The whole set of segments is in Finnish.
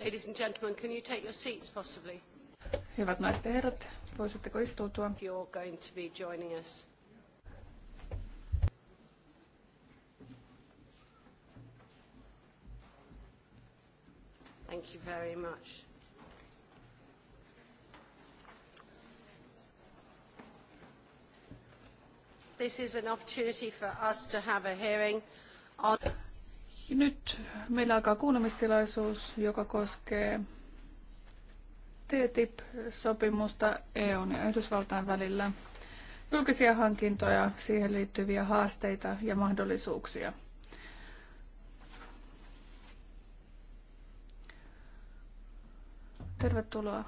Ladies and gentlemen, can you take your seats possibly? Hyvät naiset ja herrat, voisitteko istuutua? You're going to be joining us. Thank you very much. This is an opportunity for us to have a hearing on nyt meillä alkaa kuulemistilaisuus, joka koskee TTIP-sopimusta EUn ja Yhdysvaltain välillä, julkisia hankintoja, siihen liittyviä haasteita ja mahdollisuuksia. Tervetuloa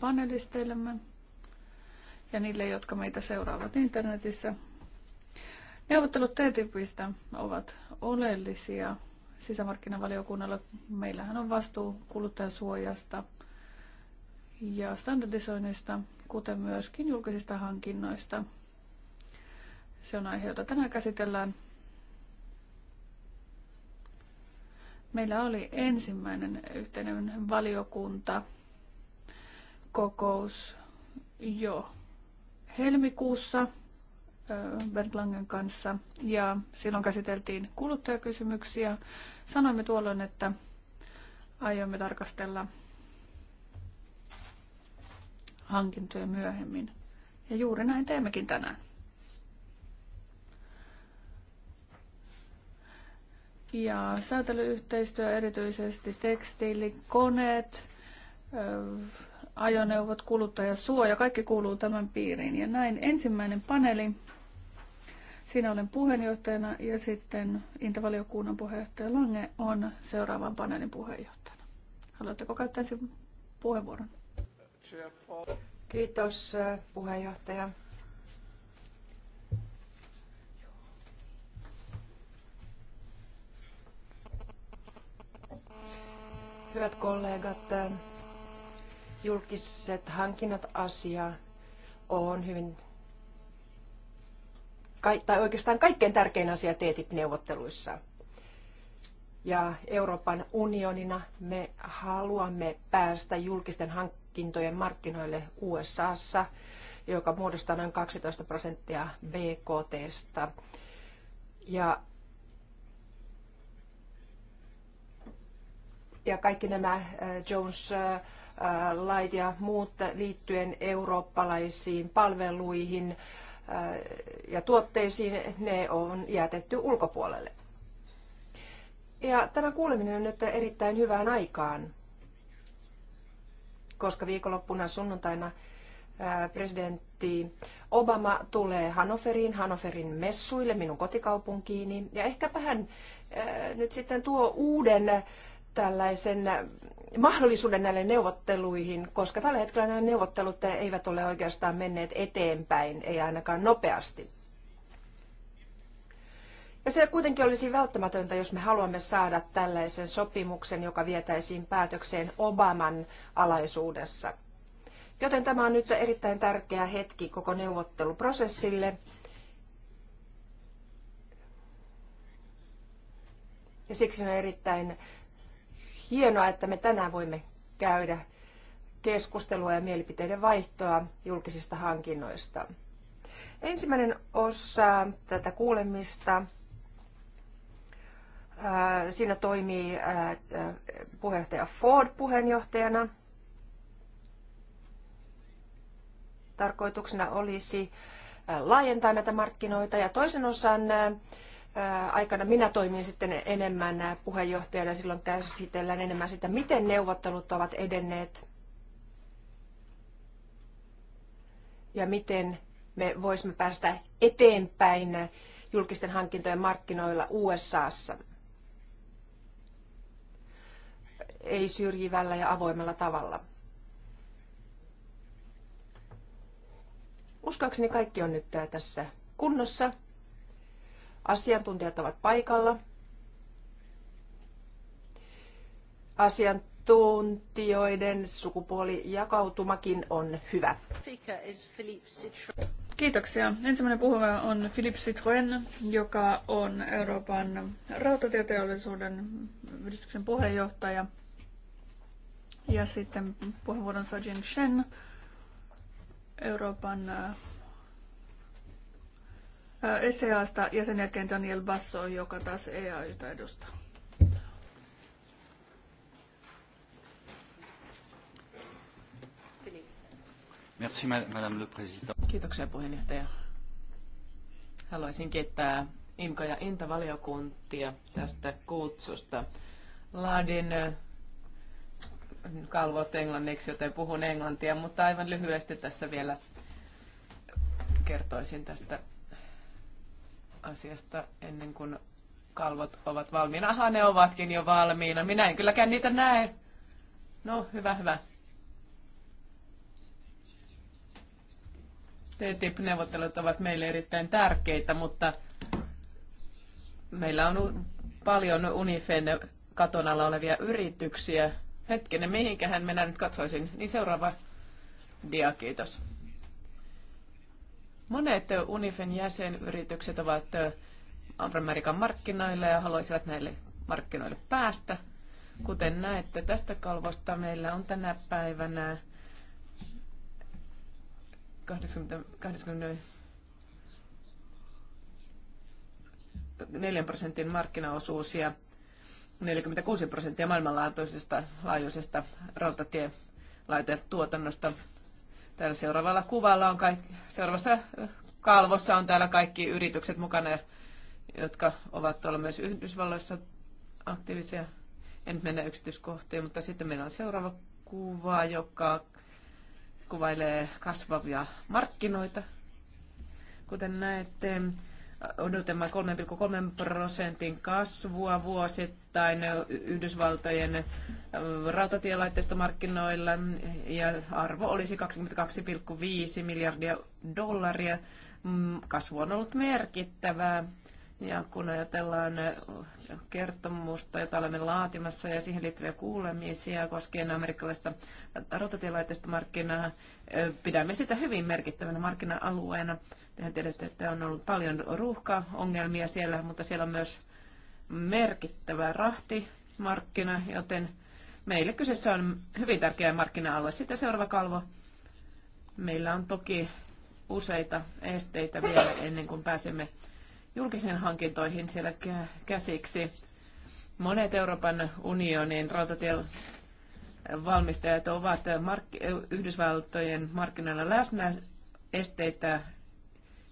panelisteillemme ja niille, jotka meitä seuraavat internetissä. Neuvottelut TTIPistä ovat oleellisia sisämarkkinavaliokunnalla. Meillähän on vastuu kuluttajasuojasta ja standardisoinnista, kuten myöskin julkisista hankinnoista. Se on aihe, jota tänään käsitellään. Meillä oli ensimmäinen yhteinen valiokunta kokous jo helmikuussa Bert Langen kanssa ja silloin käsiteltiin kuluttajakysymyksiä. Sanoimme tuolloin, että aiomme tarkastella hankintoja myöhemmin. Ja juuri näin teemmekin tänään. Ja säätelyyhteistyö erityisesti tekstiilikoneet, ajoneuvot, kuluttajasuoja, kaikki kuuluu tämän piiriin. Ja näin ensimmäinen paneeli Siinä olen puheenjohtajana ja sitten Intavaliokunnan puheenjohtaja Lange on seuraavan paneelin puheenjohtajana. Haluatteko käyttää sen puheenvuoron? Kiitos äh, puheenjohtaja. Hyvät kollegat, äh, julkiset hankinnat asia on hyvin tai oikeastaan kaikkein tärkein asia TTIP-neuvotteluissa. Ja Euroopan unionina me haluamme päästä julkisten hankintojen markkinoille USAssa, joka muodostaa noin 12 prosenttia BKTstä. Ja ja kaikki nämä äh, Jones äh, äh, lait ja muut liittyen eurooppalaisiin palveluihin, ja tuotteisiin, ne on jätetty ulkopuolelle. Ja tämä kuuleminen on nyt erittäin hyvään aikaan, koska viikonloppuna sunnuntaina presidentti Obama tulee Hanoferiin, Hanoferin messuille, minun kotikaupunkiini, ja ehkäpä hän nyt sitten tuo uuden tällaisen mahdollisuuden näille neuvotteluihin, koska tällä hetkellä nämä neuvottelut eivät ole oikeastaan menneet eteenpäin, ei ainakaan nopeasti. Ja se kuitenkin olisi välttämätöntä, jos me haluamme saada tällaisen sopimuksen, joka vietäisiin päätökseen Obaman alaisuudessa. Joten tämä on nyt erittäin tärkeä hetki koko neuvotteluprosessille. Ja siksi on erittäin hienoa, että me tänään voimme käydä keskustelua ja mielipiteiden vaihtoa julkisista hankinnoista. Ensimmäinen osa tätä kuulemista. Siinä toimii puheenjohtaja Ford puheenjohtajana. Tarkoituksena olisi laajentaa näitä markkinoita ja toisen osan aikana minä toimin sitten enemmän puheenjohtajana. Silloin käsitellään enemmän sitä, miten neuvottelut ovat edenneet ja miten me voisimme päästä eteenpäin julkisten hankintojen markkinoilla USAssa. Ei syrjivällä ja avoimella tavalla. Uskoakseni kaikki on nyt tässä kunnossa. Asiantuntijat ovat paikalla. Asiantuntijoiden sukupuolijakautumakin on hyvä. Kiitoksia. Ensimmäinen puhuja on Philippe Citroen, joka on Euroopan rautatieteollisuuden yhdistyksen puheenjohtaja. Ja sitten puheenvuoron Sajin Shen, Euroopan SEAsta ja sen jälkeen Daniel Basso, joka taas EAYta edustaa. Merci, Madame le Président. Kiitoksia puheenjohtaja. Haluaisin kiittää Imka ja Inta-valiokuntia tästä kutsusta. Laadin kalvot englanniksi, joten puhun englantia, mutta aivan lyhyesti tässä vielä kertoisin tästä asiasta ennen kuin kalvot ovat valmiina. Aha, ne ovatkin jo valmiina. Minä en kylläkään niitä näe. No, hyvä, hyvä. TTIP-neuvottelut ovat meille erittäin tärkeitä, mutta meillä on paljon Unifen katon alla olevia yrityksiä. Hetkinen, mihinkähän minä nyt katsoisin. Niin seuraava dia, kiitos. Monet unifen jäsenyritykset ovat Amerikan markkinoilla ja haluaisivat näille markkinoille päästä. Kuten näette tästä kalvosta, meillä on tänä päivänä 24 84 prosentin markkinaosuus ja 46 prosenttia maailmanlaajuisesta laajuisesta rautatietuotannosta Täällä seuraavalla kuvalla on kaikki, seuraavassa kalvossa on täällä kaikki yritykset mukana, jotka ovat tuolla myös Yhdysvalloissa aktiivisia. En nyt mennä yksityiskohtiin, mutta sitten meillä on seuraava kuva, joka kuvailee kasvavia markkinoita. Kuten näette, odotamme 3,3 prosentin kasvua vuosittain Yhdysvaltojen äh, rautatielaitteista markkinoilla ja arvo olisi 22,5 miljardia dollaria. Mm, kasvu on ollut merkittävää ja kun ajatellaan kertomusta, jota olemme laatimassa ja siihen liittyviä kuulemisia koskien amerikkalaista rotatielaitteista markkinaa, pidämme sitä hyvin merkittävänä markkina-alueena. Tehän tiedätte, että on ollut paljon ruuhka-ongelmia siellä, mutta siellä on myös merkittävä rahtimarkkina, joten meille kyseessä on hyvin tärkeä markkina-alue. Sitten seuraava kalvo. Meillä on toki useita esteitä vielä ennen kuin pääsemme julkisiin hankintoihin siellä käsiksi. Monet Euroopan unionin rautatiel valmistajat ovat mark- Yhdysvaltojen markkinoilla läsnä. Esteitä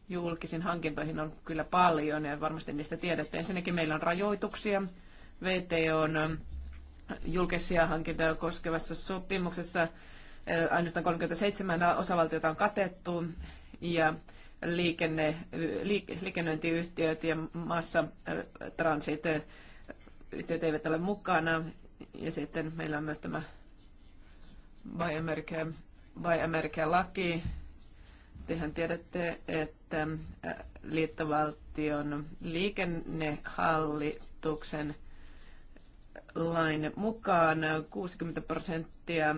julkisiin hankintoihin on kyllä paljon ja varmasti niistä tiedätte. Ensinnäkin meillä on rajoituksia. VTO on julkisia hankintoja koskevassa sopimuksessa ainoastaan 37 osavaltiota on katettu ja liikenne, liikennöintiyhtiöt ja massatransit äh, äh, yhtiöt eivät ole mukana. Ja sitten meillä on myös tämä Vai America, America-laki. Tehän tiedätte, että äh, liittovaltion liikennehallituksen – lain mukaan 60 prosenttia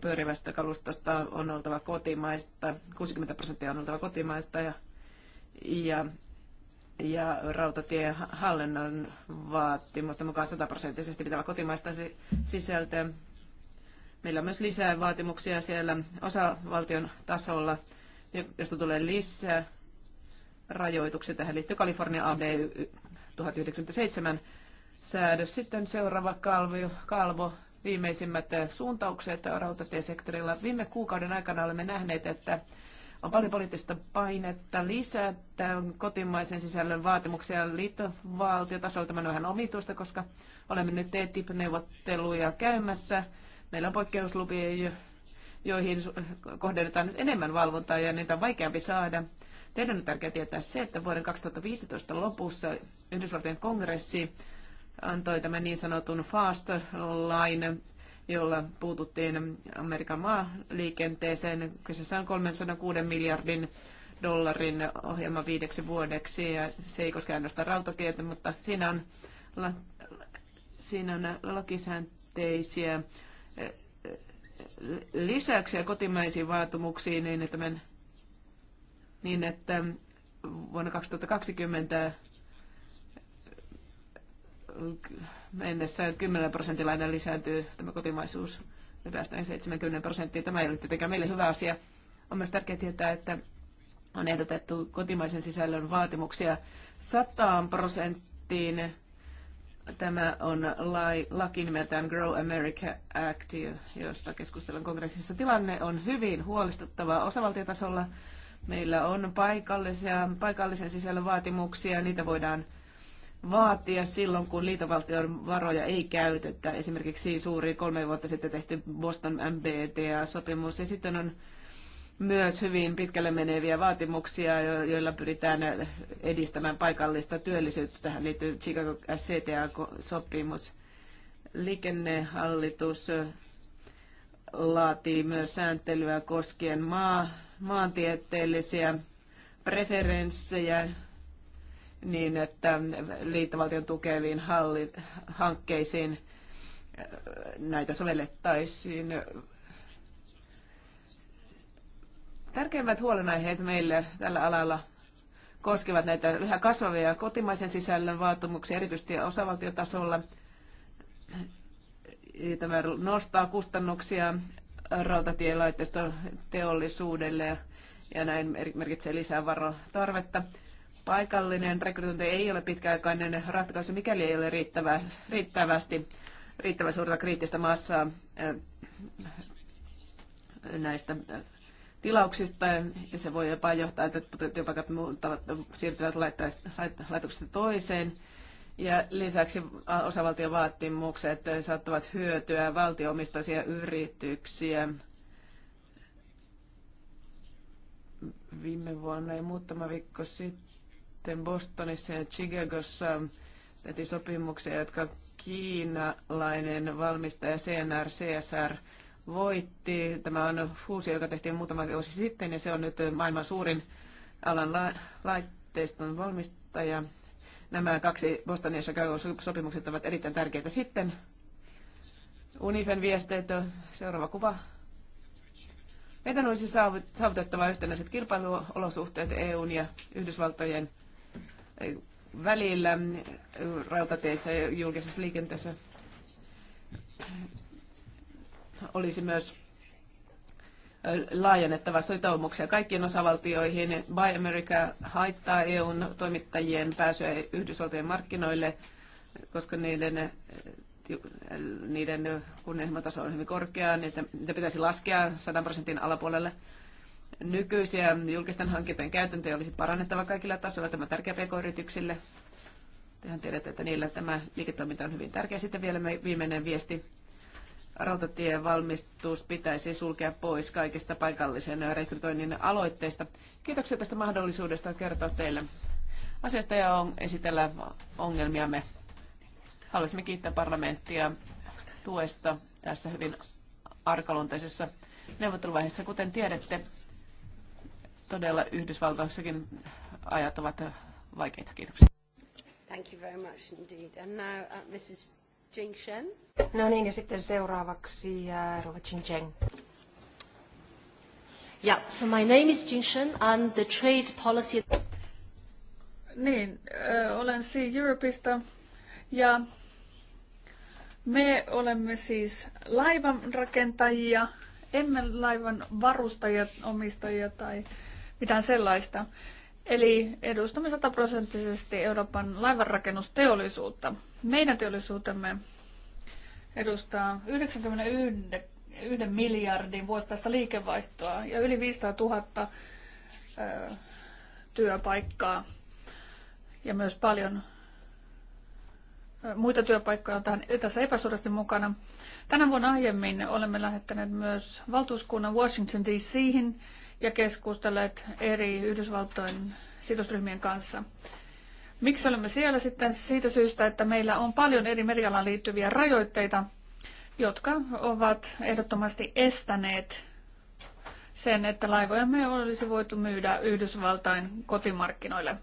pyörivästä kalustosta on oltava kotimaista, 60 prosenttia on oltava kotimaista ja, ja, ja rautatiehallinnon vaatimusten mukaan 100 prosenttisesti pitää kotimaista sisältöä. Meillä on myös lisää vaatimuksia siellä osavaltion tasolla, josta tulee lisää rajoituksia. Tähän liittyy Kalifornia AB 1097 säädös. Sitten seuraava kalvo, kalvo viimeisimmät suuntaukset rautatiesektorilla. Viime kuukauden aikana olemme nähneet, että on paljon poliittista painetta lisätä kotimaisen sisällön vaatimuksia liittovaltiotasolla. Tämä on vähän omituista, koska olemme nyt TTIP-neuvotteluja käymässä. Meillä on poikkeuslupia, joihin kohdennetaan nyt enemmän valvontaa ja niitä on vaikeampi saada. Teidän on tärkeää tietää se, että vuoden 2015 lopussa Yhdysvaltojen kongressi antoi tämän niin sanotun fast line, jolla puututtiin Amerikan maaliikenteeseen. Kyseessä on 306 miljardin dollarin ohjelma viideksi vuodeksi ja se ei koske ainoastaan rautatietä, mutta siinä on, la, siinä on lakisäänteisiä eh, lisäyksiä kotimaisiin vaatimuksiin niin, että, men niin, että vuonna 2020 mennessä 10 prosentilla aina lisääntyy tämä kotimaisuus. Me päästään 70 prosenttiin. Tämä ei ole tietenkään meille hyvä asia. On myös tärkeää tietää, että on ehdotettu kotimaisen sisällön vaatimuksia 100 prosenttiin. Tämä on lai, laki nimeltään Grow America Act, josta keskustellaan kongressissa. Tilanne on hyvin huolestuttava osavaltiotasolla. Meillä on paikallisia, paikallisen sisällön vaatimuksia, niitä voidaan vaatia silloin, kun liitovaltion varoja ei käytetä. Esimerkiksi suuri kolme vuotta sitten tehty Boston MBTA-sopimus ja sitten on myös hyvin pitkälle meneviä vaatimuksia, joilla pyritään edistämään paikallista työllisyyttä. Tähän liittyy Chicago SCTA-sopimus. Liikennehallitus laatii myös sääntelyä koskien maa, maantieteellisiä preferenssejä niin, että liittovaltion tukeviin halli, hankkeisiin äh, näitä sovellettaisiin. Tärkeimmät huolenaiheet meille tällä alalla koskevat näitä yhä kasvavia kotimaisen sisällön vaatimuksia, erityisesti osavaltiotasolla. Tämä nostaa kustannuksia rautatielaitteista teollisuudelle ja näin merkitsee lisää varotarvetta. tarvetta Paikallinen rekrytointi ei ole pitkäaikainen ratkaisu, mikäli ei ole riittävä, riittävästi, riittävä suurta kriittistä massaa eh, näistä eh, tilauksista, ja se voi jopa johtaa, että työpaikat muuttavat, siirtyvät laitoksesta toiseen. Ja lisäksi osavaltion vaatimukset saattavat hyötyä valtioomistaisia yrityksiä. Viime vuonna ja muutama viikko sitten sitten Bostonissa ja Chicagossa tehtiin sopimuksia, jotka kiinalainen valmistaja CNR, CSR voitti. Tämä on fuusio, joka tehtiin muutama vuosi sitten ja se on nyt maailman suurin alan la- laitteiston valmistaja. Nämä kaksi Bostonin ja sopimukset ovat erittäin tärkeitä. Sitten Unifen viesteet, Seuraava kuva. Meidän olisi saavutettava yhtenäiset kilpailuolosuhteet EUn ja Yhdysvaltojen välillä rautateissa ja julkisessa liikenteessä olisi myös laajennettava sitoumuksia kaikkiin osavaltioihin. Buy America haittaa EUn toimittajien pääsyä Yhdysvaltojen markkinoille, koska niiden, niiden kunnianhimotaso on hyvin korkea. Niitä, niitä pitäisi laskea 100 prosentin alapuolelle. Nykyisiä julkisten hankintojen käytäntöjä olisi parannettava kaikilla tasoilla. Tämä on tärkeä pk-yrityksille. Tehän tiedätte, että niillä tämä liiketoiminta on hyvin tärkeä. Sitten vielä viimeinen viesti. Rautatien valmistus pitäisi sulkea pois kaikista paikallisen rekrytoinnin aloitteista. Kiitoksia tästä mahdollisuudesta kertoa teille asiasta ja on, esitellä ongelmiamme. Haluaisimme kiittää parlamenttia tuesta tässä hyvin arkaluonteisessa neuvotteluvaiheessa. Kuten tiedätte, todella Yhdysvaltoissakin ajat ovat vaikeita. Kiitoksia. Thank you very much indeed. And now uh, Mrs. Shen. No niin, ja sitten seuraavaksi uh, Rova Cheng. Yeah, so my name is Shen. I'm the trade policy... Niin, uh, olen C Europeista ja me olemme siis laivanrakentajia, emme laivan varustajat, omistajia tai mitään sellaista. Eli edustamme sataprosenttisesti Euroopan laivanrakennusteollisuutta. Meidän teollisuutemme edustaa 91 miljardin vuosittaista liikevaihtoa ja yli 500 000 ö, työpaikkaa ja myös paljon muita työpaikkoja on tähän, tässä epäsuorasti mukana. Tänä vuonna aiemmin olemme lähettäneet myös valtuuskunnan Washington DC:hin ja keskustelleet eri Yhdysvaltojen sidosryhmien kanssa. Miksi olemme siellä sitten? Siitä syystä, että meillä on paljon eri merialaan liittyviä rajoitteita, jotka ovat ehdottomasti estäneet sen, että laivojamme olisi voitu myydä Yhdysvaltain kotimarkkinoille.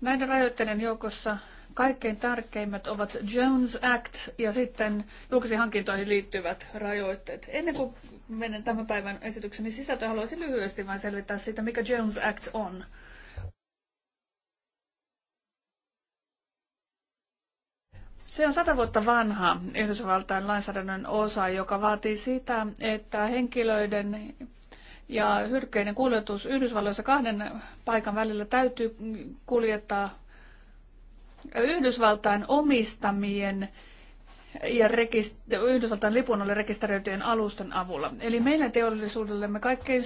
Näiden rajoitteiden joukossa Kaikkein tärkeimmät ovat Jones Act ja sitten julkisiin hankintoihin liittyvät rajoitteet. Ennen kuin menen tämän päivän esitykseni sisältöön, haluaisin lyhyesti vain selvittää sitä, mikä Jones Act on. Se on sata vuotta vanha Yhdysvaltain lainsäädännön osa, joka vaatii sitä, että henkilöiden ja hyrkkeiden kuljetus Yhdysvalloissa kahden paikan välillä täytyy kuljettaa Yhdysvaltain omistamien ja rekist- Yhdysvaltain lipun alle rekisteröityjen alusten avulla. Eli meidän teollisuudellemme kaikkein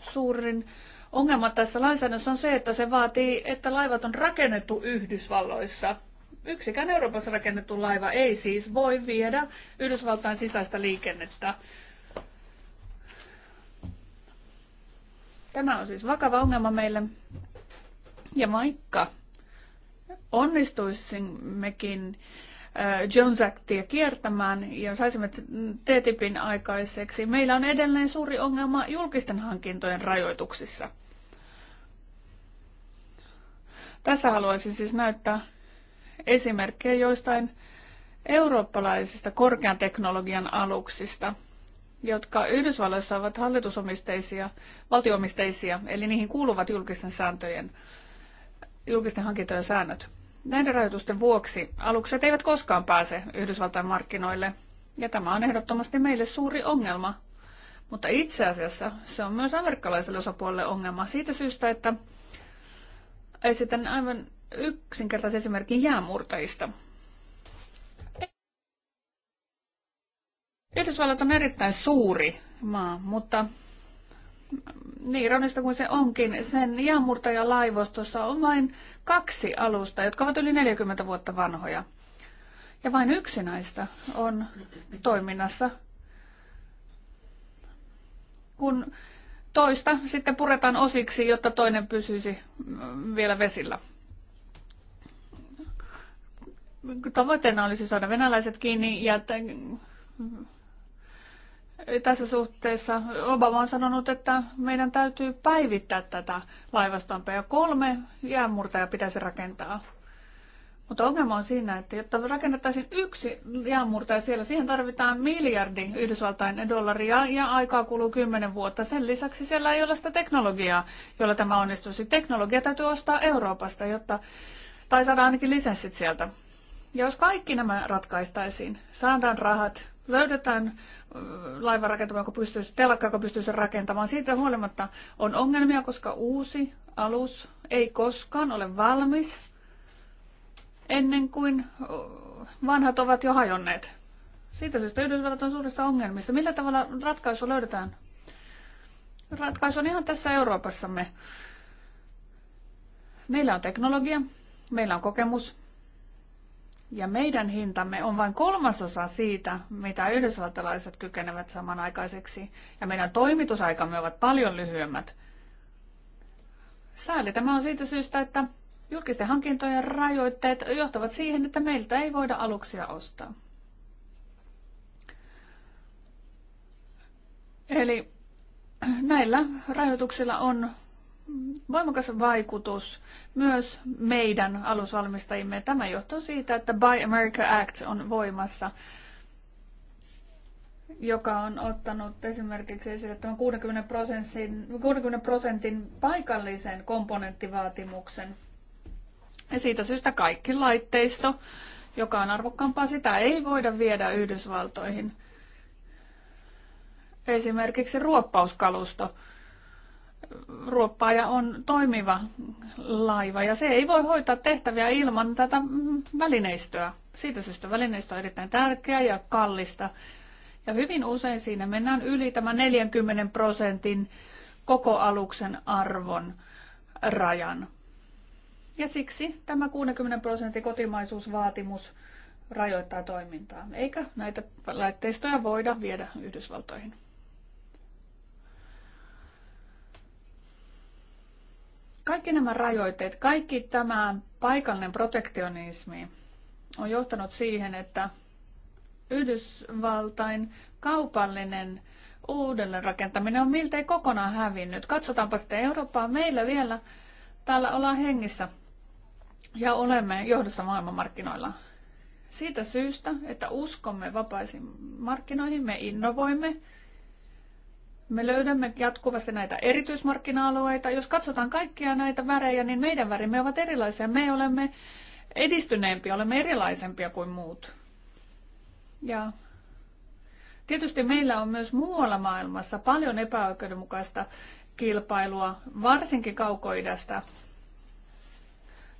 suurin ongelma tässä lainsäädännössä on se, että se vaatii, että laivat on rakennettu Yhdysvalloissa. Yksikään Euroopassa rakennettu laiva ei siis voi viedä Yhdysvaltain sisäistä liikennettä. Tämä on siis vakava ongelma meille. Ja vaikka onnistuisimmekin Jones Actia kiertämään ja saisimme TTIPin aikaiseksi, meillä on edelleen suuri ongelma julkisten hankintojen rajoituksissa. Tässä haluaisin siis näyttää esimerkkejä joistain eurooppalaisista korkean teknologian aluksista, jotka Yhdysvalloissa ovat hallitusomisteisia, valtioomisteisia, eli niihin kuuluvat julkisten sääntöjen julkisten hankintojen säännöt. Näiden rajoitusten vuoksi alukset eivät koskaan pääse Yhdysvaltain markkinoille, ja tämä on ehdottomasti meille suuri ongelma. Mutta itse asiassa se on myös amerikkalaiselle osapuolelle ongelma siitä syystä, että esitän aivan yksinkertaisen esimerkin jäämurtajista. Yhdysvallat on erittäin suuri maa, mutta niin ironista kuin se onkin, sen jäänmurtajalaivostossa on vain kaksi alusta, jotka ovat yli 40 vuotta vanhoja. Ja vain yksi näistä on toiminnassa. Kun toista sitten puretaan osiksi, jotta toinen pysyisi mm, vielä vesillä. Tavoitteena olisi saada venäläiset kiinni ja tässä suhteessa Obama on sanonut, että meidän täytyy päivittää tätä laivastompaa ja kolme jäänmurtaja pitäisi rakentaa. Mutta ongelma on siinä, että jotta rakennettaisiin yksi jäänmurtaja siellä, siihen tarvitaan miljardi Yhdysvaltain dollaria ja aikaa kuluu kymmenen vuotta. Sen lisäksi siellä ei ole sitä teknologiaa, jolla tämä onnistuisi. Teknologia täytyy ostaa Euroopasta, jotta, tai saada ainakin lisenssit sieltä. Ja jos kaikki nämä ratkaistaisiin, saadaan rahat, löydetään rakentamaan, joka pystyisi, telakka, joka pystyisi rakentamaan. Siitä huolimatta on ongelmia, koska uusi alus ei koskaan ole valmis ennen kuin vanhat ovat jo hajonneet. Siitä syystä Yhdysvallat on suurissa ongelmissa. Millä tavalla ratkaisu löydetään? Ratkaisu on ihan tässä Euroopassamme. Meillä on teknologia, meillä on kokemus, ja meidän hintamme on vain kolmasosa siitä, mitä yhdysvaltalaiset kykenevät samanaikaiseksi. Ja meidän toimitusaikamme ovat paljon lyhyemmät. Sääli tämä on siitä syystä, että julkisten hankintojen rajoitteet johtavat siihen, että meiltä ei voida aluksia ostaa. Eli näillä rajoituksilla on voimakas vaikutus myös meidän alusvalmistajimme. Tämä johtuu siitä, että Buy America Act on voimassa, joka on ottanut esimerkiksi esille tämän 60 prosentin, 60 prosentin paikallisen komponenttivaatimuksen. Ja siitä syystä kaikki laitteisto, joka on arvokkaampaa, sitä ei voida viedä Yhdysvaltoihin. Esimerkiksi ruoppauskalusto ruoppaaja on toimiva laiva ja se ei voi hoitaa tehtäviä ilman tätä välineistöä. Siitä syystä välineistö on erittäin tärkeä ja kallista. Ja hyvin usein siinä mennään yli tämän 40 prosentin koko aluksen arvon rajan. Ja siksi tämä 60 prosentin kotimaisuusvaatimus rajoittaa toimintaa, eikä näitä laitteistoja voida viedä Yhdysvaltoihin. Kaikki nämä rajoitteet, kaikki tämä paikallinen protektionismi on johtanut siihen, että Yhdysvaltain kaupallinen uudelleenrakentaminen on miltei kokonaan hävinnyt. Katsotaanpa sitten Eurooppaa. Meillä vielä täällä ollaan hengissä ja olemme johdossa maailmanmarkkinoilla. Siitä syystä, että uskomme vapaisiin markkinoihin, me innovoimme, me löydämme jatkuvasti näitä erityismarkkina-alueita. Jos katsotaan kaikkia näitä värejä, niin meidän värimme ovat erilaisia. Me olemme edistyneempiä, olemme erilaisempia kuin muut. Ja tietysti meillä on myös muualla maailmassa paljon epäoikeudenmukaista kilpailua, varsinkin kaukoidästä.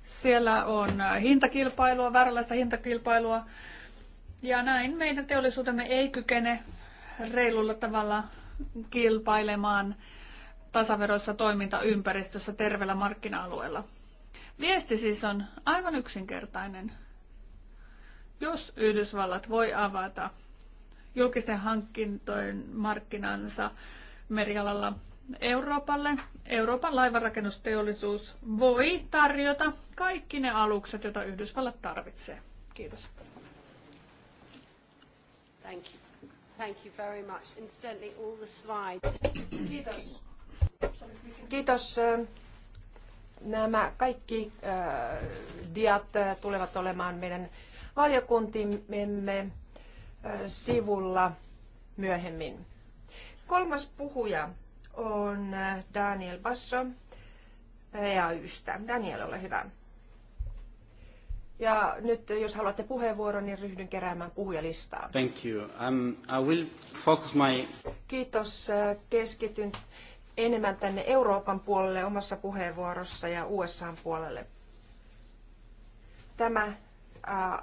Siellä on hintakilpailua, vääränlaista hintakilpailua, ja näin meidän teollisuutemme ei kykene reilulla tavalla kilpailemaan tasaveroissa toimintaympäristössä terveellä markkina-alueella. Viesti siis on aivan yksinkertainen. Jos Yhdysvallat voi avata julkisten hankintojen markkinansa merialalla Euroopalle, Euroopan laivanrakennusteollisuus voi tarjota kaikki ne alukset, joita Yhdysvallat tarvitsee. Kiitos. Thank you. Thank you very much. Incidentally, all the slides. Kiitos. Kiitos. Nämä kaikki äh, diat äh, tulevat olemaan meidän valiokuntimme äh, sivulla myöhemmin. Kolmas puhuja on Daniel Basso EAYstä. Daniel, ole hyvä. Ja nyt jos haluatte puheenvuoron, niin ryhdyn keräämään puhujalistaa. Thank you. Um, I will focus my... Kiitos. Keskityn enemmän tänne Euroopan puolelle omassa puheenvuorossa ja USAn puolelle. Tämä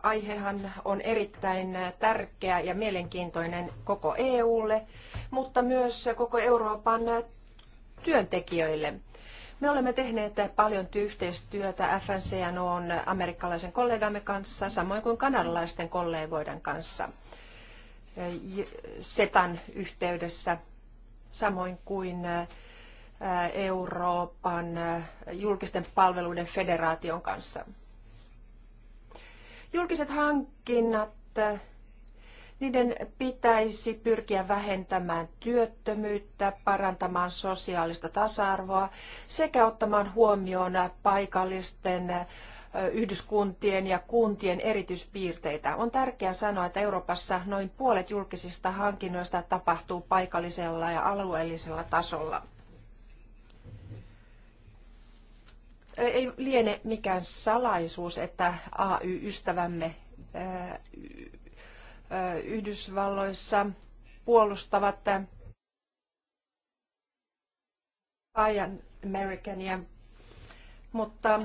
aihehan on erittäin tärkeä ja mielenkiintoinen koko EUlle, mutta myös koko Euroopan työntekijöille. Me olemme tehneet paljon yhteistyötä FNCNOn amerikkalaisen kollegamme kanssa, samoin kuin kanadalaisten kollegoiden kanssa SETAn yhteydessä, samoin kuin Euroopan julkisten palveluiden federaation kanssa. Julkiset hankinnat niiden pitäisi pyrkiä vähentämään työttömyyttä, parantamaan sosiaalista tasa-arvoa sekä ottamaan huomioon paikallisten yhdyskuntien ja kuntien erityispiirteitä. On tärkeää sanoa, että Euroopassa noin puolet julkisista hankinnoista tapahtuu paikallisella ja alueellisella tasolla. Ei liene mikään salaisuus, että AY-ystävämme Yhdysvalloissa puolustavat Ajan Americania, mutta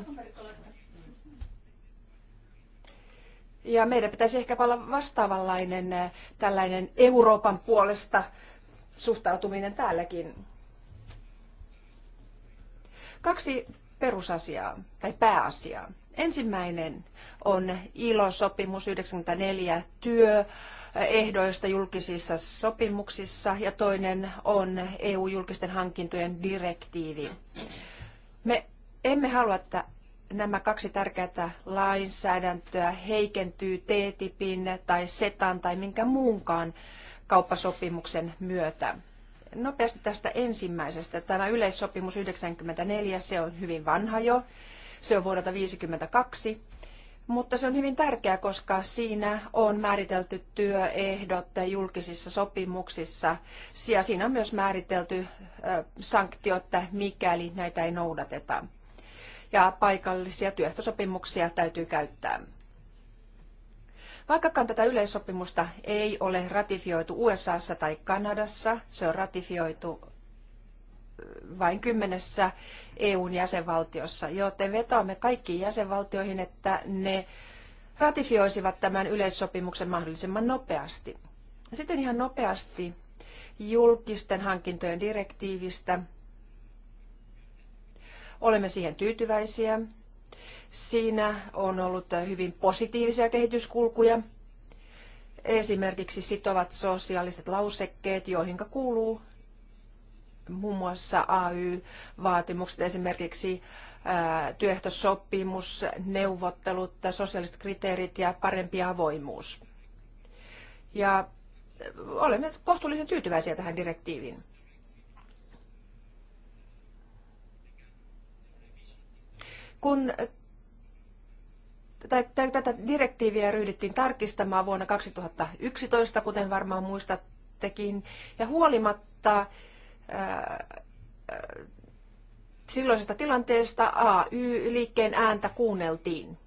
ja meidän pitäisi ehkä olla vastaavanlainen tällainen Euroopan puolesta suhtautuminen täälläkin. Kaksi perusasiaa tai pääasiaa. Ensimmäinen on ILO-sopimus 94 työehdoista julkisissa sopimuksissa ja toinen on EU-julkisten hankintojen direktiivi. Me emme halua, että nämä kaksi tärkeää lainsäädäntöä heikentyy TTIPin tai SETAn tai minkä muunkaan kauppasopimuksen myötä. Nopeasti tästä ensimmäisestä. Tämä yleissopimus 94, se on hyvin vanha jo. Se on vuodelta 1952. Mutta se on hyvin tärkeää, koska siinä on määritelty työehdot julkisissa sopimuksissa ja siinä on myös määritelty sanktiot, mikäli näitä ei noudateta. Ja paikallisia työehtosopimuksia täytyy käyttää. Vaikkakaan tätä yleissopimusta ei ole ratifioitu USAssa tai Kanadassa, se on ratifioitu vain kymmenessä EUn jäsenvaltiossa, joten vetoamme kaikkiin jäsenvaltioihin, että ne ratifioisivat tämän yleissopimuksen mahdollisimman nopeasti. Sitten ihan nopeasti julkisten hankintojen direktiivistä. Olemme siihen tyytyväisiä. Siinä on ollut hyvin positiivisia kehityskulkuja. Esimerkiksi sitovat sosiaaliset lausekkeet, joihin kuuluu muun muassa AY-vaatimukset, esimerkiksi työehtosopimus, neuvottelut, sosiaaliset kriteerit ja parempi avoimuus. Ja olemme kohtuullisen tyytyväisiä tähän direktiiviin. Kun tätä direktiiviä ryhdyttiin tarkistamaan vuonna 2011, kuten varmaan muistattekin, ja huolimatta silloisesta tilanteesta AY-liikkeen ääntä kuunneltiin.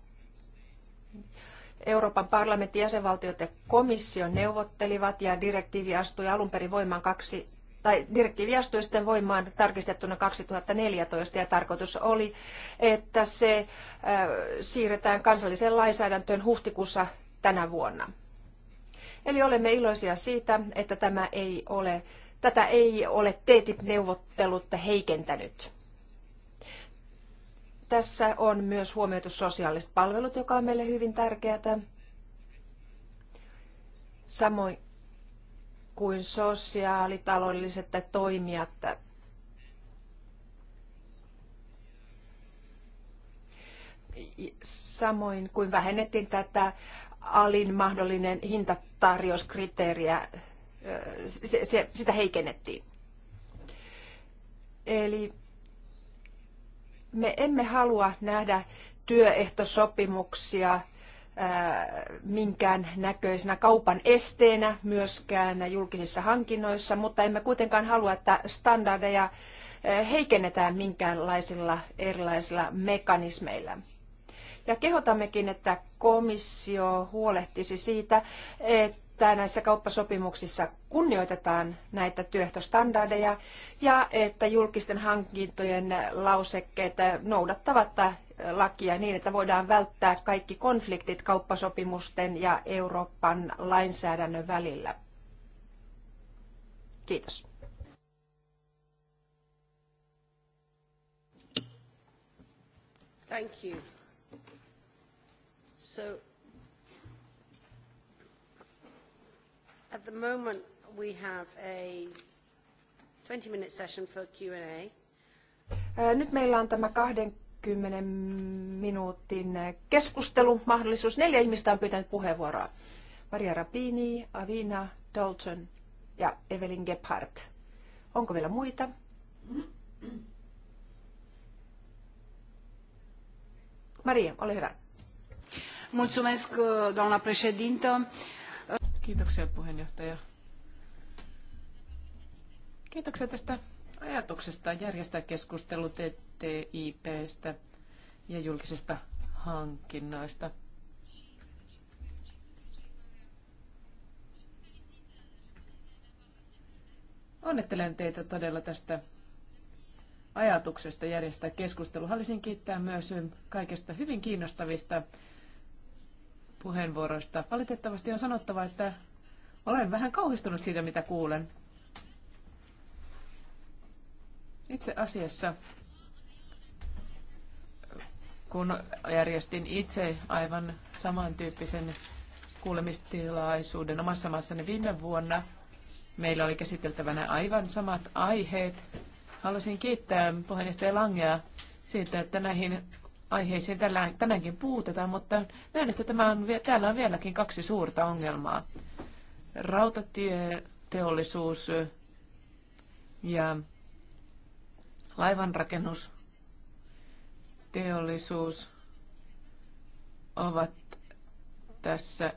Euroopan parlamentin jäsenvaltiot ja komissio neuvottelivat ja direktiivi astui alun perin voimaan kaksi tai direktiivi astui sitten voimaan tarkistettuna 2014 ja tarkoitus oli, että se äh, siirretään kansalliseen lainsäädäntöön huhtikuussa tänä vuonna. Eli olemme iloisia siitä, että tämä ei ole Tätä ei ole TTIP-neuvottelut heikentänyt. Tässä on myös huomioitu sosiaaliset palvelut, joka on meille hyvin tärkeää. Samoin kuin sosiaalitaloudelliset toimijat. Samoin kuin vähennettiin tätä alin mahdollinen hintatarjouskriteeriä se, se, sitä heikennettiin. Eli me emme halua nähdä työehtosopimuksia minkään näköisenä kaupan esteenä myöskään julkisissa hankinnoissa, mutta emme kuitenkaan halua, että standardeja heikennetään minkäänlaisilla erilaisilla mekanismeilla. Ja kehotammekin, että komissio huolehtisi siitä, että että näissä kauppasopimuksissa kunnioitetaan näitä työehtostandardeja ja että julkisten hankintojen lausekkeet noudattavat lakia niin, että voidaan välttää kaikki konfliktit kauppasopimusten ja Euroopan lainsäädännön välillä. Kiitos. Thank you. So at the moment, we have a 20-minute session for Q&A. Nyt meillä on tämä 20 minuutin keskustelu, mahdollisuus. Neljä ihmistä on pyytänyt puheenvuoroa. Maria Rapini, Avina, Dalton ja Evelyn Gebhardt. Onko vielä muita? Maria, ole hyvä. Mulțumesc, doamna președintă. Kiitoksia puheenjohtaja. Kiitoksia tästä ajatuksesta järjestää keskustelu TTIPstä ja julkisista hankinnoista. Onnittelen teitä todella tästä ajatuksesta järjestää keskustelu. Haluaisin kiittää myös kaikista hyvin kiinnostavista puheenvuoroista. Valitettavasti on sanottava, että olen vähän kauhistunut siitä, mitä kuulen. Itse asiassa, kun järjestin itse aivan samantyyppisen kuulemistilaisuuden omassa maassani viime vuonna, meillä oli käsiteltävänä aivan samat aiheet. Haluaisin kiittää puheenjohtaja Langea siitä, että näihin aiheisiin tänäänkin puutetaan, mutta näen, että tämä on, täällä on vieläkin kaksi suurta ongelmaa. Rautatieteollisuus ja laivanrakennusteollisuus ovat tässä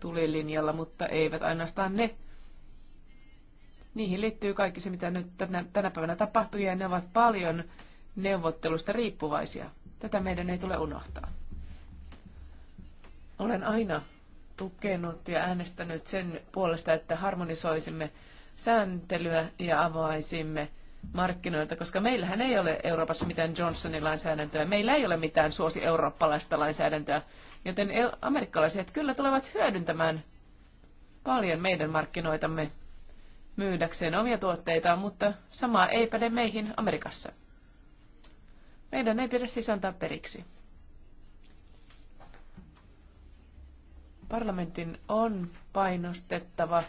tulilinjalla, mutta eivät ainoastaan ne. Niihin liittyy kaikki se, mitä nyt tänä, tänä päivänä tapahtuu, ja ne ovat paljon neuvottelusta riippuvaisia. Tätä meidän ei tule unohtaa. Olen aina tukenut ja äänestänyt sen puolesta, että harmonisoisimme sääntelyä ja avaisimme markkinoita, koska meillähän ei ole Euroopassa mitään Johnsonin lainsäädäntöä, meillä ei ole mitään suosi eurooppalaista lainsäädäntöä, joten e- amerikkalaiset kyllä tulevat hyödyntämään paljon meidän markkinoitamme myydäkseen omia tuotteitaan, mutta sama ei päde meihin Amerikassa. Meidän ei pidä siis antaa periksi. Parlamentin on painostettava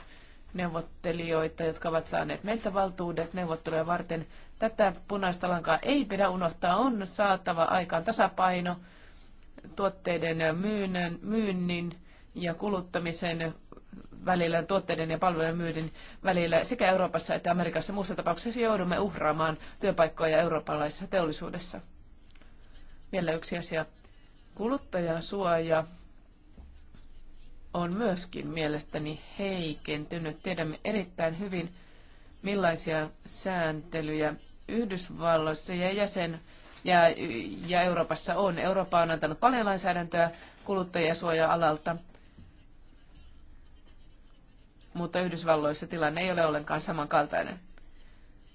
neuvottelijoita, jotka ovat saaneet meiltä valtuudet neuvotteluja varten. Tätä punaista lankaa ei pidä unohtaa. On saatava aikaan tasapaino tuotteiden myynnän, myynnin ja kuluttamisen välillä, tuotteiden ja palvelujen myynnin välillä sekä Euroopassa että Amerikassa. Muussa tapauksessa joudumme uhraamaan työpaikkoja eurooppalaisessa teollisuudessa. Vielä yksi asia. Kuluttajasuoja on myöskin mielestäni heikentynyt. Tiedämme erittäin hyvin, millaisia sääntelyjä Yhdysvalloissa ja jäsen ja, ja Euroopassa on. Eurooppa on antanut paljon lainsäädäntöä kuluttajasuoja-alalta, mutta Yhdysvalloissa tilanne ei ole ollenkaan samankaltainen.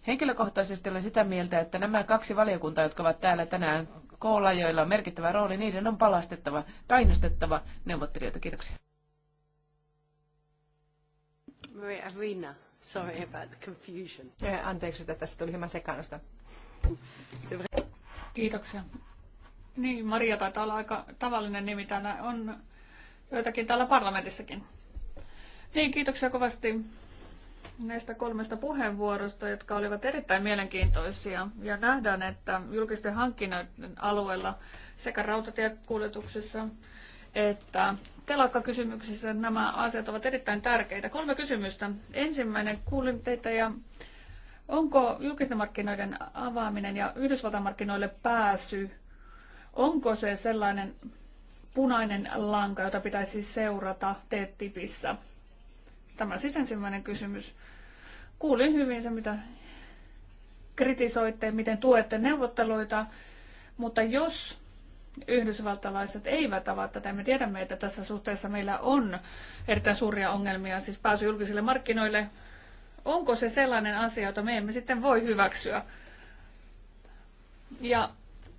Henkilökohtaisesti olen sitä mieltä, että nämä kaksi valiokuntaa, jotka ovat täällä tänään koolla, joilla on merkittävä rooli, niiden on palastettava, painostettava neuvottelijoita. Kiitoksia. Maria Arena, sorry about the confusion. Anteeksi, että tässä tuli hieman sekaannusta. Kiitoksia. Niin, Maria taitaa olla aika tavallinen nimi täällä. On joitakin täällä parlamentissakin. Niin, kiitoksia kovasti näistä kolmesta puheenvuorosta, jotka olivat erittäin mielenkiintoisia. Ja nähdään, että julkisten hankinnoiden alueella sekä rautatiekuljetuksessa että telakkakysymyksissä nämä asiat ovat erittäin tärkeitä. Kolme kysymystä. Ensimmäinen, kuulin teitä ja onko julkisten markkinoiden avaaminen ja Yhdysvaltain markkinoille pääsy, onko se sellainen punainen lanka, jota pitäisi seurata TTIPissä? Tämä siis ensimmäinen kysymys. Kuulin hyvin se, mitä kritisoitte, miten tuette neuvotteluita, mutta jos yhdysvaltalaiset eivät avaa tätä, me tiedämme, että tässä suhteessa meillä on erittäin suuria ongelmia, siis pääsy julkisille markkinoille, onko se sellainen asia, jota me emme sitten voi hyväksyä? Ja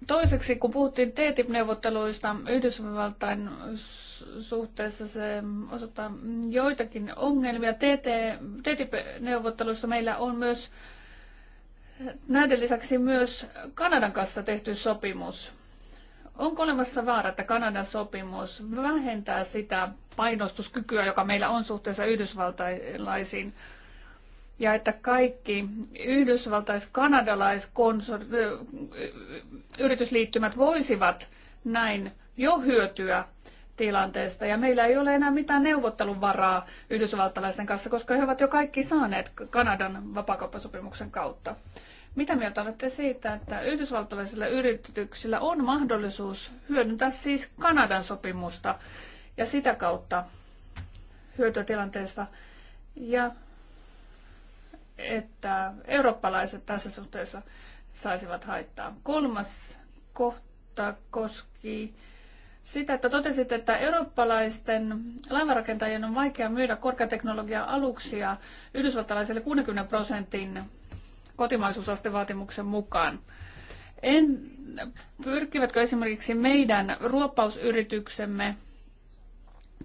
Toiseksi, kun puhuttiin TTIP-neuvotteluista Yhdysvaltain suhteessa, se osoittaa joitakin ongelmia. TTIP-neuvotteluissa meillä on myös näiden lisäksi myös Kanadan kanssa tehty sopimus. Onko olemassa vaara, että Kanadan sopimus vähentää sitä painostuskykyä, joka meillä on suhteessa yhdysvaltalaisiin ja että kaikki yhdysvaltais-kanadalais-yritysliittymät voisivat näin jo hyötyä tilanteesta. Ja meillä ei ole enää mitään neuvottelun varaa yhdysvaltalaisten kanssa, koska he ovat jo kaikki saaneet Kanadan vapaakauppasopimuksen kautta. Mitä mieltä olette siitä, että yhdysvaltalaisilla yrityksillä on mahdollisuus hyödyntää siis Kanadan sopimusta ja sitä kautta hyötyä tilanteesta? Ja että eurooppalaiset tässä suhteessa saisivat haittaa. Kolmas kohta koski sitä, että totesit, että eurooppalaisten laivarakentajien on vaikea myydä korkeateknologiaa aluksia yhdysvaltalaiselle 60 prosentin kotimaisuusastevaatimuksen mukaan. En, pyrkivätkö esimerkiksi meidän ruoppausyrityksemme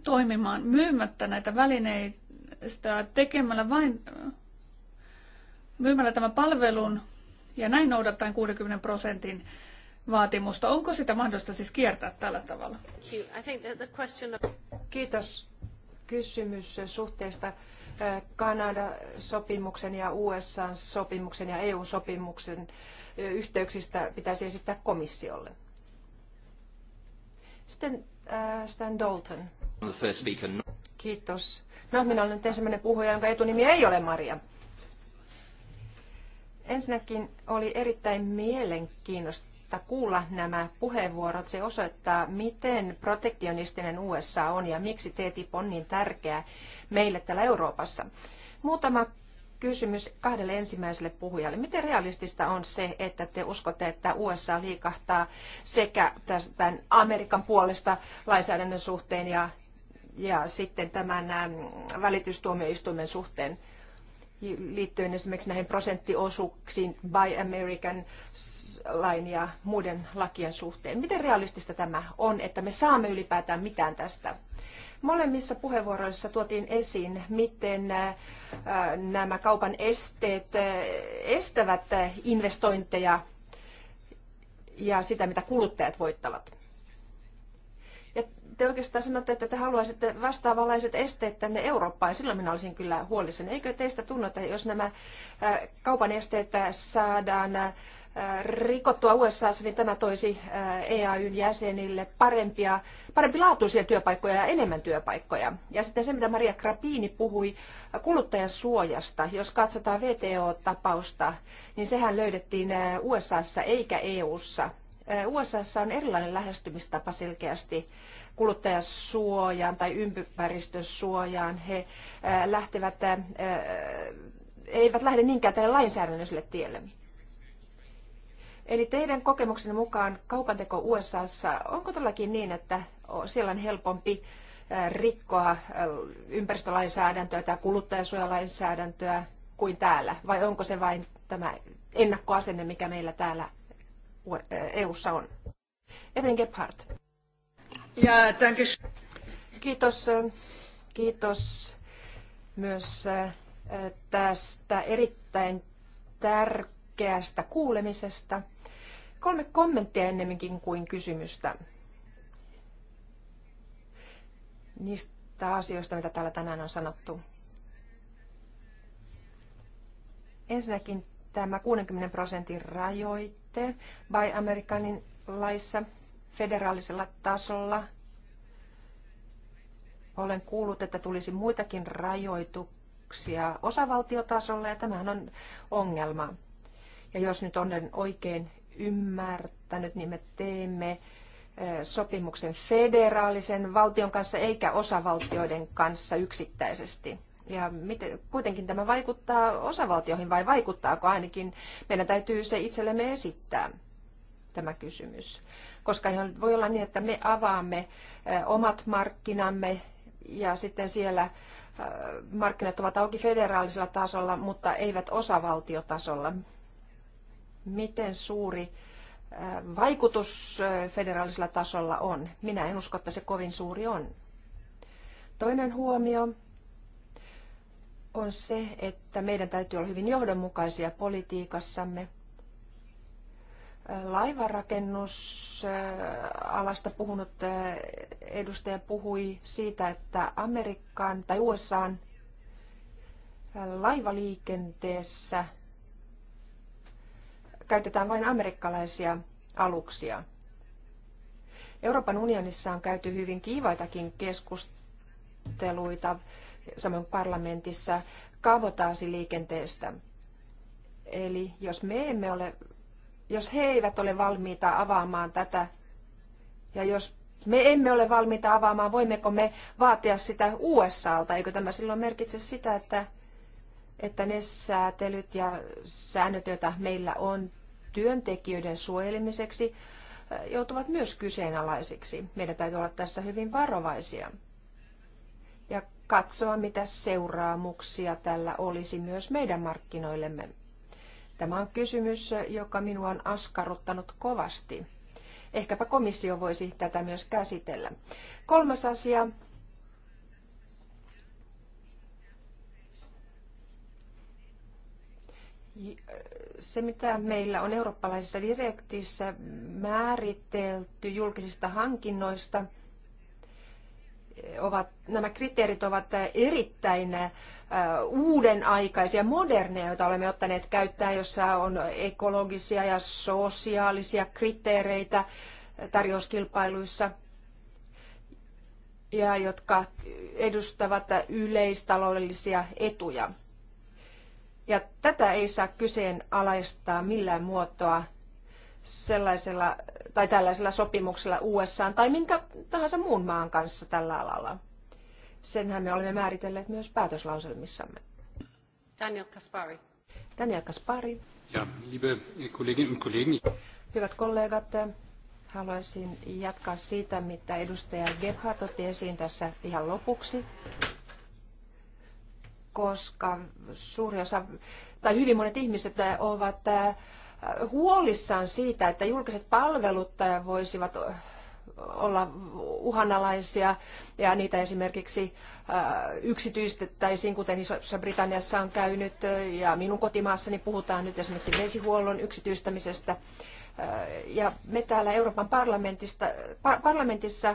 toimimaan myymättä näitä välineitä tekemällä vain myymällä tämän palvelun ja näin noudattaen 60 prosentin vaatimusta. Onko sitä mahdollista siis kiertää tällä tavalla? Kiitos. Kysymys suhteesta Kanada-sopimuksen ja USA-sopimuksen ja EU-sopimuksen yhteyksistä pitäisi esittää komissiolle. Sitten äh, Stan Dalton. Kiitos. No, minä olen ensimmäinen puhuja, jonka etunimi ei ole Maria. Ensinnäkin oli erittäin mielenkiintoista kuulla nämä puheenvuorot. Se osoittaa, miten protektionistinen USA on ja miksi TTIP on niin tärkeä meille täällä Euroopassa. Muutama kysymys kahdelle ensimmäiselle puhujalle. Miten realistista on se, että te uskotte, että USA liikahtaa sekä tämän Amerikan puolesta lainsäädännön suhteen ja, ja sitten tämän välitystuomioistuimen suhteen? liittyen esimerkiksi näihin prosenttiosuuksiin Buy American lain ja muiden lakien suhteen. Miten realistista tämä on, että me saamme ylipäätään mitään tästä? Molemmissa puheenvuoroissa tuotiin esiin, miten äh, nämä kaupan esteet äh, estävät investointeja ja sitä, mitä kuluttajat voittavat te oikeastaan sanotte, että te haluaisitte vastaavanlaiset esteet tänne Eurooppaan, ja silloin minä olisin kyllä huolissani. Eikö teistä tunnu, että jos nämä äh, kaupan esteet saadaan äh, rikottua USAssa, niin tämä toisi äh, EAYn jäsenille parempia, parempi laatuisia työpaikkoja ja enemmän työpaikkoja. Ja sitten se, mitä Maria Krapini puhui kuluttajasuojasta, jos katsotaan VTO-tapausta, niin sehän löydettiin USAssa eikä EUssa. USAssa on erilainen lähestymistapa selkeästi kuluttajasuojaan tai ympäristösuojaan. He äh, lähtevät, äh, eivät lähde niinkään tälle lainsäädännölliselle tielle. Eli teidän kokemuksenne mukaan kaupanteko USAssa, onko todellakin niin, että siellä on helpompi äh, rikkoa ympäristölainsäädäntöä tai kuluttajasuojalainsäädäntöä kuin täällä? Vai onko se vain tämä ennakkoasenne, mikä meillä täällä EU:ssa on? Evelyn Gebhardt. Ja, Kiitos. Kiitos myös äh, tästä erittäin tärkeästä kuulemisesta. Kolme kommenttia ennemminkin kuin kysymystä niistä asioista, mitä täällä tänään on sanottu. Ensinnäkin tämä 60 prosentin rajoite by Amerikanin laissa federaalisella tasolla. Olen kuullut, että tulisi muitakin rajoituksia osavaltiotasolla ja tämähän on ongelma. Ja jos nyt olen oikein ymmärtänyt, niin me teemme eh, sopimuksen federaalisen valtion kanssa eikä osavaltioiden kanssa yksittäisesti. Ja miten, kuitenkin tämä vaikuttaa osavaltioihin vai vaikuttaako ainakin? Meidän täytyy se itsellemme esittää tämä kysymys. Koska voi olla niin, että me avaamme omat markkinamme ja sitten siellä markkinat ovat auki federaalisella tasolla, mutta eivät osavaltiotasolla. Miten suuri vaikutus federaalisella tasolla on? Minä en usko, että se kovin suuri on. Toinen huomio on se, että meidän täytyy olla hyvin johdonmukaisia politiikassamme laivanrakennusalasta puhunut äh, edustaja puhui siitä, että Amerikkaan tai USAn äh, laivaliikenteessä käytetään vain amerikkalaisia aluksia. Euroopan unionissa on käyty hyvin kiivaitakin keskusteluita, samoin parlamentissa, kaavotaasiliikenteestä. Eli jos me emme ole jos he eivät ole valmiita avaamaan tätä, ja jos me emme ole valmiita avaamaan, voimmeko me vaatia sitä USAlta? Eikö tämä silloin merkitse sitä, että, että ne säätelyt ja säännöt, joita meillä on työntekijöiden suojelemiseksi, joutuvat myös kyseenalaisiksi. Meidän täytyy olla tässä hyvin varovaisia ja katsoa, mitä seuraamuksia tällä olisi myös meidän markkinoillemme. Tämä on kysymys, joka minua on askarruttanut kovasti. Ehkäpä komissio voisi tätä myös käsitellä. Kolmas asia. Se, mitä meillä on eurooppalaisessa direktiissä määritelty julkisista hankinnoista – ovat, nämä kriteerit ovat erittäin äh, uuden aikaisia, moderneja, joita olemme ottaneet käyttää, jossa on ekologisia ja sosiaalisia kriteereitä tarjouskilpailuissa ja jotka edustavat yleistaloudellisia etuja. Ja tätä ei saa kyseenalaistaa millään muotoa sellaisella tai tällaisella sopimuksella USA tai minkä tahansa muun maan kanssa tällä alalla. Senhän me olemme määritelleet myös päätöslauselmissamme. Daniel Kaspari. Daniel Kaspari. Ja, liebe Kollegin, und Kollegen. Hyvät kollegat, haluaisin jatkaa siitä, mitä edustaja Gebhardt otti esiin tässä ihan lopuksi koska suuri osa, tai hyvin monet ihmiset äh, ovat äh, huolissaan siitä, että julkiset palvelut äh, voisivat äh, olla uhanalaisia ja niitä esimerkiksi äh, yksityistettäisiin, kuten Isossa Britanniassa on käynyt ja minun kotimaassani puhutaan nyt esimerkiksi vesihuollon yksityistämisestä. Ja me täällä Euroopan parlamentista, parlamentissa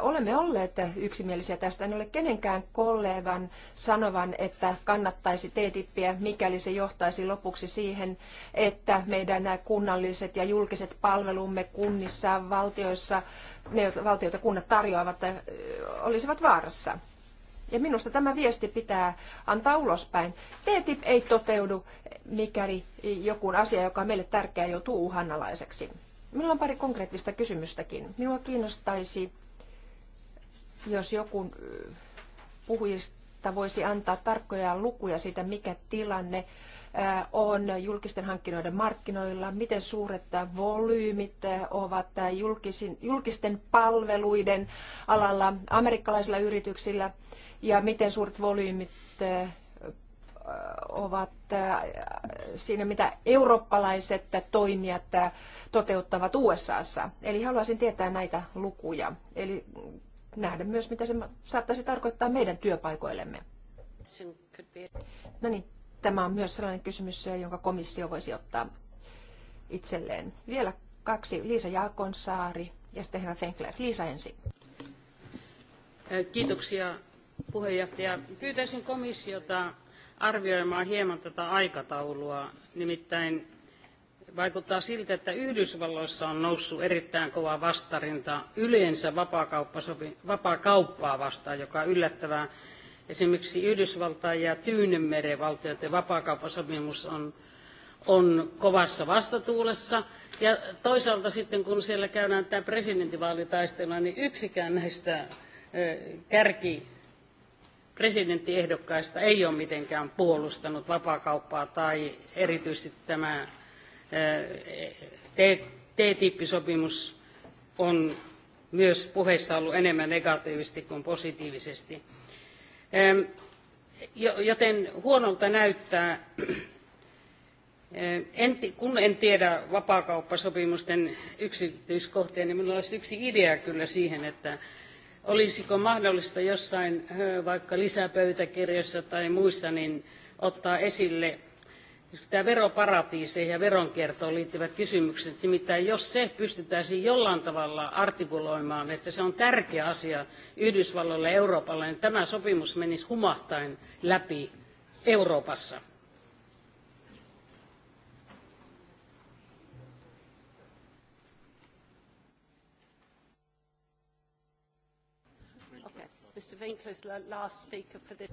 olemme olleet yksimielisiä tästä. En ole kenenkään kollegan sanovan, että kannattaisi TTIPiä, mikäli se johtaisi lopuksi siihen, että meidän kunnalliset ja julkiset palvelumme kunnissa, valtioissa, ne valtioita kunnat tarjoavat, olisivat vaarassa. Ja minusta tämä viesti pitää antaa ulospäin. TTIP ei toteudu, mikäli joku asia, joka on meille tärkeä, joutuu uhanalaiseksi. Minulla on pari konkreettista kysymystäkin. Minua kiinnostaisi jos joku puhujista voisi antaa tarkkoja lukuja siitä, mikä tilanne on julkisten hankkinoiden markkinoilla, miten suuret volyymit ovat julkisin, julkisten palveluiden alalla amerikkalaisilla yrityksillä ja miten suuret volyymit ovat siinä, mitä eurooppalaiset toimijat toteuttavat USAssa. Eli haluaisin tietää näitä lukuja. Eli nähdä myös, mitä se saattaisi tarkoittaa meidän työpaikoillemme. No niin, tämä on myös sellainen kysymys, jonka komissio voisi ottaa itselleen. Vielä kaksi, Liisa Jaakonsaari ja sitten herra Fenkler. Liisa ensin. Kiitoksia puheenjohtaja. Pyytäisin komissiota arvioimaan hieman tätä aikataulua. Nimittäin vaikuttaa siltä, että Yhdysvalloissa on noussut erittäin kova vastarinta yleensä vapaakauppaa vastaan, joka on yllättävää. Esimerkiksi Yhdysvaltain ja Tyynenmeren valtioiden vapaakauppasopimus on, on kovassa vastatuulessa. Ja toisaalta sitten, kun siellä käydään tämä presidentinvaalitaistelua, niin yksikään näistä kärki presidenttiehdokkaista ei ole mitenkään puolustanut vapaakauppaa tai erityisesti tämä ttip on myös puheissa ollut enemmän negatiivisesti kuin positiivisesti. Joten huonolta näyttää, kun en tiedä vapaakauppasopimusten yksityiskohtia, niin minulla olisi yksi idea kyllä siihen, että olisiko mahdollista jossain vaikka lisäpöytäkirjassa tai muissa niin ottaa esille tämä veroparatiiseihin ja veronkiertoon liittyvät kysymykset, nimittäin jos se pystyttäisiin jollain tavalla artikuloimaan, että se on tärkeä asia Yhdysvalloille ja Euroopalle, niin tämä sopimus menisi humahtain läpi Euroopassa.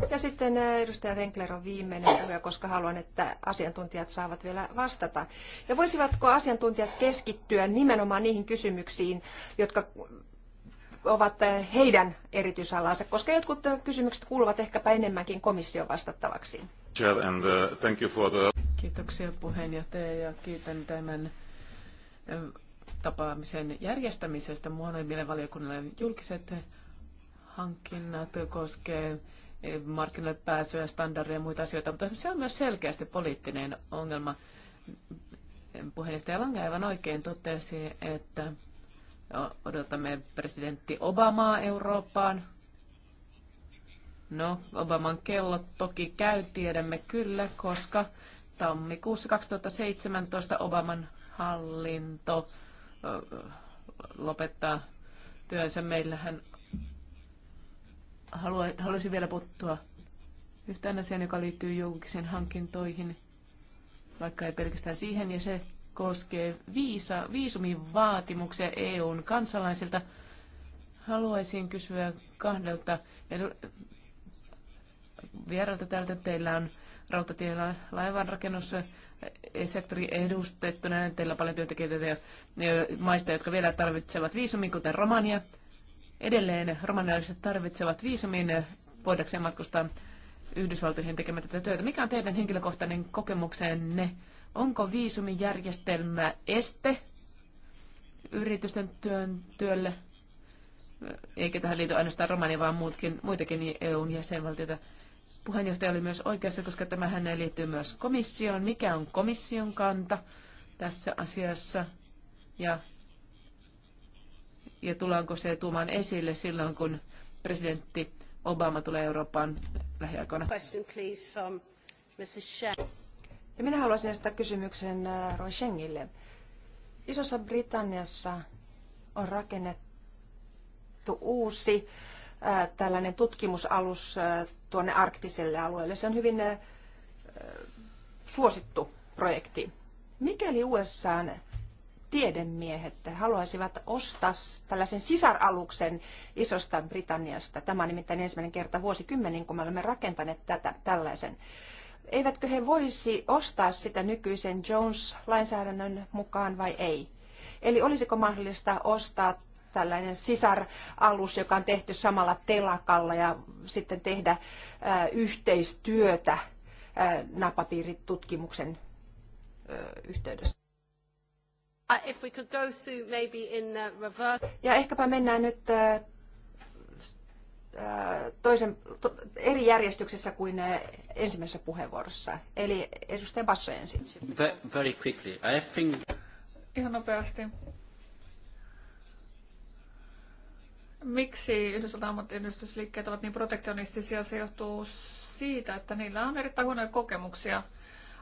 Ja sitten edustaja Winkler on viimeinen puhuja, koska haluan, että asiantuntijat saavat vielä vastata. Ja voisivatko asiantuntijat keskittyä nimenomaan niihin kysymyksiin, jotka ovat heidän erityisalansa, koska jotkut kysymykset kuuluvat ehkäpä enemmänkin komission vastattavaksi. Uh, Kiitoksia puheenjohtaja ja kiitän tämän tapaamisen järjestämisestä molemmille valiokunnille julkiset hankinnat koskee eh, markkinoille pääsyä, standardeja ja muita asioita, mutta se on myös selkeästi poliittinen ongelma. Puheenjohtaja Lange aivan oikein totesi, että odotamme presidentti Obamaa Eurooppaan. No, Obaman kello toki käy, tiedämme kyllä, koska tammikuussa 2017 Obaman hallinto lopettaa työnsä. Meillähän haluaisin vielä puuttua yhtään asiaan, joka liittyy julkisen hankintoihin, vaikka ei pelkästään siihen, ja se koskee viisa, viisumin vaatimuksia EUn kansalaisilta. Haluaisin kysyä kahdelta vieralta täältä teillä on rautatiellä laivanrakennus e, sektori edustettuna. Teillä on paljon työntekijöitä ja maista, jotka vielä tarvitsevat viisumin, kuten Romania. Edelleen romanialaiset tarvitsevat viisumin voidakseen matkustaa Yhdysvaltoihin tekemään tätä työtä. Mikä on teidän henkilökohtainen kokemuksenne? Onko viisumijärjestelmä este yritysten työn, työlle? Eikä tähän liity ainoastaan Romania, vaan muutkin, muitakin EUn jäsenvaltioita. Puheenjohtaja oli myös oikeassa, koska tämä hänen liittyy myös komissioon. Mikä on komission kanta tässä asiassa? Ja ja tullaanko se tuomaan esille silloin, kun presidentti Obama tulee Eurooppaan lähiaikoina? Ja minä haluaisin esittää kysymyksen äh, Roy Schengille. Isossa Britanniassa on rakennettu uusi ää, äh, tällainen tutkimusalus ää, äh, tuonne arktiselle alueelle. Se on hyvin ää, suosittu projekti. Mikäli USA tiedemiehet haluaisivat ostaa tällaisen sisaraluksen isosta Britanniasta. Tämä on nimittäin ensimmäinen kerta vuosikymmenen, kun me olemme rakentaneet tätä, tällaisen. Eivätkö he voisi ostaa sitä nykyisen Jones-lainsäädännön mukaan vai ei? Eli olisiko mahdollista ostaa tällainen sisaralus, joka on tehty samalla telakalla ja sitten tehdä ää, äh, yhteistyötä ää, äh, napapiiritutkimuksen ää, äh, yhteydessä? Uh, if we could go through maybe in the reverse. Ja ehkäpä mennään nyt uh, uh, toisen, to, eri järjestyksessä kuin ensimmäisessä puheenvuorossa. Eli edustaja Basso ensin. Very quickly. I think... Ihan nopeasti. Miksi Yhdysvaltain ammattiyhdistysliikkeet ovat niin protektionistisia? Se johtuu siitä, että niillä on erittäin huonoja kokemuksia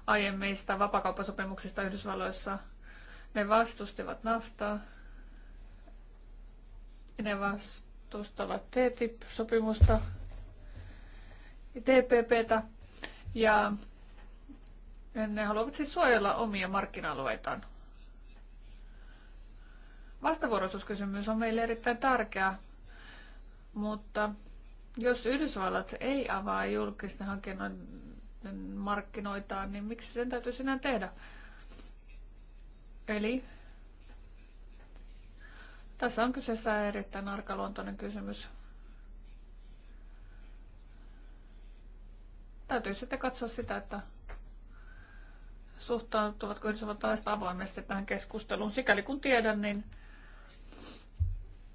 aiemmista vapakauppasopimuksista Yhdysvalloissa – ne vastustivat naftaa. Ne vastustavat TTIP-sopimusta, ja TPPtä ja ne haluavat siis suojella omia markkina-alueitaan. Vastavuoroisuuskysymys on meille erittäin tärkeä, mutta jos Yhdysvallat ei avaa julkisten hankinnoiden markkinoitaan, niin miksi sen täytyisi enää tehdä? Eli tässä on kyseessä erittäin arkaluontoinen kysymys. Täytyy sitten katsoa sitä, että suhtautuvatko yhdysvaltalaiset avoimesti tähän keskusteluun. Sikäli kun tiedän, niin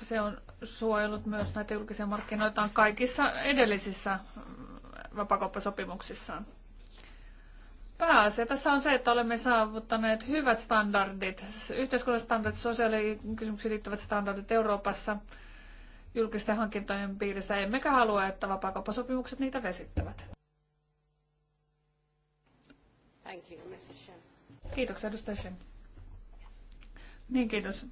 se on suojellut myös näitä julkisia markkinoitaan kaikissa edellisissä vapakauppasopimuksissaan. Pääasia tässä on se, että olemme saavuttaneet hyvät standardit, yhteiskunnalliset standardit, sosiaalikysymyksiin liittyvät standardit Euroopassa julkisten hankintojen piirissä, emmekä halua, että vapaakauppasopimukset niitä vesittävät. Thank you, Mrs. Shen. Kiitoksia, edustaja Shen. Niin, kiitos.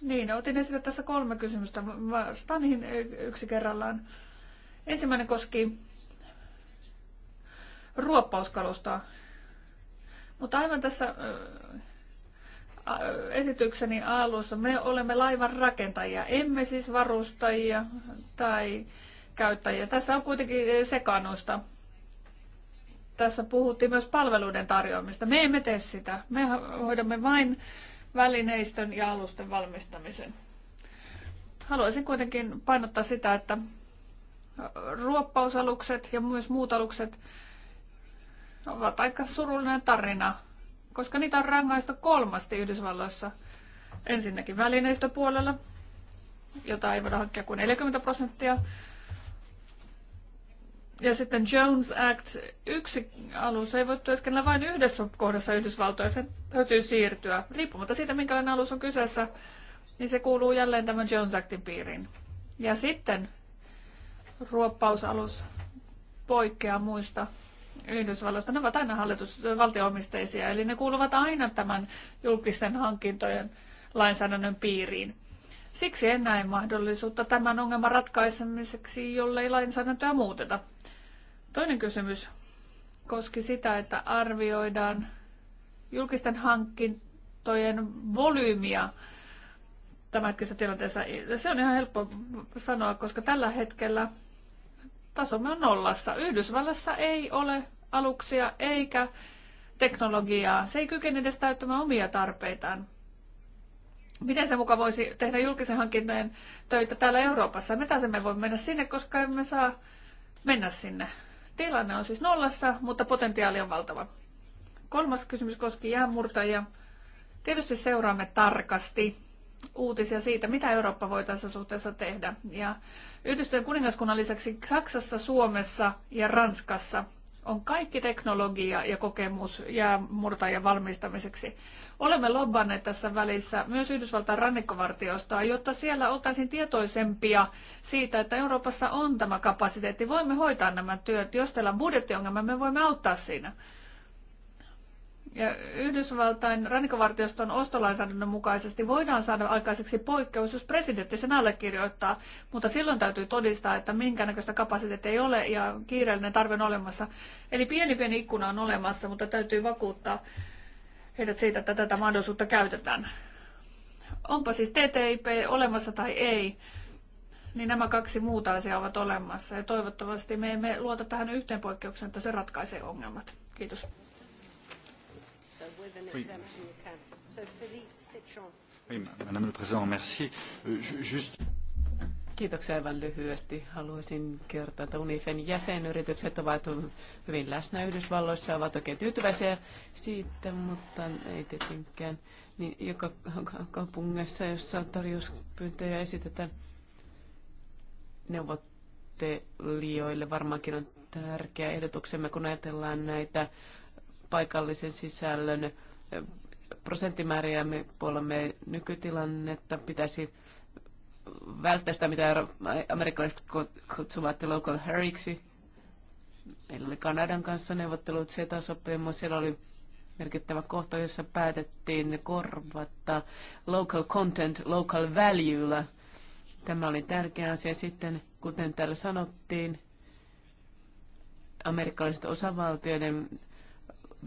Niin, otin esille tässä kolme kysymystä. Vastaan niihin yksi kerrallaan. Ensimmäinen koski ruoppauskalustoa. Mutta aivan tässä esitykseni alussa me olemme laivan rakentajia, emme siis varustajia tai käyttäjiä. Tässä on kuitenkin sekaannusta. Tässä puhuttiin myös palveluiden tarjoamista. Me emme tee sitä. Me hoidamme vain välineistön ja alusten valmistamisen. Haluaisin kuitenkin painottaa sitä, että ruoppausalukset ja myös muut alukset ovat aika surullinen tarina, koska niitä on rangaistu kolmasti Yhdysvalloissa. Ensinnäkin välineistöpuolella, jota ei voida hankkia kuin 40 prosenttia. Ja sitten Jones Act, yksi alus ei voi työskennellä vain yhdessä kohdassa Yhdysvaltoja, sen täytyy siirtyä. Riippumatta siitä, minkälainen alus on kyseessä, niin se kuuluu jälleen tämän Jones Actin piiriin. Ja sitten ruoppausalus poikkeaa muista Yhdysvalloista, ne ovat aina hallitusvaltioomisteisia, eli ne kuuluvat aina tämän julkisten hankintojen lainsäädännön piiriin. Siksi en näe mahdollisuutta tämän ongelman ratkaisemiseksi, jollei lainsäädäntöä muuteta. Toinen kysymys koski sitä, että arvioidaan julkisten hankintojen volyymia tämänhetkisessä tilanteessa. Se on ihan helppo sanoa, koska tällä hetkellä tasomme on nollassa. Yhdysvallassa ei ole aluksia eikä teknologiaa. Se ei kykene edes täyttämään omia tarpeitaan. Miten se muka voisi tehdä julkisen hankintojen töitä täällä Euroopassa? Me taas emme voi mennä sinne, koska emme saa mennä sinne. Tilanne on siis nollassa, mutta potentiaali on valtava. Kolmas kysymys koski jäänmurtajia. Tietysti seuraamme tarkasti uutisia siitä, mitä Eurooppa voi tässä suhteessa tehdä. Ja Yhdistyneen kuningaskunnan lisäksi Saksassa, Suomessa ja Ranskassa on kaikki teknologia ja kokemus jäämurtajan valmistamiseksi. Olemme lobbanneet tässä välissä myös Yhdysvaltain rannikkovartiostoa, jotta siellä oltaisiin tietoisempia siitä, että Euroopassa on tämä kapasiteetti. Voimme hoitaa nämä työt. Jos teillä on budjettiongelma, me voimme auttaa siinä. Ja Yhdysvaltain rannikkovartioston ostolainsäädännön mukaisesti voidaan saada aikaiseksi poikkeus, jos presidentti sen allekirjoittaa, mutta silloin täytyy todistaa, että minkäännäköistä kapasiteettia ei ole ja kiireellinen tarve on olemassa. Eli pieni pieni ikkuna on olemassa, mutta täytyy vakuuttaa heidät siitä, että tätä mahdollisuutta käytetään. Onpa siis TTIP olemassa tai ei, niin nämä kaksi muuta asiaa ovat olemassa. Ja toivottavasti me emme luota tähän yhteen poikkeukseen, että se ratkaisee ongelmat. Kiitos so with an exemption you can. So Philippe Citron. Oui, Madame le Président, merci. Euh, Kiitoksia aivan lyhyesti. Haluaisin kertoa, että UNIFEN jäsenyritykset ovat hyvin läsnä Yhdysvalloissa, ovat oikein tyytyväisiä siitä, mutta ei tietenkään. Niin joka kaupungissa, jossa tarjouspyyntöjä esitetään neuvottelijoille, varmaankin on tärkeä ehdotuksemme, kun ajatellaan näitä paikallisen sisällön prosenttimääriä. Me puolemme nykytilannetta. Pitäisi välttää sitä, mitä amerikkalaiset kutsuvat local herriksi. Meillä oli Kanadan kanssa neuvottelut CETA-sopimus. Siellä oli merkittävä kohta, jossa päätettiin korvata local content local valuella. Tämä oli tärkeä asia. Sitten, kuten täällä sanottiin, amerikkalaiset osavaltioiden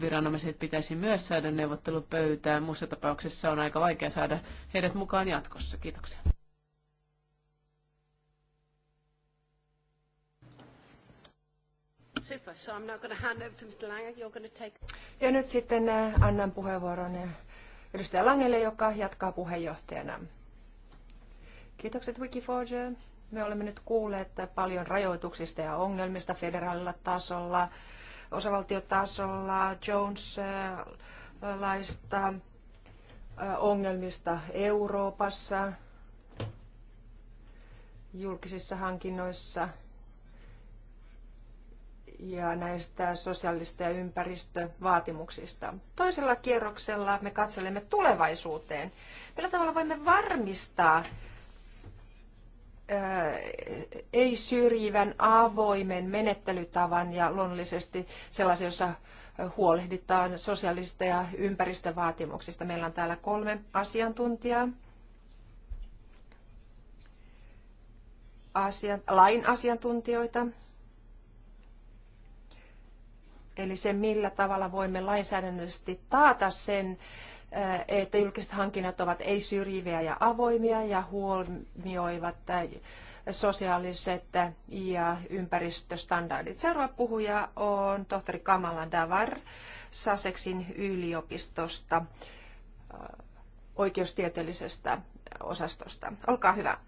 viranomaiset pitäisi myös saada neuvottelupöytään. Muussa tapauksessa on aika vaikea saada heidät mukaan jatkossa. Kiitoksia. Super. So I'm now going to hand over to Mr. Lange. You're going to take... Ja nyt sitten äh, annan puheenvuoron äh, edustaja Langelle, joka jatkaa puheenjohtajana. Kiitokset Wikiforger. Me olemme nyt kuulleet äh, paljon rajoituksista ja ongelmista federaalilla tasolla osavaltiotasolla, Jones-laista, ongelmista Euroopassa, julkisissa hankinnoissa ja näistä sosiaalista ja ympäristövaatimuksista. Toisella kierroksella me katselemme tulevaisuuteen. Millä tavalla voimme varmistaa, Äh, ei syrjivän avoimen menettelytavan ja luonnollisesti sellaisen, jossa huolehditaan sosiaalisista ja ympäristövaatimuksista. Meillä on täällä kolme asiantuntijaa. Asian, lain asiantuntijoita. Eli se, millä tavalla voimme lainsäädännöllisesti taata sen, Äh, että julkiset hankinnat ovat ei-syrjiviä ja avoimia ja huomioivat äh, sosiaaliset ja ympäristöstandardit. Seuraava puhuja on tohtori Kamala Davar Saseksin yliopistosta äh, oikeustieteellisestä osastosta. Olkaa hyvä.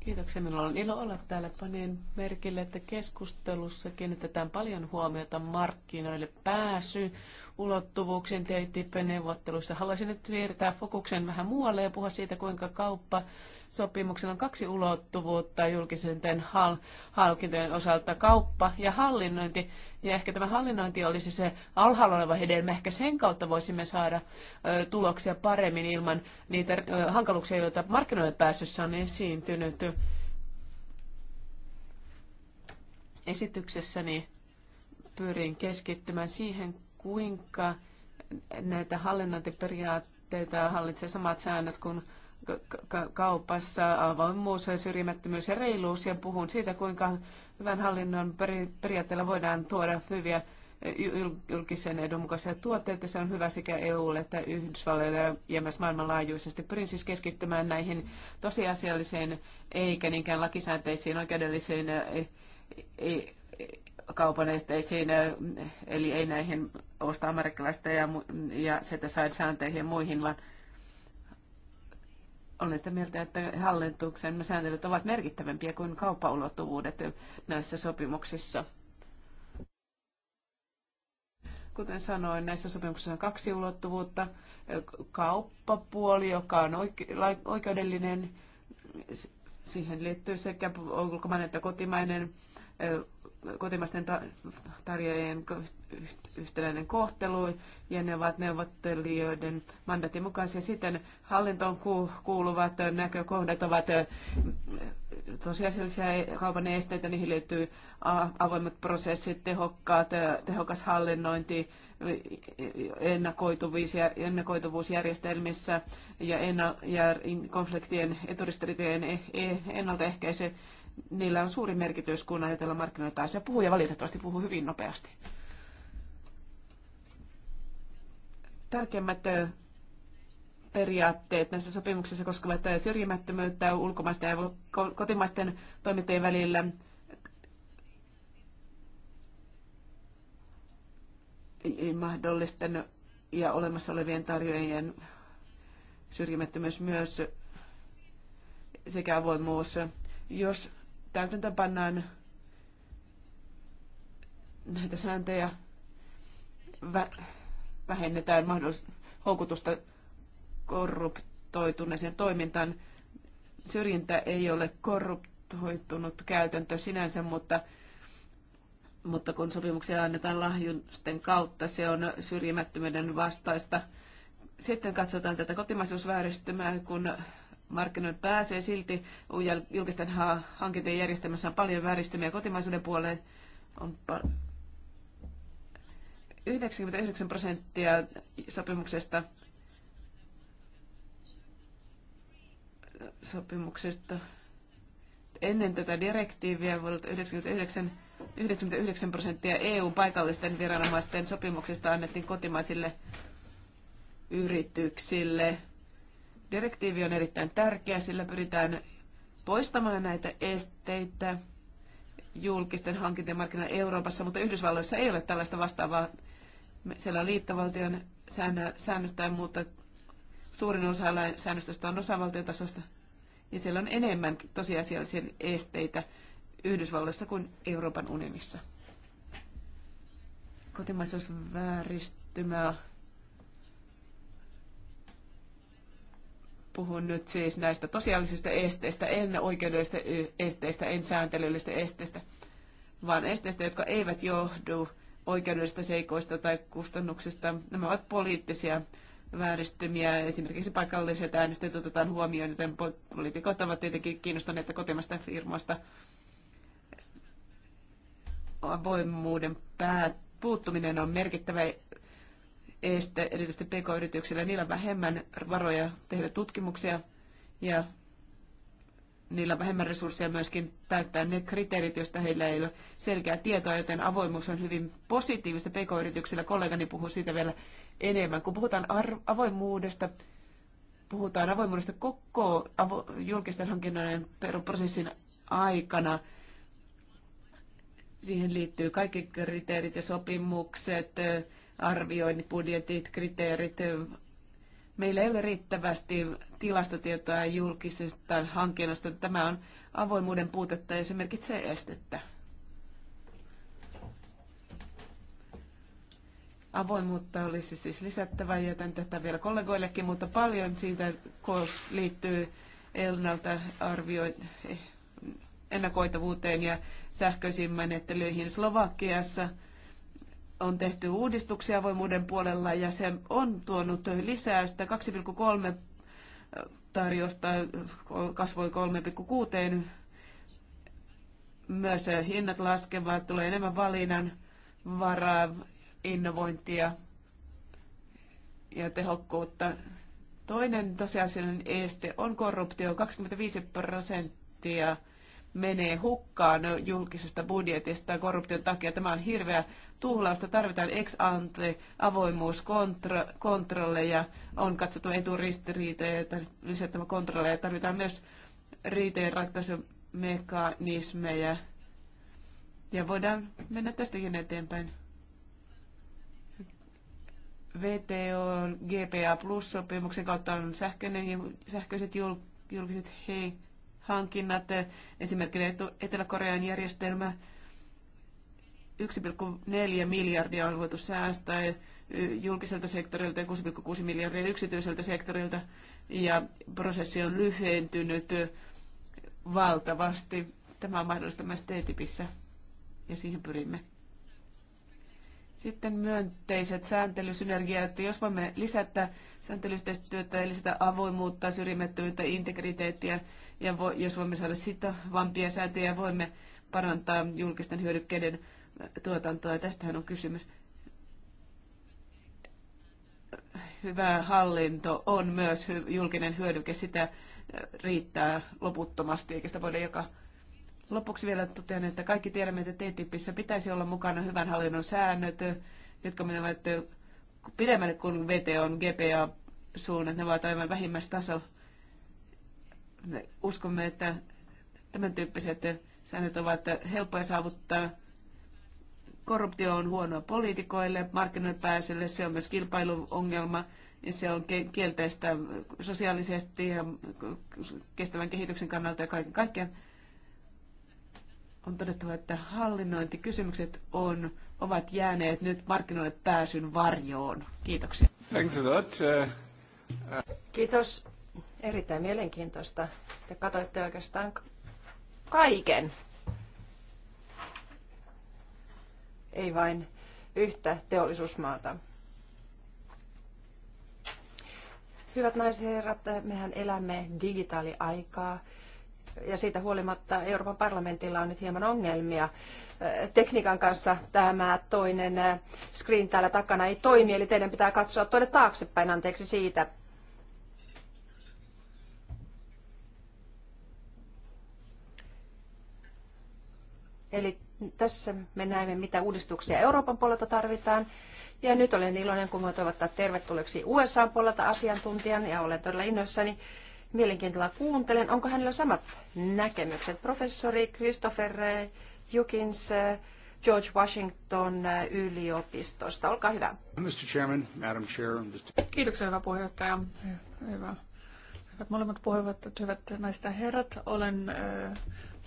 Kiitoksia. Minulla on ilo olla täällä. Panin merkille, että keskustelussa kiinnitetään paljon huomiota markkinoille pääsy ulottuvuuksiin TTIP-neuvotteluissa. Haluaisin nyt siirtää fokuksen vähän muualle ja puhua siitä, kuinka kauppa sopimuksella on kaksi ulottuvuutta julkisen hal- halkintojen osalta, kauppa ja hallinnointi. Ja ehkä tämä hallinnointi olisi se alhaalla oleva hedelmä. Ehkä sen kautta voisimme saada ö, tuloksia paremmin ilman niitä ö, hankaluuksia, joita markkinoille pääsyssä on esiintynyt. Esityksessäni pyrin keskittymään siihen, kuinka näitä hallinnointiperiaatteita hallitsee samat säännöt kuin kaupassa, avoimuus, syrjimättömyys ja reiluus, ja puhun siitä, kuinka hyvän hallinnon periaatteella voidaan tuoda hyviä julkisen edun mukaisia tuotteita. Se on hyvä sekä EUlle että Yhdysvalloille ja myös maailmanlaajuisesti. Pyrin siis keskittymään näihin tosiasiallisiin, eikä niinkään lakisääteisiin oikeudellisiin eh, eh, kaupan esteisiin, eh, eli ei näihin osta amerikkalaista ja, ja sitä sai sääntöihin ja muihin, vaan olen sitä mieltä, että hallituksen sääntelyt ovat merkittävämpiä kuin kauppaulottuvuudet näissä sopimuksissa. Kuten sanoin, näissä sopimuksissa on kaksi ulottuvuutta. Kauppapuoli, joka on oikeudellinen, siihen liittyy sekä ulkomainen että kotimainen eh, kotimaisten tarjoajien yhtenäinen kohtelu ja ne ovat neuvottelijoiden mandatin mukaisia. Sitten hallintoon kuuluvat näkökohdat ovat tosiasiallisia kaupan esteitä, niihin liittyy avoimet prosessit, tehokkaat, tehokas hallinnointi, ennakoituvuusjärjestelmissä ja, enna, ja konfliktien eturistiriitojen e-, e-, ennaltaehkäisy niillä on suuri merkitys, kun ajatellaan markkinoita asia. Puhuu ja valitettavasti puhuu hyvin nopeasti. Tärkeimmät periaatteet näissä sopimuksissa koskevat syrjimättömyyttä ulkomaisten ja kotimaisten toimittajien välillä. mahdollisten ja olemassa olevien tarjoajien syrjimättömyys myös sekä avoimuus. Jos täytäntöpannaan näitä sääntöjä, vähennetään mahdollista houkutusta korruptoituneeseen toimintaan. Syrjintä ei ole korruptoitunut käytäntö sinänsä, mutta, mutta kun sopimuksia annetaan lahjusten kautta, se on syrjimättömyyden vastaista. Sitten katsotaan tätä kotimaisuusvääristymää, kun markkinoille pääsee. Silti julkisten hankintojen järjestelmässä on paljon vääristymiä kotimaisuuden puoleen. On 99 prosenttia sopimuksesta sopimuksesta ennen tätä direktiiviä vuodelta 99, 99 prosenttia EU-paikallisten viranomaisten sopimuksista annettiin kotimaisille yrityksille. Direktiivi on erittäin tärkeä, sillä pyritään poistamaan näitä esteitä julkisten hankintojen markkinoilla Euroopassa, mutta Yhdysvalloissa ei ole tällaista vastaavaa. Siellä on liittovaltion säännöstä, mutta suurin osa säännöstöstä on osavaltiotasosta. Ja siellä on enemmän tosiasiallisia esteitä Yhdysvalloissa kuin Euroopan unionissa. Kotimaisuusvääristymää Puhun nyt siis näistä tosiaalisista esteistä, en oikeudellisista esteistä, en sääntelyllistä esteistä, vaan esteistä, jotka eivät johdu oikeudellisista seikoista tai kustannuksista. Nämä ovat poliittisia vääristymiä. Esimerkiksi paikalliset äänestäjät otetaan huomioon, joten poliitikot ovat tietenkin kiinnostuneita kotimasta firmoista avoimuuden päät puuttuminen on merkittävä este erityisesti pk-yrityksillä. Niillä on vähemmän varoja tehdä tutkimuksia ja niillä on vähemmän resursseja myöskin täyttää ne kriteerit, joista heillä ei ole selkeää tietoa, joten avoimuus on hyvin positiivista pk-yrityksillä. Kollegani puhuu siitä vielä enemmän. Kun puhutaan avoimuudesta, puhutaan avoimuudesta koko avo- julkisten hankinnan prosessin aikana. Siihen liittyy kaikki kriteerit ja sopimukset, arvioinnit, budjetit, kriteerit. Meillä ei ole riittävästi tilastotietoa julkisesta hankinnasta. Tämä on avoimuuden puutetta ja se merkitsee estettä. Avoimuutta olisi siis lisättävä, jätän tätä vielä kollegoillekin, mutta paljon siitä liittyy Elnalta arvioi, eh, ennakoitavuuteen ja sähköisiin menettelyihin Slovakiassa – on tehty uudistuksia voimuuden puolella ja se on tuonut sitä 2,3 tarjosta kasvoi 3,6. Myös hinnat laskevat, tulee enemmän valinnan varaa, innovointia ja tehokkuutta. Toinen tosiasiallinen este on korruptio. 25 prosenttia menee hukkaan julkisesta budjetista korruption takia. Tämä on hirveä tuhlausta. Tarvitaan ex ante avoimuuskontrolleja, on katsottu eturistiriitejä, lisättävä kontrolleja. Tarvitaan myös riiteen ratkaisumekanismeja. Ja voidaan mennä tästäkin eteenpäin. VTO, GPA Plus-sopimuksen kautta on sähköinen ja sähköiset julkiset hei hankinnat, esimerkiksi Etelä-Korean järjestelmä, 1,4 miljardia on voitu säästää julkiselta sektorilta ja 6,6 miljardia yksityiseltä sektorilta. Ja prosessi on lyhentynyt valtavasti. Tämä on mahdollista myös TTIPissä ja siihen pyrimme. Sitten myönteiset sääntelysynergiat. Jos voimme lisätä sääntelyyhteistyötä ja lisätä avoimuutta, syrjimättömyyttä, integriteettiä, ja vo, jos voimme saada sitä vampia sääntöjä, voimme parantaa julkisten hyödykkeiden äh, tuotantoa. Tästähän on kysymys. Hyvä hallinto on myös julkinen hyödyke. Sitä äh, riittää loputtomasti, eikä sitä voida joka Lopuksi vielä totean, että kaikki tiedämme, että TTIPissä pitäisi olla mukana hyvän hallinnon säännöt, jotka menevät pidemmälle kuin VTOn GPA-suunnat. Ne ovat aivan vähimmäistaso. Uskomme, että tämän tyyppiset säännöt ovat helppoja saavuttaa. Korruptio on huonoa poliitikoille, markkinoille pääselle, se on myös kilpailuongelma ja se on kielteistä sosiaalisesti ja kestävän kehityksen kannalta ja kaiken kaikkiaan on todettava, että hallinnointikysymykset on, ovat jääneet nyt markkinoille pääsyn varjoon. Kiitoksia. Thanks a lot. Uh, uh, Kiitos. Erittäin mielenkiintoista. Te katoitte oikeastaan kaiken. Ei vain yhtä teollisuusmaata. Hyvät naiset ja herrat, mehän elämme digitaaliaikaa. aikaa ja siitä huolimatta Euroopan parlamentilla on nyt hieman ongelmia tekniikan kanssa. Tämä toinen screen täällä takana ei toimi, eli teidän pitää katsoa tuonne taaksepäin, anteeksi siitä. Eli tässä me näemme, mitä uudistuksia Euroopan puolelta tarvitaan. Ja nyt olen iloinen, kun voin toivottaa tervetulleeksi USA puolelta asiantuntijan ja olen todella innoissani Mielenkiintoilla kuuntelen, onko hänellä samat näkemykset. Professori Christopher Jukins George Washington yliopistosta. Olkaa hyvä. Mr. Chairman, Madam Chair. Mr. Kiitoksia, hyvä puheenjohtaja. Hyvä. Hyvät molemmat puheenjohtajat, hyvät naiset ja herrat. Olen uh,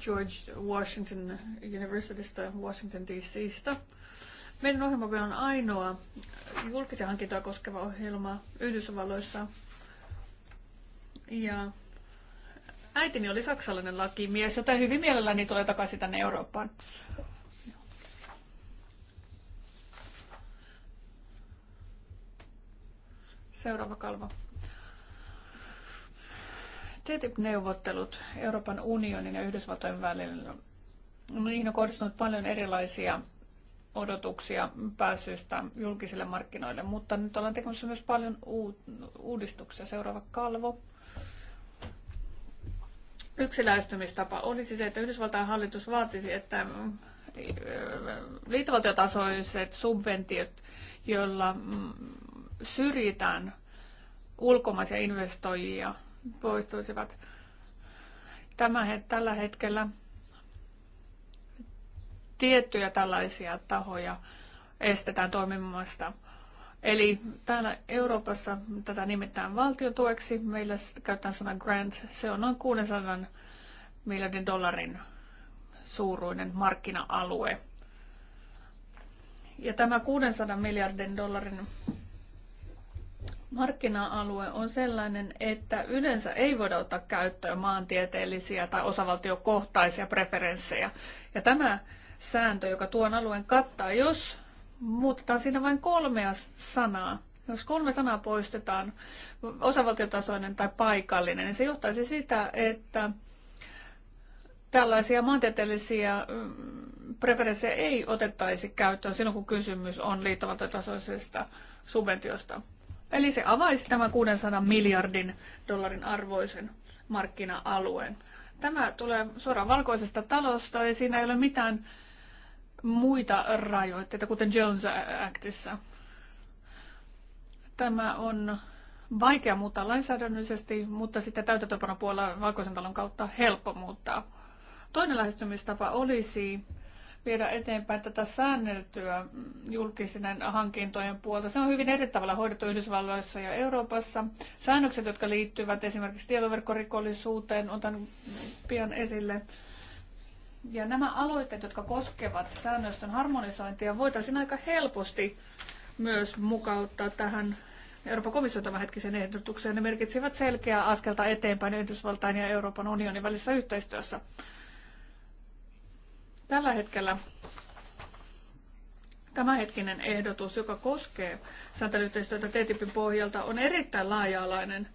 George Washington Universitystä, Washington DCstä. Meidän ohjelma on ainoa julkisia hankintoja koskeva ohjelma Yhdysvalloissa, ja äitini oli saksalainen lakimies, joten hyvin mielelläni tulee takaisin tänne Eurooppaan. Seuraava kalvo. TTIP-neuvottelut Euroopan unionin ja Yhdysvaltojen välillä niihin on kohdistunut paljon erilaisia odotuksia pääsystä julkisille markkinoille, mutta nyt ollaan tekemässä myös paljon uudistuksia. Seuraava kalvo. Yksi lähestymistapa olisi se, että Yhdysvaltain hallitus vaatisi, että mm, liittovaltiotasoiset subventiot, joilla mm, syrjitään ulkomaisia investoijia, poistuisivat. Tämä, tällä hetkellä tiettyjä tällaisia tahoja estetään toimimasta. Eli täällä Euroopassa tätä nimetään tueksi. Meillä käytetään sana grant. Se on noin 600 miljardin dollarin suuruinen markkina-alue. Ja tämä 600 miljardin dollarin markkina-alue on sellainen, että yleensä ei voida ottaa käyttöön maantieteellisiä tai osavaltiokohtaisia preferenssejä. Ja tämä sääntö, joka tuon alueen kattaa. Jos muutetaan siinä vain kolmea sanaa, jos kolme sanaa poistetaan, osavaltiotasoinen tai paikallinen, niin se johtaisi sitä, että tällaisia maantieteellisiä mm, preferenssejä ei otettaisi käyttöön silloin, kun kysymys on liittovaltiotasoisesta subventiosta. Eli se avaisi tämän 600 miljardin dollarin arvoisen markkina-alueen. Tämä tulee suoraan valkoisesta talosta ja siinä ei ole mitään muita rajoitteita, kuten Jones Actissa. Tämä on vaikea muuttaa lainsäädännöllisesti, mutta sitten täytäntöönpanon puolella Valkoisen talon kautta helppo muuttaa. Toinen lähestymistapa olisi viedä eteenpäin tätä säänneltyä julkisinen hankintojen puolta. Se on hyvin eri tavalla hoidettu Yhdysvalloissa ja Euroopassa. Säännökset, jotka liittyvät esimerkiksi tietoverkkorikollisuuteen, otan pian esille. Ja nämä aloitteet, jotka koskevat säännöstön harmonisointia, voitaisiin aika helposti myös mukauttaa tähän Euroopan komission tämänhetkisen ehdotukseen. Ne merkitsivät selkeää askelta eteenpäin Yhdysvaltain ja Euroopan unionin välisessä yhteistyössä. Tällä hetkellä tämänhetkinen ehdotus, joka koskee sääntelyyhteistyötä TTIPin pohjalta, on erittäin laaja-alainen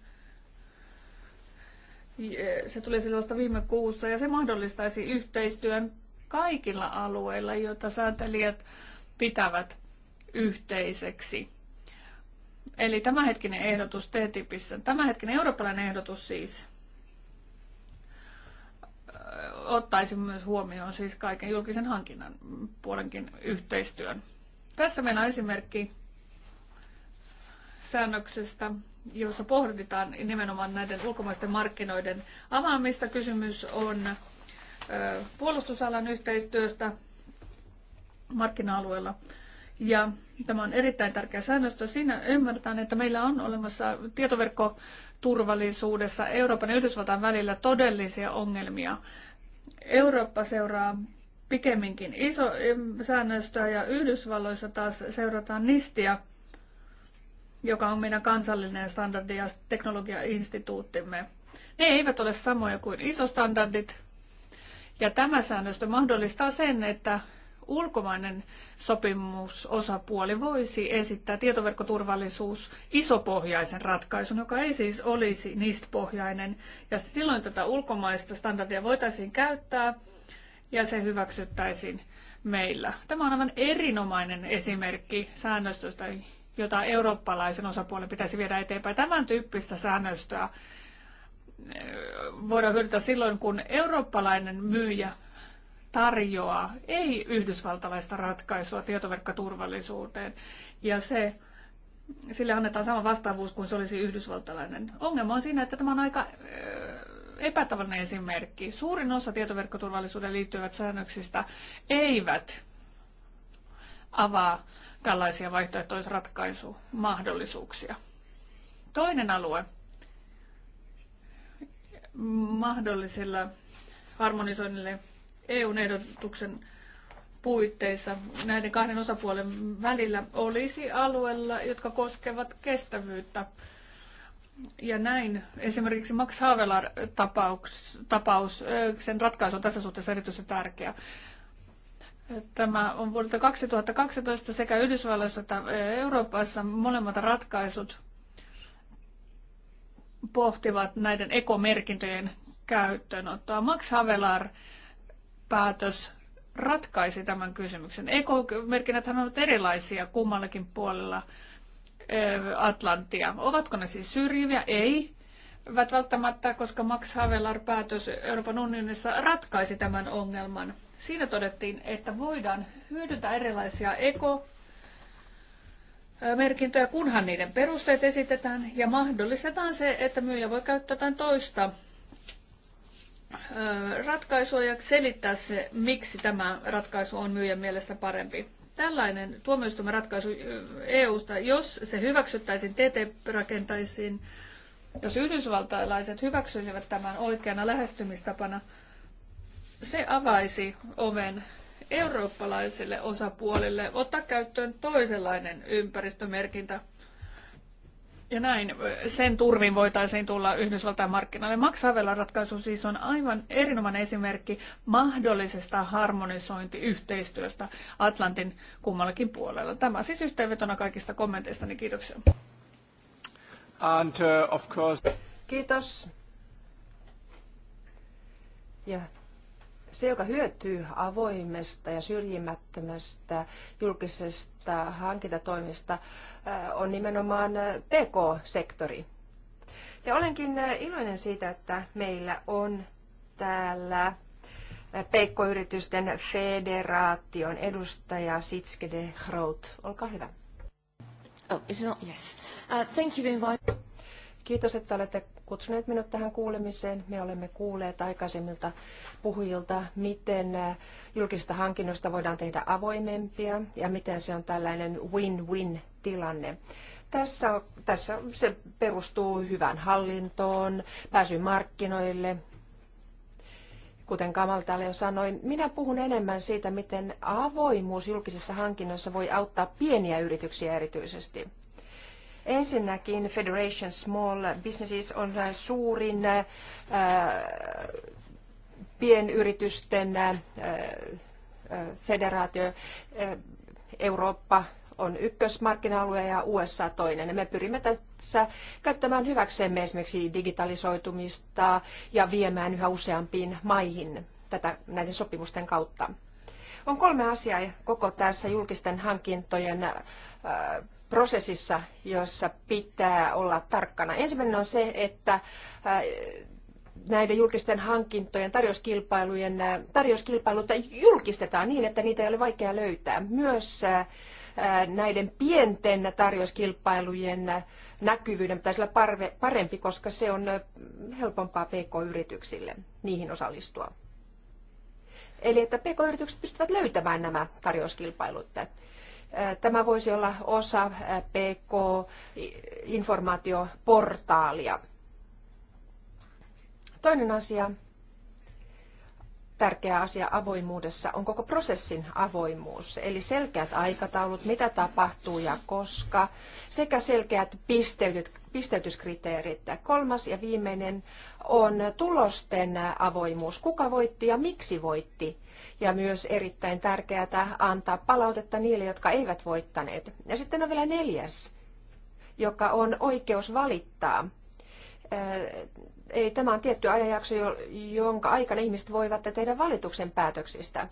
se tuli silloin vasta viime kuussa ja se mahdollistaisi yhteistyön kaikilla alueilla, joita säätelijät pitävät yhteiseksi. Eli tämänhetkinen ehdotus TTIPissä, tämänhetkinen eurooppalainen ehdotus siis ottaisi myös huomioon siis kaiken julkisen hankinnan puolenkin yhteistyön. Tässä meillä on esimerkki säännöksestä, jossa pohditaan nimenomaan näiden ulkomaisten markkinoiden avaamista. Kysymys on puolustusalan yhteistyöstä markkina-alueella. Ja tämä on erittäin tärkeä säännöstö. Siinä ymmärretään, että meillä on olemassa tietoverkkoturvallisuudessa Euroopan ja Yhdysvaltain välillä todellisia ongelmia. Eurooppa seuraa pikemminkin iso säännöstöä ja Yhdysvalloissa taas seurataan nistiä joka on meidän kansallinen standardi- ja teknologiainstituuttimme. Ne eivät ole samoja kuin iso standardit. Ja tämä säännöstö mahdollistaa sen, että ulkomainen sopimusosapuoli voisi esittää tietoverkkoturvallisuus isopohjaisen ratkaisun, joka ei siis olisi NIST-pohjainen. Ja silloin tätä ulkomaista standardia voitaisiin käyttää ja se hyväksyttäisiin meillä. Tämä on aivan erinomainen esimerkki säännöstöstä, jota eurooppalaisen osapuolen pitäisi viedä eteenpäin. Tämän tyyppistä säännöstöä äh, voidaan hyödyntää silloin, kun eurooppalainen myyjä tarjoaa ei yhdysvaltalaista ratkaisua tietoverkkoturvallisuuteen. Ja se, sille annetaan sama vastaavuus kuin se olisi yhdysvaltalainen. Ongelma on siinä, että tämä on aika äh, epätavallinen esimerkki. Suurin osa tietoverkkoturvallisuuden liittyvät säännöksistä eivät avaa tällaisia vaihtoehtoisratkaisumahdollisuuksia. Toinen alue mahdollisella harmonisoinnille EUn ehdotuksen puitteissa näiden kahden osapuolen välillä olisi alueella, jotka koskevat kestävyyttä. Ja näin esimerkiksi Max Havelar-tapaus, sen ratkaisu on tässä suhteessa erityisen tärkeä. Tämä on vuodelta 2012 sekä Yhdysvalloissa että Euroopassa molemmat ratkaisut pohtivat näiden ekomerkintöjen käyttöönottoa. Max Havelar päätös ratkaisi tämän kysymyksen. Ekomerkinnät ovat erilaisia kummallakin puolella Atlantia. Ovatko ne siis syrjiviä? Ei. Eivät välttämättä, koska Max Havelar päätös Euroopan unionissa ratkaisi tämän ongelman. Siinä todettiin, että voidaan hyödyntää erilaisia eko- merkintöjä, kunhan niiden perusteet esitetään ja mahdollistetaan se, että myyjä voi käyttää jotain toista ratkaisua ja selittää se, miksi tämä ratkaisu on myyjän mielestä parempi. Tällainen tuomioistuimen ratkaisu EUsta, jos se hyväksyttäisiin ttip rakentaisiin jos yhdysvaltalaiset hyväksyisivät tämän oikeana lähestymistapana, se avaisi oven eurooppalaisille osapuolille ottaa käyttöön toisenlainen ympäristömerkintä. Ja näin sen turvin voitaisiin tulla Yhdysvaltain markkinoille. Maksavella ratkaisu siis on aivan erinomainen esimerkki mahdollisesta harmonisointiyhteistyöstä Atlantin kummallakin puolella. Tämä siis yhteenvetona kaikista kommenteista, niin kiitoksia. And, uh, of course... Kiitos. Yeah se, joka hyötyy avoimesta ja syrjimättömästä julkisesta hankintatoimista, äh, on nimenomaan äh, PK-sektori. Ja olenkin äh, iloinen siitä, että meillä on täällä PK-yritysten federaation edustaja de Groot. Olkaa hyvä. Oh, is it not? Yes. Uh, thank you Kiitos, että olette kutsuneet minut tähän kuulemiseen. Me olemme kuulleet aikaisemmilta puhujilta, miten äh, julkisista hankinnoista voidaan tehdä avoimempia ja miten se on tällainen win-win tilanne. Tässä, tässä se perustuu hyvään hallintoon, pääsy markkinoille, kuten Kamal täällä jo sanoi, minä puhun enemmän siitä, miten avoimuus julkisissa hankinnoissa voi auttaa pieniä yrityksiä erityisesti. Ensinnäkin Federation Small Businesses on suurin ää, äh, pienyritysten ää, äh, federaatio. Äh, Eurooppa on ykkösmarkkina-alue ja USA toinen. Me pyrimme tässä käyttämään hyväksemme esimerkiksi digitalisoitumista ja viemään yhä useampiin maihin tätä, näiden sopimusten kautta. On kolme asiaa koko tässä julkisten hankintojen prosessissa, jossa pitää olla tarkkana. Ensimmäinen on se, että äh, näiden julkisten hankintojen tarjouskilpailujen, äh, tarjouskilpailut julkistetaan niin, että niitä ei ole vaikea löytää. Myös äh, näiden pienten tarjouskilpailujen näkyvyyden pitäisi olla parempi, koska se on helpompaa pk-yrityksille niihin osallistua. Eli että pk-yritykset pystyvät löytämään nämä tarjouskilpailut. Tämä voisi olla osa PK-informaatioportaalia. Toinen asia, tärkeä asia avoimuudessa on koko prosessin avoimuus, eli selkeät aikataulut, mitä tapahtuu ja koska, sekä selkeät pisteytyt pisteytyskriteerit. Kolmas ja viimeinen on tulosten avoimuus. Kuka voitti ja miksi voitti? Ja myös erittäin tärkeää antaa palautetta niille, jotka eivät voittaneet. Ja sitten on vielä neljäs, joka on oikeus valittaa. Äh, ei, tämä on tietty ajanjakso, jonka aikana ihmiset voivat tehdä valituksen päätöksistä.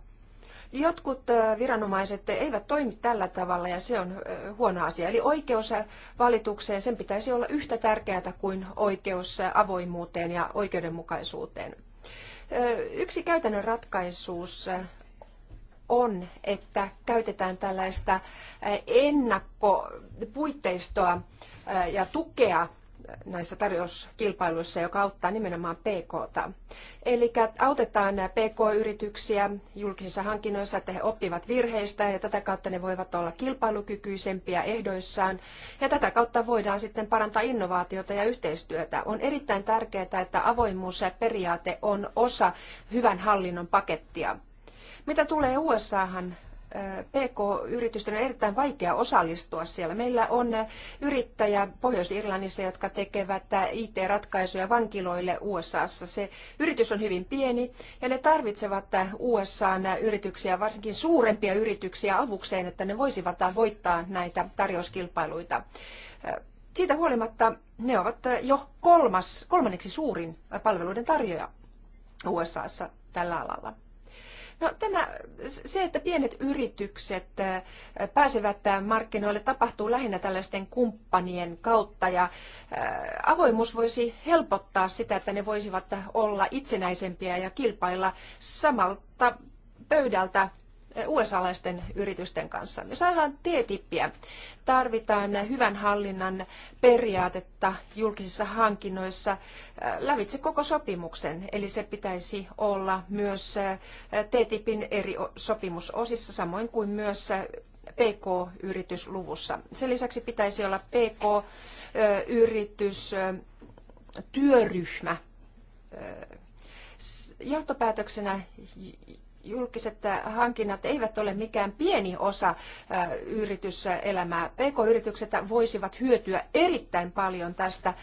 Jotkut äh, viranomaiset eivät toimi tällä tavalla ja se on äh, huono asia. Eli oikeus valitukseen, sen pitäisi olla yhtä tärkeää kuin oikeus äh, avoimuuteen ja oikeudenmukaisuuteen. Yksi käytännön ratkaisuus on, että käytetään tällaista ennakkopuitteistoa ja tukea näissä tarjouskilpailuissa, joka auttaa nimenomaan pk -ta. Eli autetaan PK-yrityksiä julkisissa hankinnoissa, että he oppivat virheistä ja tätä kautta ne voivat olla kilpailukykyisempiä ehdoissaan. Ja tätä kautta voidaan sitten parantaa innovaatiota ja yhteistyötä. On erittäin tärkeää, että avoimuus ja periaate on osa hyvän hallinnon pakettia. Mitä tulee USAhan, PK-yritysten on erittäin vaikea osallistua siellä. Meillä on yrittäjä Pohjois-Irlannissa, jotka tekevät IT-ratkaisuja vankiloille USAssa. Se yritys on hyvin pieni ja ne tarvitsevat USAn yrityksiä, varsinkin suurempia yrityksiä avukseen, että ne voisivat voittaa näitä tarjouskilpailuita. Siitä huolimatta ne ovat jo kolmas, kolmanneksi suurin palveluiden tarjoaja USAssa tällä alalla. No, tämä, se, että pienet yritykset pääsevät markkinoille, tapahtuu lähinnä tällaisten kumppanien kautta ja avoimuus voisi helpottaa sitä, että ne voisivat olla itsenäisempiä ja kilpailla samalta pöydältä USA-laisten yritysten kanssa. Me saadaan tietippiä. tarvitaan hyvän hallinnan periaatetta julkisissa hankinnoissa äh, lävitse koko sopimuksen, eli se pitäisi olla myös äh, TTIPin eri sopimusosissa, samoin kuin myös äh, PK-yritysluvussa. Sen lisäksi pitäisi olla PK-yritystyöryhmä johtopäätöksenä julkiset äh, hankinnat eivät ole mikään pieni osa äh, yrityselämää. PK-yritykset voisivat hyötyä erittäin paljon tästä äh,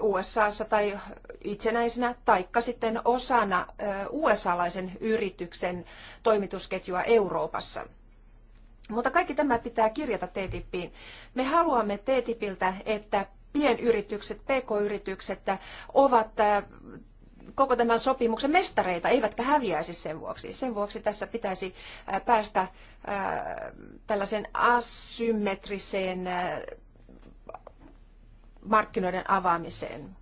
USAssa tai itsenäisenä taikka sitten osana USA-laisen yrityksen toimitusketjua Euroopassa. Mutta kaikki tämä pitää kirjata TTIPiin. Me haluamme TTIPiltä, että pienyritykset, pk-yritykset ovat koko tämän sopimuksen mestareita, eivätkä häviäisi sen vuoksi. Sen vuoksi tässä pitäisi päästä tällaisen asymmetriseen markkinoiden avaamiseen.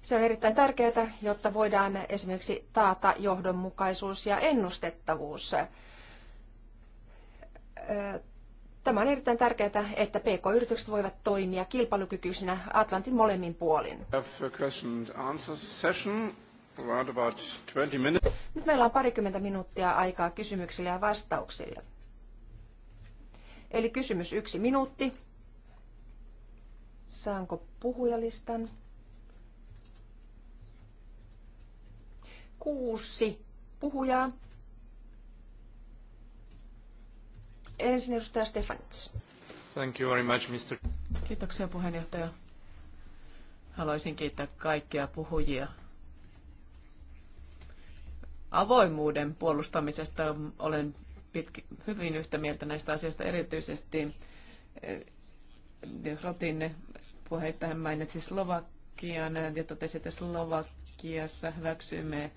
Se on erittäin tärkeää, jotta voidaan esimerkiksi taata johdonmukaisuus ja ennustettavuus Tämä on erittäin tärkeää, että PK-yritykset voivat toimia kilpailukykyisinä Atlantin molemmin puolin. Nyt meillä on parikymmentä minuuttia aikaa kysymyksille ja vastauksille. Eli kysymys yksi minuutti. Saanko puhujalistan? Kuusi puhujaa. Ensin edustaja Stefanits. Thank you very much, Mr. Kiitoksia puheenjohtaja. Haluaisin kiittää kaikkia puhujia avoimuuden puolustamisesta. Olen pitki, hyvin yhtä mieltä näistä asioista, erityisesti eh, Rotin puheista hän mainitsi Slovakian ja totesi, että Slovakiassa hyväksymme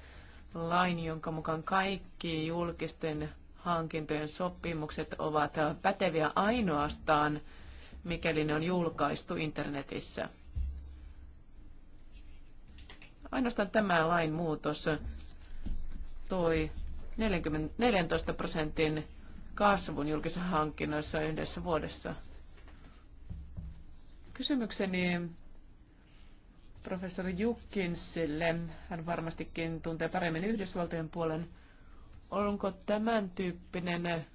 lain, jonka mukaan kaikki julkisten hankintojen sopimukset ovat päteviä ainoastaan, mikäli ne on julkaistu internetissä. Ainoastaan tämä lain muutos toi 40, 14 prosentin kasvun julkisissa hankinnoissa yhdessä vuodessa. Kysymykseni professori Jukkinsille, hän varmastikin tuntee paremmin Yhdysvaltojen puolen onko tämän tyyppinen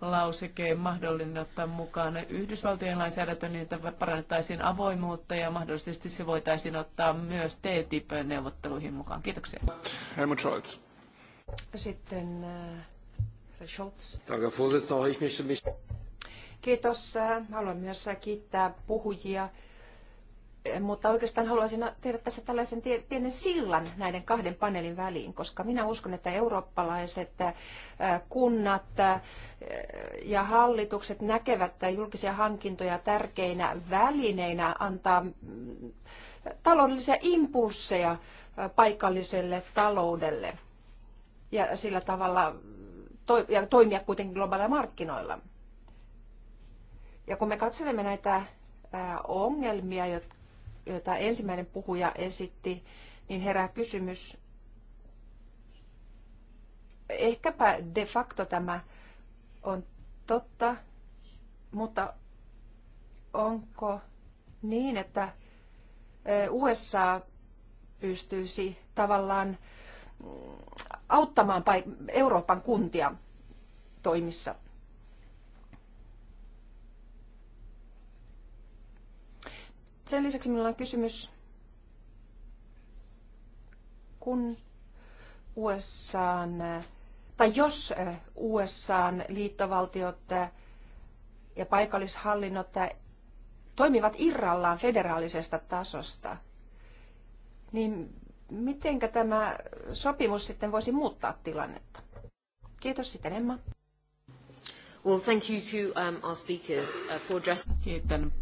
lauseke mahdollinen ottaa mukaan Yhdysvaltojen lainsäädäntö niin, että parannettaisiin avoimuutta ja mahdollisesti se voitaisiin ottaa myös TTIP-neuvotteluihin mukaan. Kiitoksia. Helmut Scholz. Sitten äh, Scholz. Kiitos. Äh, haluan myös äh, kiittää puhujia mutta oikeastaan haluaisin tehdä tässä tällaisen pienen sillan näiden kahden paneelin väliin, koska minä uskon, että eurooppalaiset äh, kunnat äh, ja hallitukset näkevät äh, julkisia hankintoja tärkeinä välineinä antaa mm, taloudellisia impulsseja paikalliselle taloudelle ja sillä tavalla mm, ja toimia kuitenkin globaaleilla markkinoilla. Ja kun me katselemme näitä ongelmia, jotka joita ensimmäinen puhuja esitti, niin herää kysymys, ehkäpä de facto tämä on totta, mutta onko niin, että USA pystyisi tavallaan mm, auttamaan Euroopan kuntia toimissa? Sen lisäksi minulla on kysymys, kun USAn, tai jos USAn liittovaltiot ja paikallishallinnot toimivat irrallaan federaalisesta tasosta, niin miten tämä sopimus sitten voisi muuttaa tilannetta? Kiitos sitten Emma. Well, thank you to um, our speakers uh, for addressing. Kiitän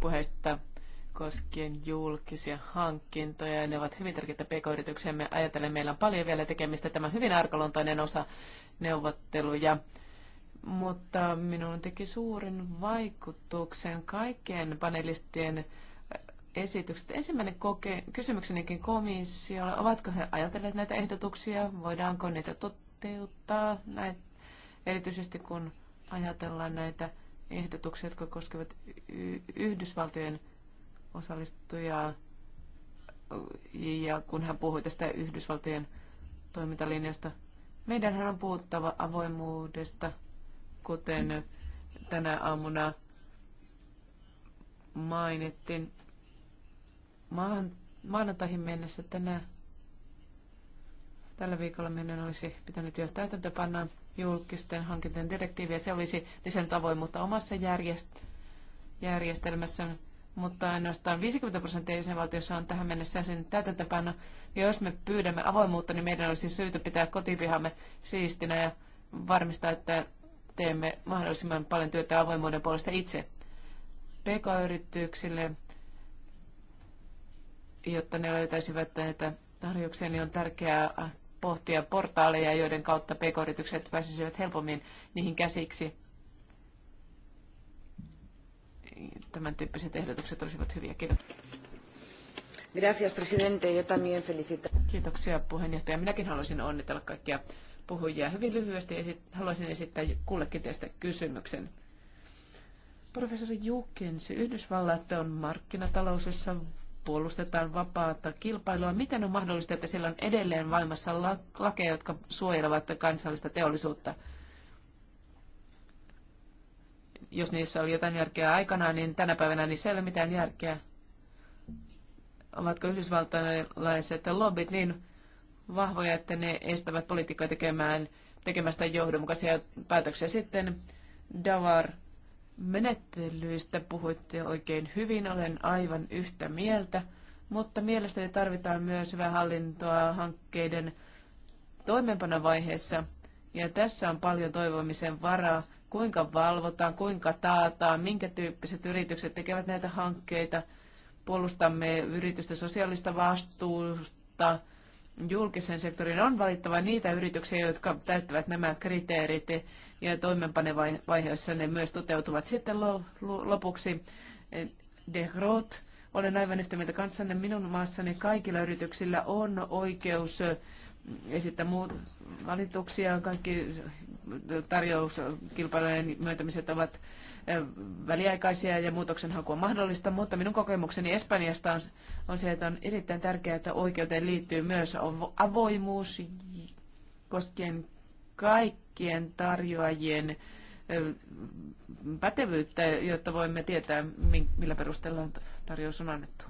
puheesta koskien julkisia hankintoja. ne ovat hyvin tärkeitä pk-yrityksiä. Me ajatellen, meillä on paljon vielä tekemistä. Tämä on hyvin arkaluontoinen osa neuvotteluja. Mutta minun teki suuren vaikutuksen kaikkien panelistien esitykset. Ensimmäinen koke- kysymyksenikin komissiolle, ovatko he ajatelleet näitä ehdotuksia, voidaanko niitä toteuttaa, näin, erityisesti kun ajatellaan näitä ehdotuksia, jotka koskevat Yhdysvaltojen osallistujaa. Ja kun hän puhui tästä Yhdysvaltojen toimintalinjasta, meidän on puhuttava avoimuudesta, kuten tänä aamuna mainittiin. Maanantaihin mennessä tänä tällä viikolla meidän olisi pitänyt jo täytäntöpanna julkisten hankintojen direktiiviä. Se olisi lisännyt avoimuutta omassa järjest- järjestelmässä mutta ainoastaan 50 prosenttia jäsenvaltiossa on tähän mennessä sen täytäntöpano. Jos me pyydämme avoimuutta, niin meidän olisi syytä pitää kotipihamme siistinä ja varmistaa, että teemme mahdollisimman paljon työtä avoimuuden puolesta itse. PK-yrityksille, jotta ne löytäisivät näitä tarjouksia, niin on tärkeää pohtia portaaleja, joiden kautta pk-yritykset pääsisivät helpommin niihin käsiksi. tämän tyyppiset ehdotukset olisivat hyviä. Kiitos. Gracias, presidente. Yo también felicito. Kiitoksia puheenjohtaja. Minäkin haluaisin onnitella kaikkia puhujia. Hyvin lyhyesti haluaisin esittää kullekin teistä kysymyksen. Professori Jukens, Yhdysvallat on markkinatalous, jossa puolustetaan vapaata kilpailua. Miten on mahdollista, että siellä on edelleen vaimassa lakeja, jotka suojelevat kansallista teollisuutta? jos niissä oli jotain järkeä aikana, niin tänä päivänä niissä ei ole mitään järkeä. Ovatko yhdysvaltalaiset lobbit niin vahvoja, että ne estävät poliitikkoja tekemään, tekemästä johdonmukaisia päätöksiä. Sitten Davar menettelyistä puhuitte oikein hyvin, olen aivan yhtä mieltä, mutta mielestäni tarvitaan myös hyvää hallintoa hankkeiden toimeenpanovaiheessa. Ja tässä on paljon toivomisen varaa kuinka valvotaan, kuinka taataan, minkä tyyppiset yritykset tekevät näitä hankkeita. Puolustamme yritysten sosiaalista vastuusta. Julkisen sektorin on valittava niitä yrityksiä, jotka täyttävät nämä kriteerit ja toimenpanevaiheessa ne myös toteutuvat. Sitten lopuksi eh, de Groot. Olen aivan yhtä mieltä kanssanne. Minun maassani kaikilla yrityksillä on oikeus eh, esittää muut valituksia. Kaikki tarjouskilpailujen myöntämiset ovat eh, väliaikaisia ja muutoksenhaku on mahdollista, mutta minun kokemukseni Espanjasta on, on se, että on erittäin tärkeää, että oikeuteen liittyy myös avoimuus koskien kaikkien tarjoajien eh, pätevyyttä, jotta voimme tietää, millä perusteella tarjous on annettu.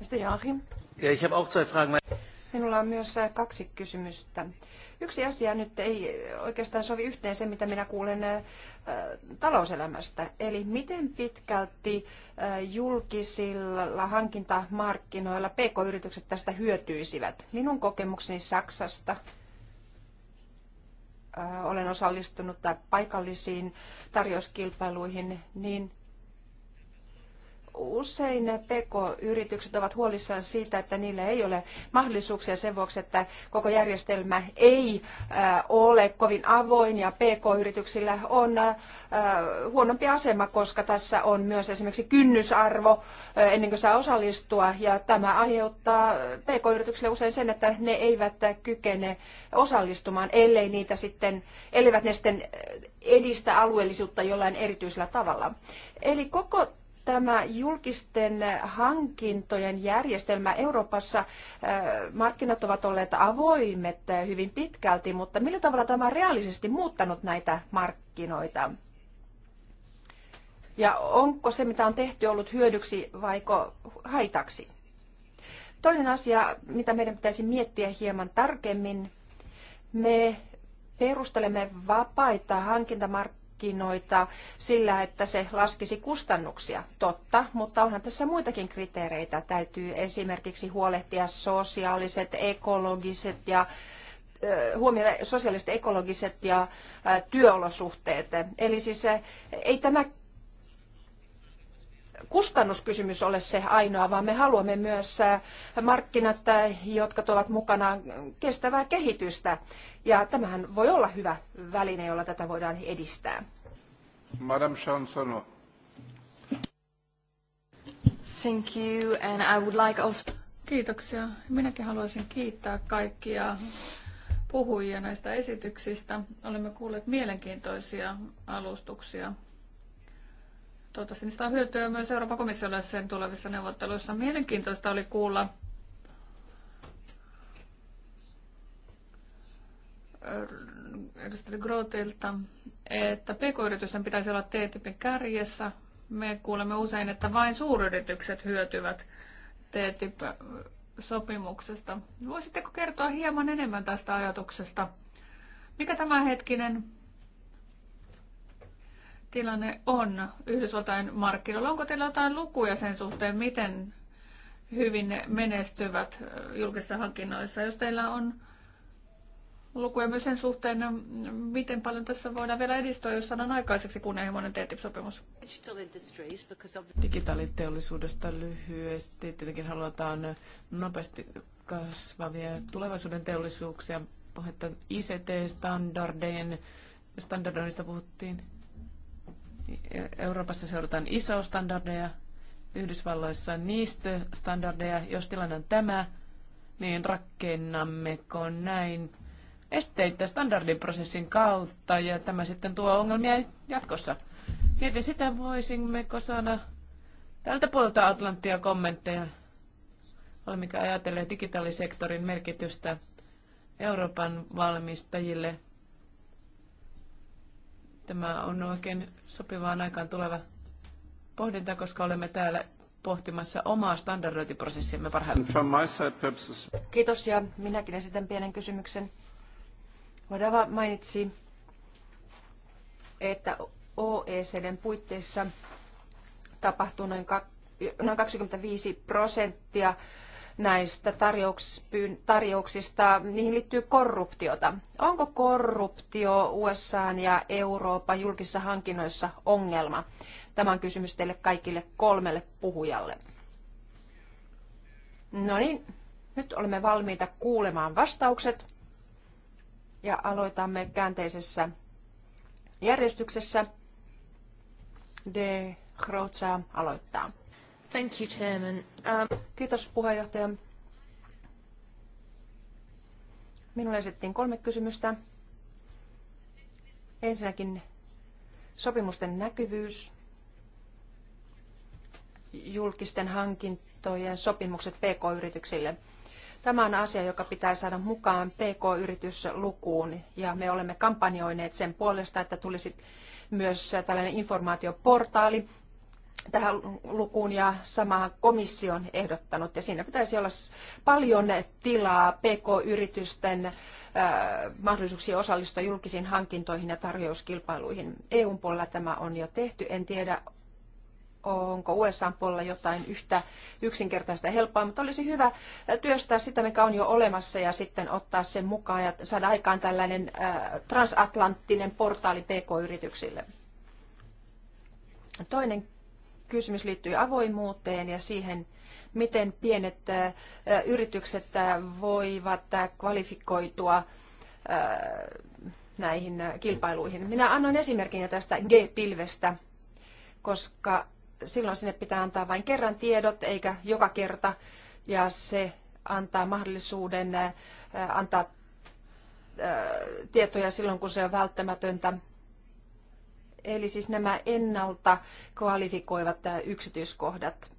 Sitten Joachim. Ja, ich habe auch zwei Fragen. Minulla on myös äh, kaksi kysymystä. Yksi asia nyt ei oikeastaan sovi yhteen se, mitä minä kuulen äh, talouselämästä. Eli miten pitkälti äh, julkisilla hankintamarkkinoilla pk-yritykset tästä hyötyisivät? Minun kokemukseni Saksasta olen osallistunut paikallisiin tarjouskilpailuihin, niin Usein PK-yritykset ovat huolissaan siitä, että niillä ei ole mahdollisuuksia sen vuoksi, että koko järjestelmä ei äh, ole kovin avoin ja PK-yrityksillä on äh, huonompi asema, koska tässä on myös esimerkiksi kynnysarvo äh, ennen kuin saa osallistua ja tämä aiheuttaa PK-yrityksille usein sen, että ne eivät kykene osallistumaan, ellei niitä sitten, elleivät ne sitten edistä alueellisuutta jollain erityisellä tavalla. Eli koko tämä julkisten hankintojen järjestelmä Euroopassa, äh, markkinat ovat olleet avoimet hyvin pitkälti, mutta millä tavalla tämä on reaalisesti muuttanut näitä markkinoita? Ja onko se, mitä on tehty, ollut hyödyksi vaiko haitaksi? Toinen asia, mitä meidän pitäisi miettiä hieman tarkemmin, me perustelemme vapaita hankintamarkkinoita markkinoita sillä, että se laskisi kustannuksia. Totta, mutta onhan tässä muitakin kriteereitä. Täytyy esimerkiksi huolehtia sosiaaliset, ekologiset ja huomioida sosiaaliset, ekologiset ja työolosuhteet. Eli siis ei tämä kustannuskysymys ole se ainoa, vaan me haluamme myös markkinat, jotka tuovat mukanaan kestävää kehitystä. Ja tämähän voi olla hyvä väline, jolla tätä voidaan edistää. Madame Chansonot. Thank you, and I would like also... Kiitoksia. Minäkin haluaisin kiittää kaikkia puhujia näistä esityksistä. Olemme kuulleet mielenkiintoisia alustuksia. Toivottavasti niistä on hyötyä myös Euroopan komissiolle sen tulevissa neuvotteluissa. Mielenkiintoista oli kuulla edustaja Grotilta, että pk-yritysten pitäisi olla T-typin kärjessä. Me kuulemme usein, että vain suuryritykset hyötyvät TTIP-sopimuksesta. Voisitteko kertoa hieman enemmän tästä ajatuksesta? Mikä tämä hetkinen tilanne on Yhdysvaltain markkinoilla? Onko teillä jotain lukuja sen suhteen, miten hyvin ne menestyvät julkisissa hankinnoissa? Jos teillä on lukuja myös sen suhteen, mm, miten paljon tässä voidaan vielä edistyä, jos saadaan aikaiseksi kunnianhimoinen TTIP-sopimus. Digitaaliteollisuudesta lyhyesti. Tietenkin halutaan nopeasti kasvavia tulevaisuuden teollisuuksia. Puhetta ICT-standardeen, standardoinnista puhuttiin. Euroopassa seurataan ISO-standardeja, Yhdysvalloissa niistä standardeja. Jos tilanne on tämä, niin rakennammeko näin esteitä standardiprosessin kautta ja tämä sitten tuo ongelmia jatkossa. Mietin sitä, voisimmeko saada tältä puolelta Atlanttia kommentteja. Olemme ajatelleet digitaalisektorin merkitystä Euroopan valmistajille. Tämä on oikein sopivaan aikaan tuleva pohdinta, koska olemme täällä pohtimassa omaa standardointiprosessiamme parhaillaan. Kiitos ja minäkin esitän pienen kysymyksen. Vadava mainitsi, että OECDn puitteissa tapahtuu noin 25 prosenttia näistä tarjouksista, niihin liittyy korruptiota. Onko korruptio USA ja Euroopan julkisissa hankinnoissa ongelma? Tämä on kysymys teille kaikille kolmelle puhujalle. No niin, nyt olemme valmiita kuulemaan vastaukset ja aloitamme käänteisessä järjestyksessä. De Grootsa aloittaa. Thank you, Chairman. Um... Kiitos puheenjohtaja. Minulle esittiin kolme kysymystä. Ensinnäkin sopimusten näkyvyys, julkisten hankintojen sopimukset pk-yrityksille – Tämä on asia, joka pitää saada mukaan PK-yrityslukuun ja me olemme kampanjoineet sen puolesta, että tulisi myös tällainen informaatioportaali tähän lukuun ja samaa komissio on ehdottanut. Ja siinä pitäisi olla paljon tilaa PK-yritysten äh, mahdollisuuksia osallistua julkisiin hankintoihin ja tarjouskilpailuihin. EUn puolella tämä on jo tehty. En tiedä, onko USA puolella jotain yhtä yksinkertaista ja helppoa, mutta olisi hyvä työstää sitä, mikä on jo olemassa ja sitten ottaa sen mukaan ja saada aikaan tällainen äh, transatlanttinen portaali PK-yrityksille. Toinen kysymys liittyy avoimuuteen ja siihen, miten pienet äh, yritykset äh, voivat kvalifikoitua näihin kilpailuihin. Minä annoin esimerkin tästä G-pilvestä, koska silloin sinne pitää antaa vain kerran tiedot eikä joka kerta. Ja se antaa mahdollisuuden äh, antaa äh, tietoja silloin, kun se on välttämätöntä. Eli siis nämä ennalta kvalifikoivat äh, yksityiskohdat.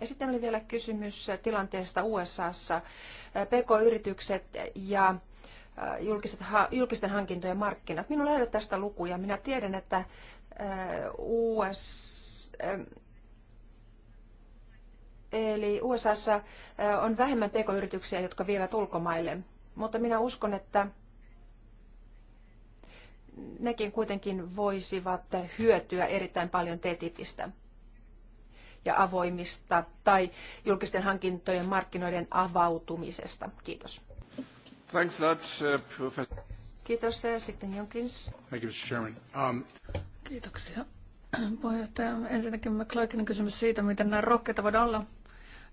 Ja sitten oli vielä kysymys tilanteesta USAssa. PK-yritykset ja julkiset, julkisten hankintojen markkinat. Minulla ei ole tästä lukuja. Minä tiedän, että USA Ähm, eli USAssa äh, on vähemmän pk-yrityksiä, jotka vievät ulkomaille. Mutta minä uskon, että nekin kuitenkin voisivat hyötyä erittäin paljon TTIPistä ja avoimista tai julkisten hankintojen markkinoiden avautumisesta. Kiitos. Thanks a lot, uh, professor. Kiitos. Äh, sitten Jonkins. Thank you, Mr. Chairman. Um... Kiitoksia Puheenjohtaja, ensinnäkin McClarkin kysymys siitä, miten nämä rohkeita voidaan olla.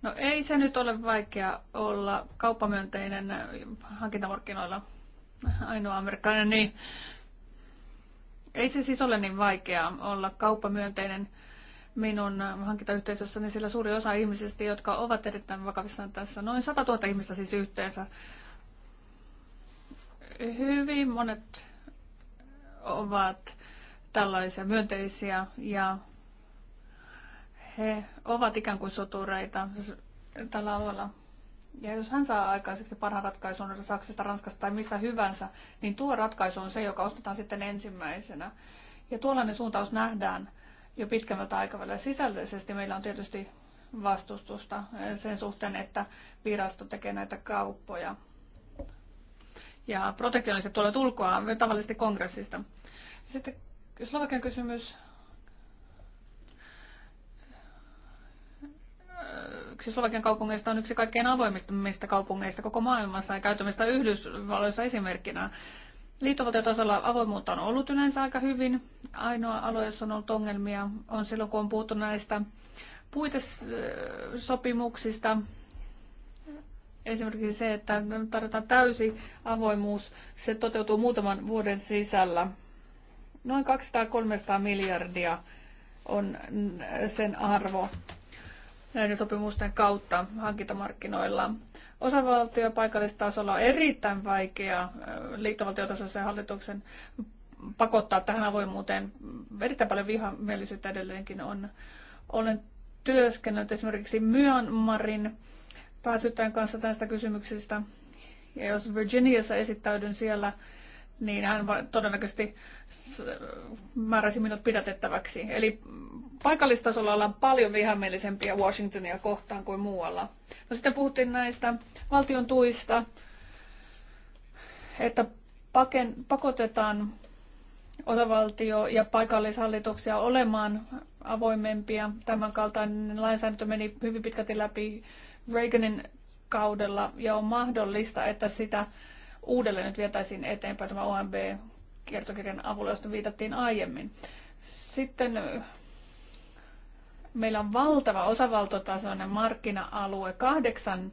No ei se nyt ole vaikea olla kauppamyönteinen hankintamarkkinoilla. Ainoa amerikkalainen, niin ei se siis ole niin vaikeaa olla kauppamyönteinen minun hankintayhteisössäni, niin sillä suuri osa ihmisistä, jotka ovat erittäin vakavissaan tässä, noin 100 000 ihmistä siis yhteensä, hyvin monet ovat tällaisia myönteisiä ja he ovat ikään kuin sotureita tällä alueella. Ja jos hän saa aikaiseksi parhaan ratkaisun Saksasta, Ranskasta tai mistä hyvänsä, niin tuo ratkaisu on se, joka ostetaan sitten ensimmäisenä. Ja tuollainen suuntaus nähdään jo pitkämmältä aikavälillä. Sisällöllisesti meillä on tietysti vastustusta sen suhteen, että virasto tekee näitä kauppoja. Ja protektioniset tulevat ulkoa tavallisesti kongressista. Sitten Slovakian kysymys. Yksi Slovakian kaupungeista on yksi kaikkein avoimimmista kaupungeista koko maailmassa ja käytämistä Yhdysvalloissa esimerkkinä. Liittovaltiotasolla avoimuutta on ollut yleensä aika hyvin. Ainoa alue, jossa on ollut ongelmia, on silloin, kun on puhuttu näistä puitesopimuksista. Esimerkiksi se, että tarjotaan täysi avoimuus, se toteutuu muutaman vuoden sisällä. Noin 200-300 miljardia on sen arvo näiden sopimusten kautta hankintamarkkinoilla. Osavaltio- ja paikallistasolla on erittäin vaikea liittovaltiotasoisen hallituksen pakottaa tähän avoimuuteen. Erittäin paljon vihamielisyyttä edelleenkin on. Olen työskennellyt esimerkiksi Myanmarin pääsyttäjän kanssa tästä kysymyksestä. Ja jos Virginiassa esittäydyn siellä niin hän todennäköisesti määräsi minut pidätettäväksi. Eli paikallistasolla ollaan paljon vihamielisempiä Washingtonia kohtaan kuin muualla. No sitten puhuttiin näistä valtion tuista, että paken, pakotetaan osavaltio- ja paikallishallituksia olemaan avoimempia. Tämän kaltainen lainsäädäntö meni hyvin pitkälti läpi Reaganin kaudella ja on mahdollista, että sitä uudelleen nyt vietäisiin eteenpäin tämä OMB-kiertokirjan avulla, josta viitattiin aiemmin. Sitten meillä on valtava osavaltotasoinen markkina-alue, kahdeksan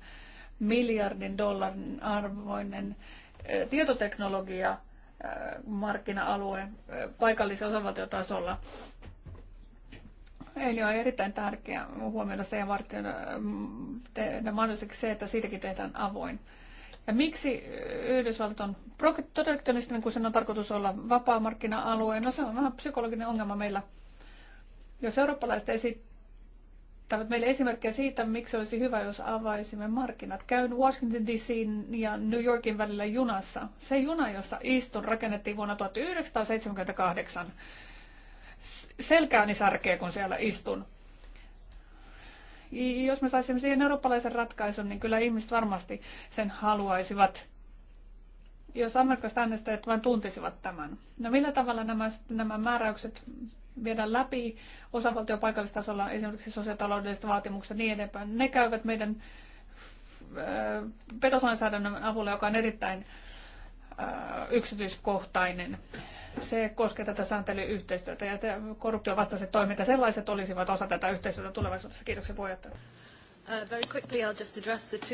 miljardin dollarin arvoinen tietoteknologia markkina-alue paikallisen osavaltiotasolla. Eli on erittäin tärkeää huomioida se ja varten, mahdolliseksi se, että siitäkin tehdään avoin. Ja miksi Yhdysvallat on protektionistinen, kun sen on tarkoitus olla vapaa markkina alue No se on vähän psykologinen ongelma meillä. Jos eurooppalaiset esittävät meille esimerkkejä siitä, miksi olisi hyvä, jos avaisimme markkinat. Käyn Washington DCin ja New Yorkin välillä junassa. Se juna, jossa istun, rakennettiin vuonna 1978. Selkääni särkee, kun siellä istun jos me saisimme siihen eurooppalaisen ratkaisun, niin kyllä ihmiset varmasti sen haluaisivat. Jos amerikkalaiset äänestäjät vain tuntisivat tämän. No millä tavalla nämä, nämä määräykset viedään läpi osavaltion paikallistasolla, esimerkiksi sosiaalitaloudelliset vaatimukset ja niin edespäin, ne käyvät meidän äh, petoslainsäädännön avulla, joka on erittäin äh, yksityiskohtainen se koskee tätä sääntelyyhteistyötä ja korruption vastaiset toiminta, sellaiset olisivat osa tätä yhteistyötä tulevaisuudessa. Kiitoksia puheenjohtaja.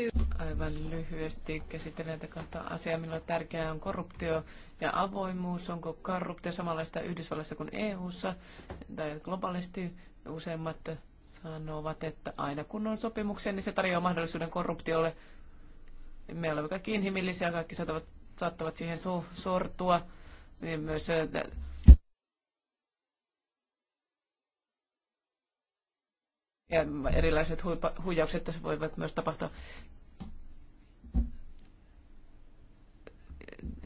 Uh, Aivan lyhyesti käsittelen tätä kahta asiaa, milloin tärkeää on korruptio ja avoimuus. Onko korruptio samanlaista Yhdysvalloissa kuin EU:ssa tai globaalisti useimmat sanovat, että aina kun on sopimuksia, niin se tarjoaa mahdollisuuden korruptiolle. Me olemme kaikki inhimillisiä, kaikki saattavat, saattavat siihen so- sortua niin myös ja erilaiset huijaukset tässä voivat myös tapahtua.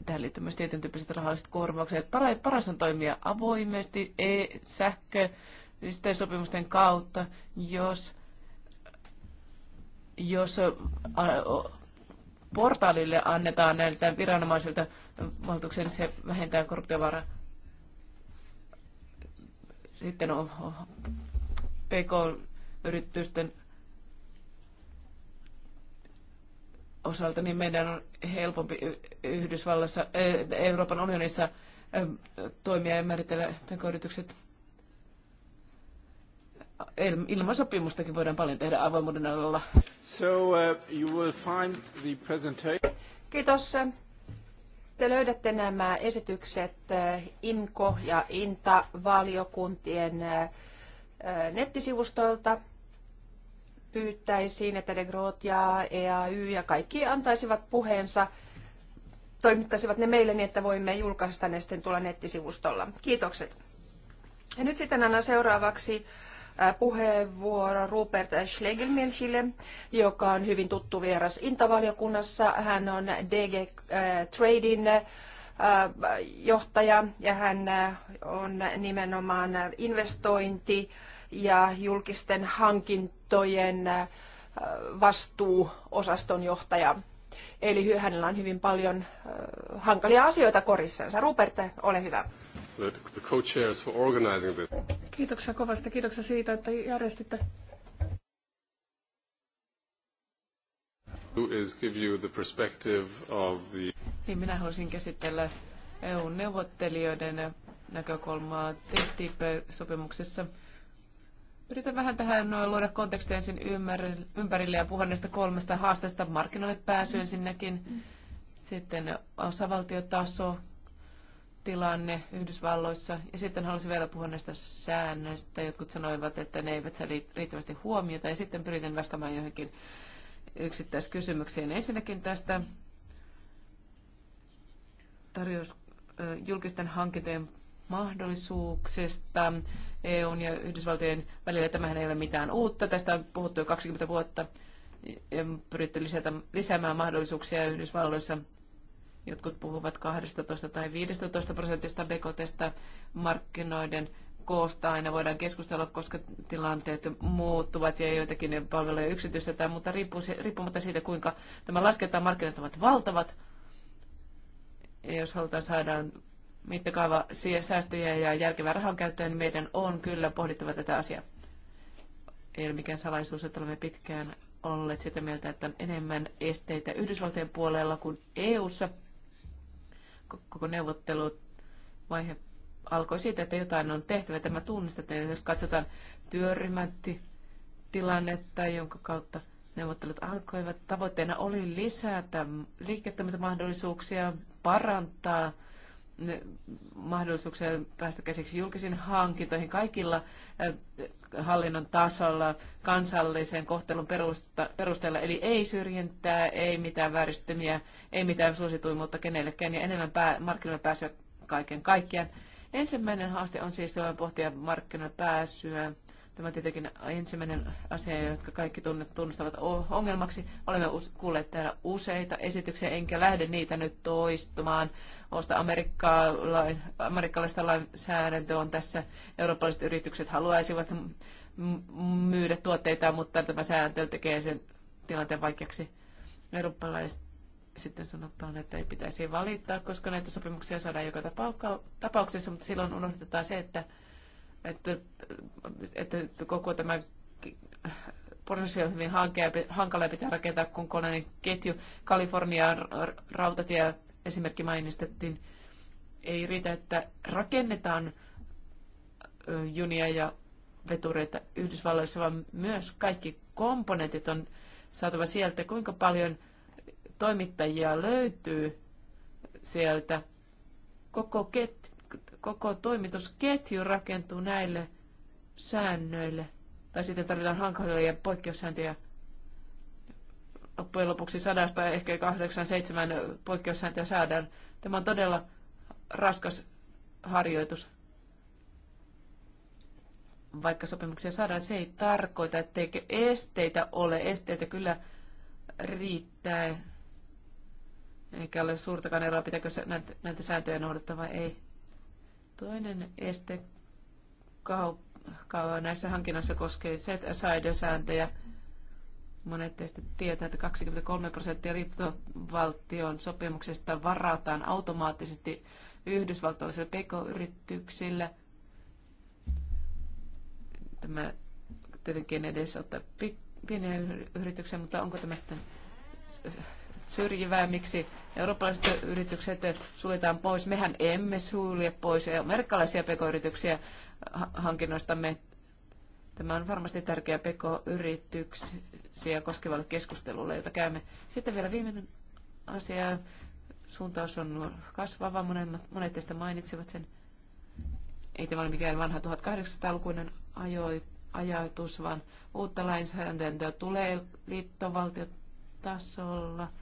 Tähän liittyy myös tietyn tyyppiset rahalliset korvaukset. Paras on toimia avoimesti e-sähkö sopimusten kautta, jos, jos portaalille annetaan näiltä viranomaisilta valtuuksia, niin se vähentää korruptiovaaraa. Sitten on PK-yritysten osalta, niin meidän on helpompi Yhdysvallassa, Euroopan unionissa toimia ja määritellä pk-yritykset. Ilman sopimustakin voidaan paljon tehdä avoimuuden alalla. So, uh, you will find the presentation. Kiitos. Te löydätte nämä esitykset äh, INKO- ja INTA-valiokuntien äh, äh, nettisivustoilta. Pyyttäisiin, että De Groot ja EAY ja kaikki antaisivat puheensa, toimittaisivat ne meille niin, että voimme julkaista ne sitten tuolla nettisivustolla. Kiitokset. Ja nyt sitten annan seuraavaksi puheenvuoro Rupert Schlegelmilchille, joka on hyvin tuttu vieras Intavaliokunnassa. Hän on DG äh, Tradin äh, johtaja ja hän äh, on nimenomaan investointi ja julkisten hankintojen vastuuosaston johtaja. Eli hänellä on hyvin paljon hankalia asioita korissansa. Rupert, ole hyvä the, the co-chairs for organizing this. Kiitoksia kovasti. Kiitoksia siitä, että järjestitte. Is give you the perspective of the... Niin, minä halusin käsitellä EU-neuvottelijoiden näkökulmaa TTIP-sopimuksessa. Yritän vähän tähän noin luoda kontekstia ensin ympärille ja puhua näistä kolmesta haasteesta. Markkinoille pääsy ensinnäkin, sitten osavaltiotaso, tilanne Yhdysvalloissa. Ja sitten halusin vielä puhua näistä säännöistä. Jotkut sanoivat, että ne eivät saa riittävästi huomiota. Ja sitten pyritin vastaamaan johonkin yksittäiskysymykseen. Ensinnäkin tästä tarjous, julkisten hankintojen mahdollisuuksista EUn ja Yhdysvaltojen välillä. Tämähän ei ole mitään uutta. Tästä on puhuttu jo 20 vuotta. Ja pyritty lisätä, lisäämään mahdollisuuksia Yhdysvalloissa – Jotkut puhuvat 12 tai 15 prosentista BKTstä markkinoiden koosta aina voidaan keskustella, koska tilanteet muuttuvat ja joitakin palveluja yksityistetään, mutta riippumatta siitä, kuinka tämä lasketaan, markkinat ovat valtavat. Ja jos halutaan saada mittakaava säästöjä ja järkevää rahan käyttöä, niin meidän on kyllä pohdittava tätä asiaa. Ei ole mikään salaisuus, että olemme pitkään olleet sitä mieltä, että on enemmän esteitä Yhdysvaltojen puolella kuin EU:ssa. ssa koko neuvotteluvaihe alkoi siitä, että jotain on tehtävä. Tämä että jos katsotaan työryhmän tilannetta, jonka kautta neuvottelut alkoivat. Tavoitteena oli lisätä liiketoimintamahdollisuuksia, parantaa mahdollisuuksia päästä käsiksi julkisiin hankintoihin kaikilla hallinnon tasolla kansallisen kohtelun perusteella. Eli ei syrjintää, ei mitään vääristymiä, ei mitään suosituimuutta kenellekään ja enemmän pää, markkinoille pääsyä kaiken kaikkiaan. Ensimmäinen haaste on siis pohtia markkinoille pääsyä Tämä on tietenkin ensimmäinen asia, jotka kaikki tunnustavat ongelmaksi. Olemme kuulleet täällä useita esityksiä, enkä lähde niitä nyt toistumaan. Osta amerikkalaista lainsäädäntöä on tässä. Eurooppalaiset yritykset haluaisivat myydä tuotteita, mutta tämä sääntö tekee sen tilanteen vaikeaksi. Eurooppalaiset sitten sanotaan, että ei pitäisi valittaa, koska näitä sopimuksia saadaan joka tapauksessa, mutta silloin unohdetaan se, että että, että koko tämä prosessi on hyvin hankala ja pitää rakentaa kokonainen ketju. Kalifornian rautatie esimerkki mainistettiin. Ei riitä, että rakennetaan junia ja vetureita Yhdysvalloissa, vaan myös kaikki komponentit on saatava sieltä. Kuinka paljon toimittajia löytyy sieltä? Koko ket, koko toimitusketju rakentuu näille säännöille. Tai sitten tarvitaan hankalia ja poikkeussääntöjä loppujen lopuksi sadasta ehkä kahdeksan, seitsemän poikkeussääntöä saadaan. Tämä on todella raskas harjoitus. Vaikka sopimuksia saadaan, se ei tarkoita, etteikö esteitä ole. Esteitä kyllä riittää. Eikä ole suurtakaan eroa, pitääkö näitä, näitä sääntöjä noudattaa vai ei. Toinen este kauppaa näissä hankinnoissa koskee set-aside-sääntöjä. Monet teistä tietää, että 23 prosenttia liittovaltion sopimuksesta varataan automaattisesti yhdysvaltalaisille pk-yrityksille. Tämä tietenkin edes ottaa pieniä yrityksiä, mutta onko tämä sitten syrjivää, miksi eurooppalaiset yritykset suljetaan pois. Mehän emme sulje pois amerikkalaisia pk-yrityksiä hankinnoistamme. Tämä on varmasti tärkeä pk-yrityksiä koskevalle keskustelulle, jota käymme. Sitten vielä viimeinen asia. Suuntaus on kasvava, monet teistä mainitsivat sen. Ei tämä ole mikään vanha 1800-lukuinen ajatus, vaan uutta lainsäädäntöä tulee liittovaltiotasolla –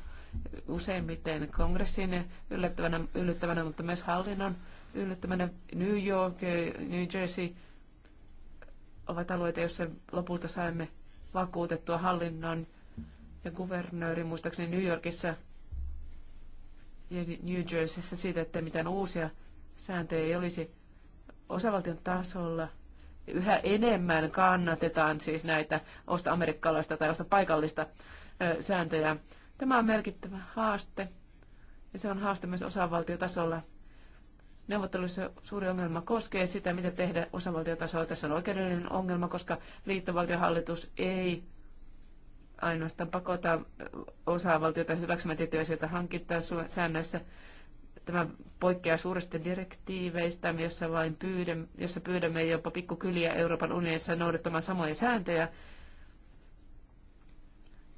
useimmiten kongressin yllättävänä, yllättävänä mutta myös hallinnon yllättävänä. New York, New Jersey ovat alueita, joissa lopulta saimme vakuutettua hallinnon ja kuvernööri muistaakseni New Yorkissa ja New Jerseyssä siitä, että mitään uusia sääntöjä ei olisi osavaltion tasolla. Yhä enemmän kannatetaan siis näitä osta amerikkalaista tai osta paikallista sääntöjä Tämä on merkittävä haaste ja se on haaste myös osavaltiotasolla. Neuvotteluissa suuri ongelma koskee sitä, mitä tehdä osavaltiotasolla. Tässä on oikeudellinen ongelma, koska liittovaltiohallitus ei ainoastaan pakota osavaltiota hyväksymään tiettyjä asioita hankittaa säännöissä. Tämä poikkeaa suuresti direktiiveistä, jossa vain pyydämme, jossa pyydämme jopa pikkukyliä Euroopan unionissa noudattamaan samoja sääntöjä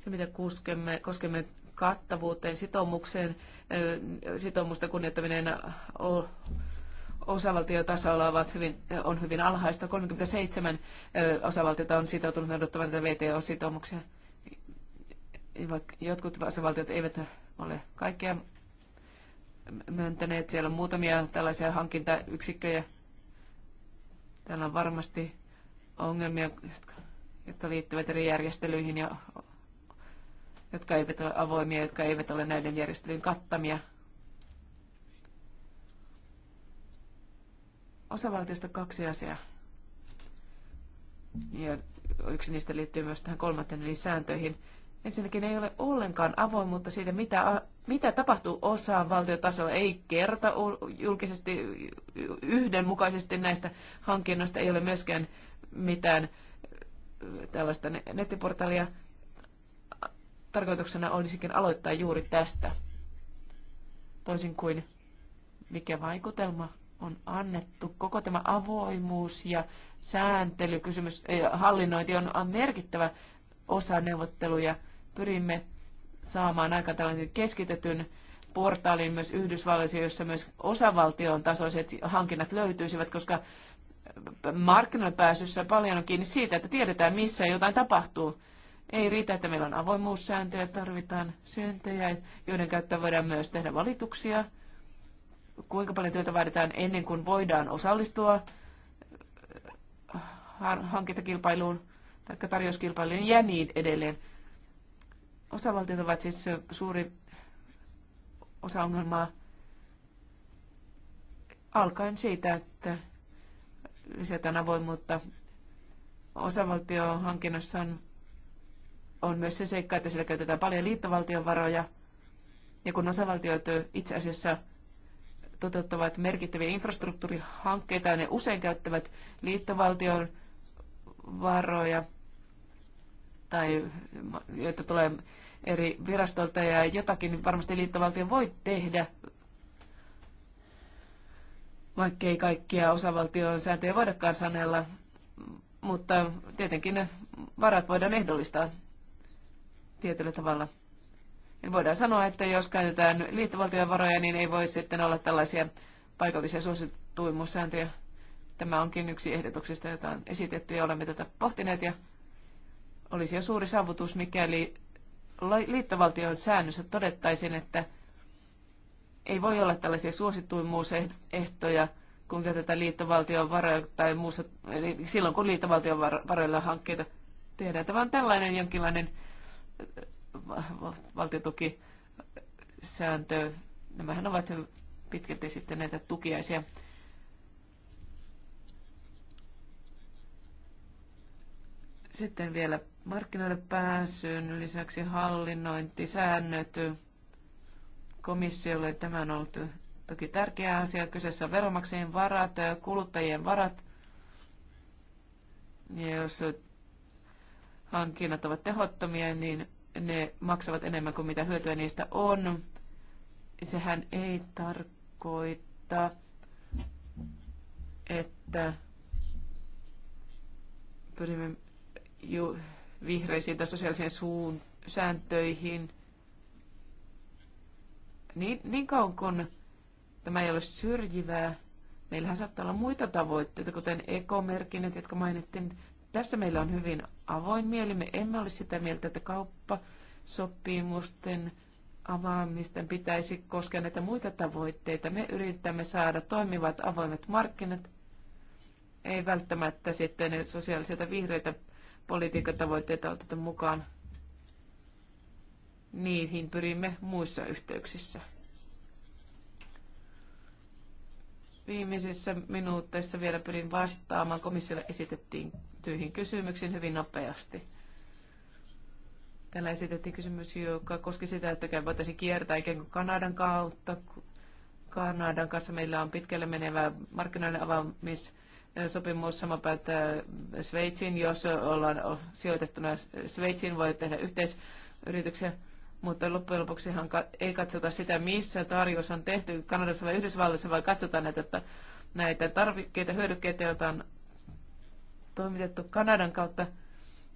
se, mitä kuskemme, koskemme kattavuuteen, sitoumukseen, sitoumusta kunnioittaminen osavaltiotasolla ovat hyvin, on hyvin alhaista. 37 osavaltiota on sitoutunut noudattamaan tätä VTO-sitoumuksia. Jotkut osavaltiot eivät ole kaikkea myöntäneet. Siellä on muutamia tällaisia hankintayksikköjä. Täällä on varmasti ongelmia, jotka liittyvät eri järjestelyihin ja jotka eivät ole avoimia, jotka eivät ole näiden järjestelyjen kattamia. Osavaltiosta kaksi asiaa. Ja yksi niistä liittyy myös tähän kolmanteen eli sääntöihin. Ensinnäkin ei ole ollenkaan avoimuutta siitä, mitä, mitä tapahtuu osaan valtiotasolla. Ei kerta julkisesti yhdenmukaisesti näistä hankinnoista. Ei ole myöskään mitään tällaista nettiportaalia, tarkoituksena olisikin aloittaa juuri tästä. Toisin kuin mikä vaikutelma on annettu. Koko tämä avoimuus ja sääntelykysymys, ja eh, hallinnointi on merkittävä osa neuvotteluja. Pyrimme saamaan aika tällaisen keskitetyn portaalin myös Yhdysvalloissa, jossa myös osavaltion tasoiset hankinnat löytyisivät, koska markkinoilla pääsyssä paljon on kiinni siitä, että tiedetään missä jotain tapahtuu. Ei riitä, että meillä on avoimuussääntöjä, tarvitaan syntejä, joiden käyttöön voidaan myös tehdä valituksia. Kuinka paljon työtä vaaditaan ennen kuin voidaan osallistua äh, hankintakilpailuun tai tarjouskilpailuun ja niin edelleen. Osavaltiot ovat siis suuri osa ongelmaa alkaen siitä, että lisätään avoimuutta osavaltiohankinnossa on on myös se seikka, että siellä käytetään paljon liittovaltion varoja. Ja kun osavaltiot itse asiassa toteuttavat merkittäviä infrastruktuurihankkeita, ne usein käyttävät liittovaltion varoja, tai joita tulee eri virastolta ja jotakin varmasti liittovaltio voi tehdä, vaikkei kaikkia osavaltion sääntöjä voidakaan sanella, mutta tietenkin ne varat voidaan ehdollistaa tietyllä tavalla. Eli voidaan sanoa, että jos käytetään liittovaltion varoja, niin ei voi sitten olla tällaisia paikallisia suosituimmuussääntöjä. Tämä onkin yksi ehdotuksista, jota on esitetty ja olemme tätä pohtineet. Ja olisi jo suuri saavutus, mikäli liittovaltion säännössä todettaisiin, että ei voi olla tällaisia suosituimmuusehtoja, kun käytetään liittovaltion varoja tai muussa, eli silloin kun liittovaltion varoilla hankkeita tehdään. Tämä on tällainen jonkinlainen valtiotukisääntö, nämähän ovat pitkälti sitten näitä tukiaisia. Sitten vielä markkinoille pääsyyn lisäksi säännöt, komissiolle. Tämä on ollut toki tärkeä asia. Kyseessä on veronmaksajien varat, kuluttajien varat. Ja jos hankinnat ovat tehottomia, niin ne maksavat enemmän kuin mitä hyötyä niistä on. Sehän ei tarkoita, että pyrimme ju- vihreisiin tai sosiaalisiin suun- sääntöihin. Niin, niin kauan kun tämä ei ole syrjivää, meillähän saattaa olla muita tavoitteita, kuten ekomerkinnät, jotka mainittiin, tässä meillä on hyvin avoin mieli. Me emme ole sitä mieltä, että kauppasopimusten avaamisten pitäisi koskea näitä muita tavoitteita. Me yritämme saada toimivat avoimet markkinat, ei välttämättä sitten sosiaalisia vihreitä politiikkatavoitteita oteta mukaan. Niihin pyrimme muissa yhteyksissä. Viimeisissä minuutteissa vielä pyrin vastaamaan. Komissiolle esitettiin tyihin kysymyksiin hyvin nopeasti. Täällä esitettiin kysymys, joka koski sitä, että voitaisiin kiertää ikään kuin Kanadan kautta. Kanadan kanssa meillä on pitkälle menevä markkinoiden avaamis sopimus samapäätä Sveitsiin, jos ollaan sijoitettuna Sveitsiin, voi tehdä yhteisyrityksen mutta loppujen ka- ei katsota sitä, missä tarjous on tehty Kanadassa vai Yhdysvalloissa, vaan katsotaan näitä, että näitä tarvikkeita, hyödykkeitä, joita on toimitettu Kanadan kautta.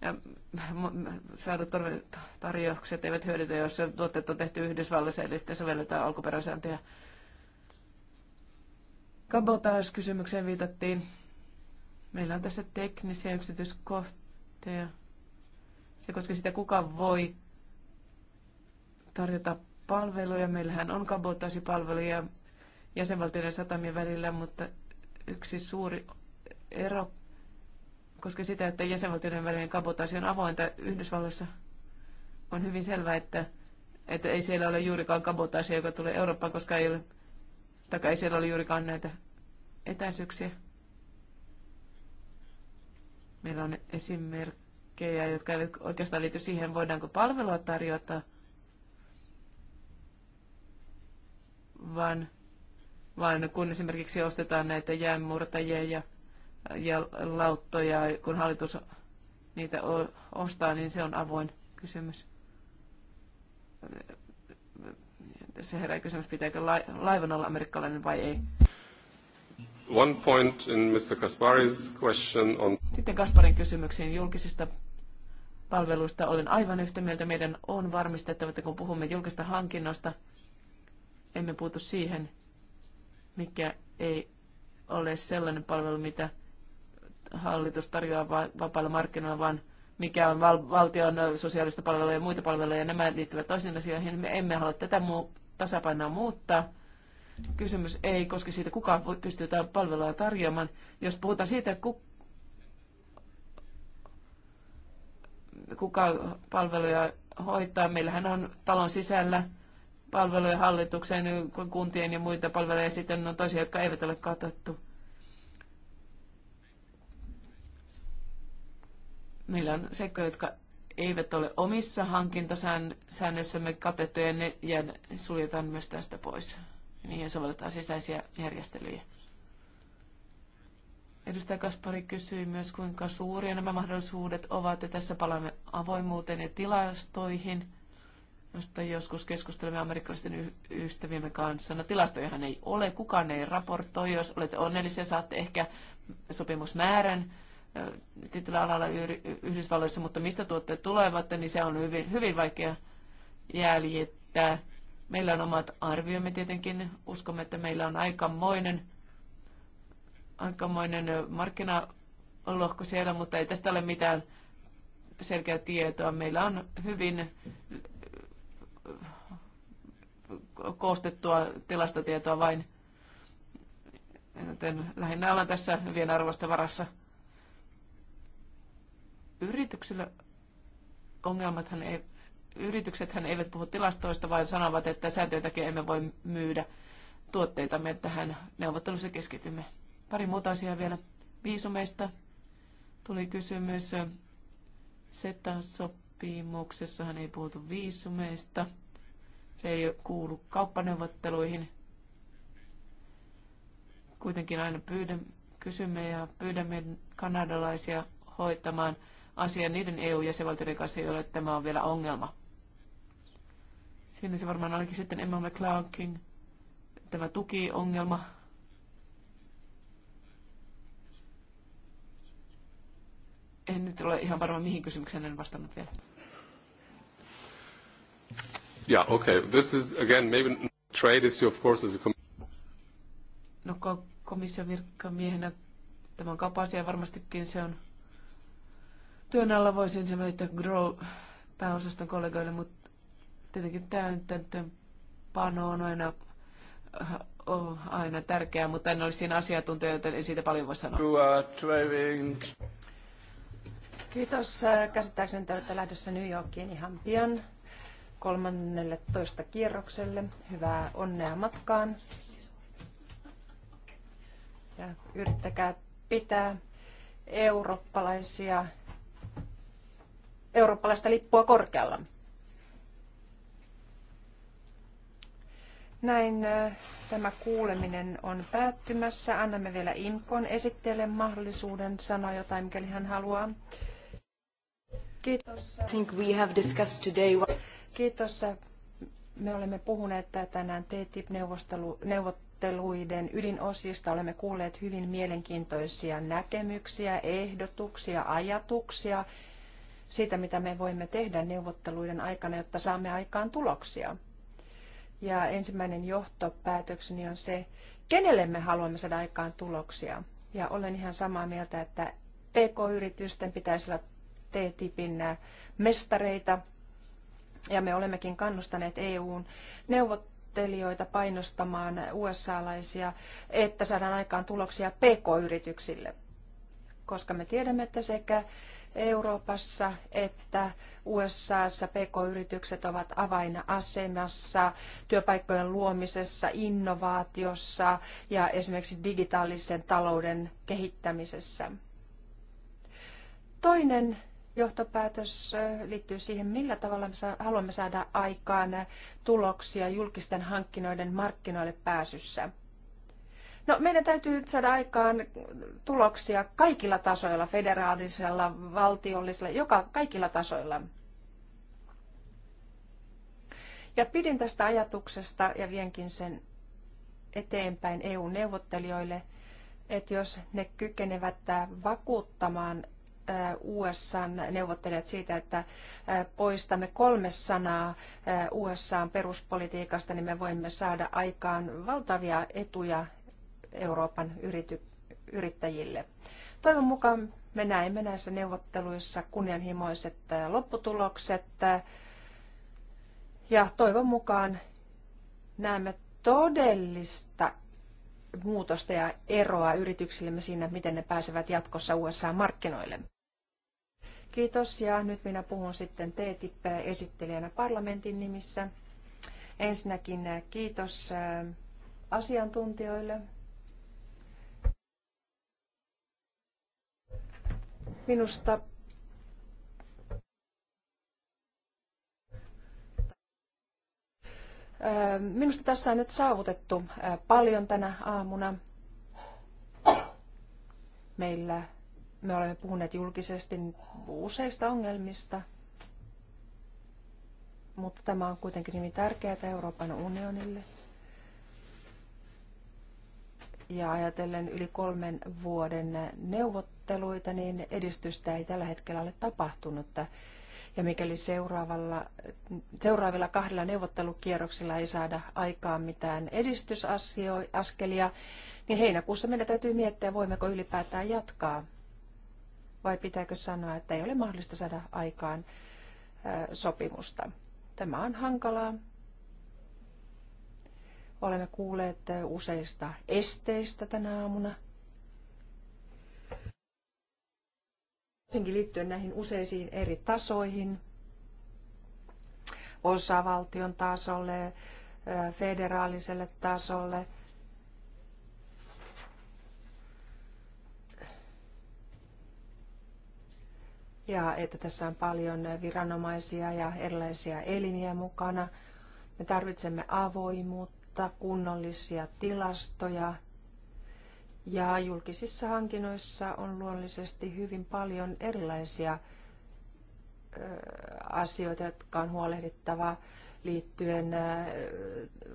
Ja saadut tarjoukset eivät hyödytä, jos tuotteet on tehty Yhdysvalloissa, eli sitten sovelletaan alkuperäisääntöjä. Kabotaas-kysymykseen viitattiin. Meillä on tässä teknisiä yksityiskohtia. Se koskee sitä, kuka voi tarjota palveluja. Meillähän on kabotaasipalveluja jäsenvaltioiden satamien välillä, mutta yksi suuri ero koska sitä, että jäsenvaltioiden välinen kabotaasi on avointa Yhdysvalloissa. On hyvin selvää, että, että ei siellä ole juurikaan kabotaasia, joka tulee Eurooppaan, koska ei ole, tai ei siellä ole juurikaan näitä etäisyyksiä. Meillä on esimerkkejä, jotka eivät oikeastaan liity siihen, voidaanko palvelua tarjota – vaan, vaan kun esimerkiksi ostetaan näitä jäänmurtajia ja, ja lauttoja, kun hallitus niitä ostaa, niin se on avoin kysymys. Se herää kysymys, pitääkö laivan olla amerikkalainen vai ei. One point in Mr. Kaspari's question on... Sitten Kasparin kysymyksiin julkisista palveluista olen aivan yhtä mieltä. Meidän on varmistettava, että kun puhumme julkista hankinnosta, emme puutu siihen, mikä ei ole sellainen palvelu, mitä hallitus tarjoaa vapailla markkinoilla, vaan mikä on val- valtion sosiaalista palvelua ja muita palveluja, ja nämä liittyvät toisiin asioihin. Me emme halua tätä muu- tasapainoa muuttaa. Kysymys ei koske siitä, kuka voi pystyy tätä palvelua tarjoamaan. Jos puhutaan siitä, ku- kuka palveluja hoitaa, meillähän on talon sisällä Palvelujen hallitukseen, kuntien ja muita palveluja, ja sitten on toisia, jotka eivät ole katettu. Meillä on sekä, jotka eivät ole omissa hankintasäännössämme katettuja, ja ne suljetaan myös tästä pois. Niihin sovelletaan sisäisiä järjestelyjä. Edustaja Kaspari kysyi myös, kuinka suuria nämä mahdollisuudet ovat, ja tässä palaamme avoimuuteen ja tilastoihin – josta joskus keskustelemme amerikkalaisten ystäviemme kanssa. No tilastojahan ei ole, kukaan ei raportoi. Jos olette onnellisia, saatte ehkä sopimusmäärän tietyllä alalla Yhdysvalloissa, mutta mistä tuotteet tulevat, niin se on hyvin, hyvin vaikea jäljittää. Meillä on omat arviomme tietenkin. Uskomme, että meillä on aikamoinen, aikamoinen markkinalohko siellä, mutta ei tästä ole mitään selkeää tietoa. Meillä on hyvin koostettua tilastotietoa vain. Joten lähinnä ollaan tässä hyvien arvosta varassa. Yrityksillä ongelmathan ei, yrityksethän eivät puhu tilastoista, vaan sanovat, että säätöjen takia emme voi myydä tuotteitamme, että tähän neuvottelussa keskitymme. Pari muuta asiaa vielä. Viisumeista tuli kysymys. seta sopimuksessahan ei puhutu viisumeista. Se ei kuulu kauppaneuvotteluihin. Kuitenkin aina pyydämme, kysymme ja pyydämme kanadalaisia hoitamaan asian niiden EU-jäsenvaltioiden kanssa, joille tämä on vielä ongelma. Siinä se varmaan olikin sitten Emma McClarkin tämä tukiongelma. en nyt ole ihan varma, mihin kysymykseen en vastannut vielä. Yeah, okay. This is again maybe trade issue of course as a No komission virkamiehenä tämä on kapasia varmastikin se on työn alla voisin se välittää Grow pääosaston kollegoille, mutta tietenkin täyntäntöön pano on aina, äh, on aina tärkeää, mutta en olisi siinä asiantuntija, joten niin ei siitä paljon voi sanoa. Uh, Kiitos. Käsittääkseni te olette lähdössä New Yorkiin ihan pian kolmannelle toista kierrokselle. Hyvää onnea matkaan. Ja yrittäkää pitää eurooppalaisia, eurooppalaista lippua korkealla. Näin äh, tämä kuuleminen on päättymässä. Annamme vielä Imkon esittele mahdollisuuden sanoa jotain, mikäli hän haluaa. Kiitos. I think we have discussed today... Kiitos. Me olemme puhuneet tänään TTIP-neuvotteluiden ydinosista. Olemme kuulleet hyvin mielenkiintoisia näkemyksiä, ehdotuksia, ajatuksia siitä, mitä me voimme tehdä neuvotteluiden aikana, jotta saamme aikaan tuloksia. Ja ensimmäinen johtopäätökseni on se, kenelle me haluamme saada aikaan tuloksia. Ja olen ihan samaa mieltä, että PK-yritysten pitäisi olla TTIPin äh, mestareita, ja me olemmekin kannustaneet EUn neuvottelijoita painostamaan USA-laisia, että saadaan aikaan tuloksia PK-yrityksille, koska me tiedämme, että sekä Euroopassa että USA PK-yritykset ovat avainasemassa työpaikkojen luomisessa, innovaatiossa ja esimerkiksi digitaalisen talouden kehittämisessä. Toinen johtopäätös liittyy siihen, millä tavalla me haluamme saada aikaan tuloksia julkisten hankkinoiden markkinoille pääsyssä. No, meidän täytyy saada aikaan tuloksia kaikilla tasoilla, federaalisella, valtiollisella, joka, kaikilla tasoilla. Ja pidin tästä ajatuksesta ja vienkin sen eteenpäin EU-neuvottelijoille, että jos ne kykenevät vakuuttamaan USAn neuvottelijat siitä, että poistamme kolme sanaa USAn peruspolitiikasta, niin me voimme saada aikaan valtavia etuja Euroopan yrity, yrittäjille. Toivon mukaan me näemme näissä neuvotteluissa kunnianhimoiset lopputulokset ja toivon mukaan näemme todellista muutosta ja eroa yrityksillemme siinä, miten ne pääsevät jatkossa USA-markkinoille. Kiitos ja nyt minä puhun sitten TTIP-esittelijänä parlamentin nimissä. Ensinnäkin äh, kiitos äh, asiantuntijoille. Minusta äh, Minusta tässä on nyt saavutettu paljon tänä aamuna. Meillä me olemme puhuneet julkisesti useista ongelmista, mutta tämä on kuitenkin hyvin tärkeää Euroopan unionille. Ja ajatellen yli kolmen vuoden neuvotteluita, niin edistystä ei tällä hetkellä ole tapahtunut. Ja mikäli seuraavalla, seuraavilla kahdella neuvottelukierroksilla ei saada aikaan mitään edistysaskelia, niin heinäkuussa meidän täytyy miettiä, voimmeko ylipäätään jatkaa vai pitääkö sanoa, että ei ole mahdollista saada aikaan sopimusta. Tämä on hankalaa. Olemme kuulleet useista esteistä tänä aamuna. Varsinkin liittyen näihin useisiin eri tasoihin, osavaltion tasolle, federaaliselle tasolle – ja että tässä on paljon viranomaisia ja erilaisia elimiä mukana. Me tarvitsemme avoimuutta, kunnollisia tilastoja ja julkisissa hankinnoissa on luonnollisesti hyvin paljon erilaisia asioita, jotka on huolehdittava liittyen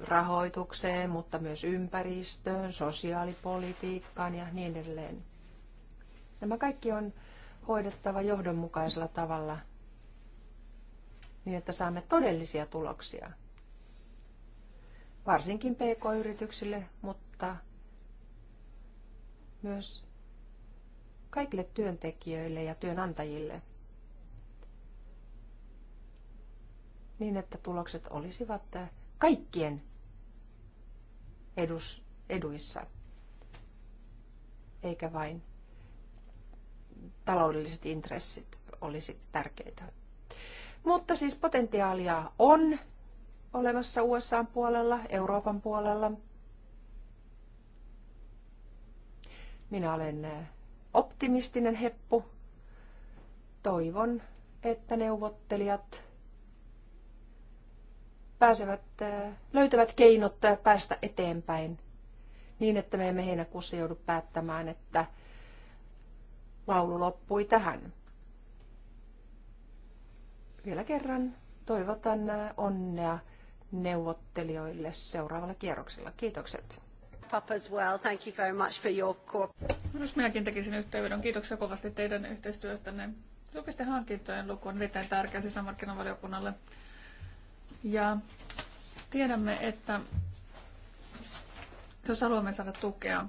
rahoitukseen, mutta myös ympäristöön, sosiaalipolitiikkaan ja niin edelleen. Nämä kaikki on hoidettava johdonmukaisella tavalla niin, että saamme todellisia tuloksia. Varsinkin pk-yrityksille, mutta myös kaikille työntekijöille ja työnantajille. Niin, että tulokset olisivat kaikkien edus, eduissa, eikä vain taloudelliset intressit olisi tärkeitä. Mutta siis potentiaalia on olemassa USA puolella, Euroopan puolella. Minä olen äh, optimistinen heppu. Toivon, että neuvottelijat pääsevät, äh, löytävät keinot äh, päästä eteenpäin niin, että me emme heinäkuussa joudu päättämään, että Laulu loppui tähän. Vielä kerran toivotan onnea neuvottelijoille seuraavalla kierroksella. Kiitokset. Up as well. Thank you very much for your Myös minäkin tekisin yhteenvedon. Kiitoksia kovasti teidän yhteistyöstänne. Julkisten hankintojen luku on erittäin tärkeä sisämarkkinavaliokunnalle. Ja tiedämme, että jos haluamme saada tukea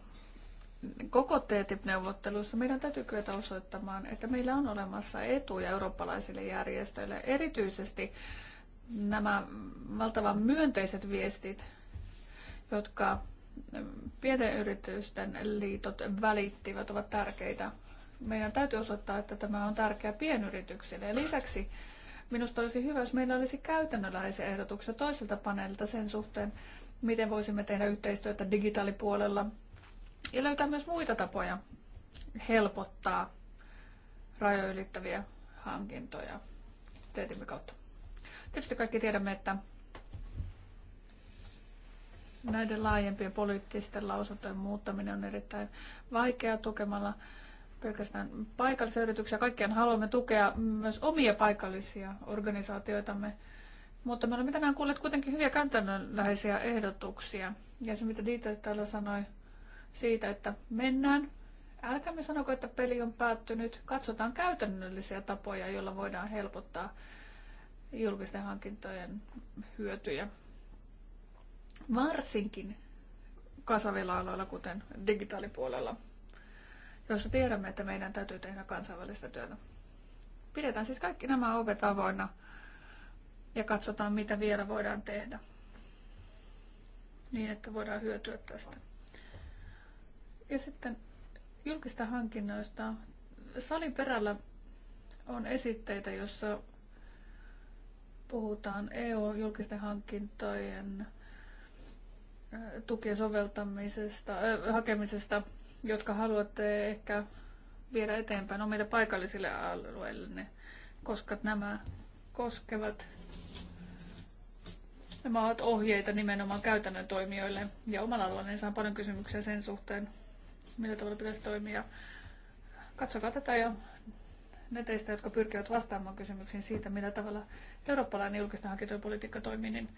koko TTIP-neuvotteluissa meidän täytyy kyetä osoittamaan, että meillä on olemassa etuja eurooppalaisille järjestöille. Erityisesti nämä valtavan myönteiset viestit, jotka pienten yritysten liitot välittivät, ovat tärkeitä. Meidän täytyy osoittaa, että tämä on tärkeä pienyrityksille. Ja lisäksi minusta olisi hyvä, jos meillä olisi käytännönläheisiä ehdotuksia toiselta paneelilta sen suhteen, miten voisimme tehdä yhteistyötä digitaalipuolella, ja löytää myös muita tapoja helpottaa rajoylittäviä hankintoja teetimme kautta. Tietysti kaikki tiedämme, että näiden laajempien poliittisten lausuntojen muuttaminen on erittäin vaikeaa tukemalla pelkästään paikallisia yrityksiä. Kaikkien haluamme tukea myös omia paikallisia organisaatioitamme. Mutta me olemme tänään kuulleet kuitenkin hyviä käytännönläheisiä ehdotuksia. Ja se, mitä Dieter täällä sanoi, siitä, että mennään. Älkäämme sanoko, että peli on päättynyt. Katsotaan käytännöllisiä tapoja, joilla voidaan helpottaa julkisten hankintojen hyötyjä. Varsinkin kasvavilla aloilla, kuten digitaalipuolella, jossa tiedämme, että meidän täytyy tehdä kansainvälistä työtä. Pidetään siis kaikki nämä ovet avoinna ja katsotaan, mitä vielä voidaan tehdä niin, että voidaan hyötyä tästä. Ja sitten julkista hankinnoista. Salin perällä on esitteitä, jossa puhutaan EU-julkisten hankintojen tukien soveltamisesta, äh, hakemisesta, jotka haluatte ehkä viedä eteenpäin omille paikallisille alueille, koska nämä koskevat Nämä ovat ohjeita nimenomaan käytännön toimijoille ja omalla alueella saan paljon kysymyksiä sen suhteen, millä tavalla pitäisi toimia. Katsokaa tätä ja ne teistä, jotka pyrkivät vastaamaan kysymyksiin siitä, millä tavalla eurooppalainen julkisten hankintojen politiikka toimii, niin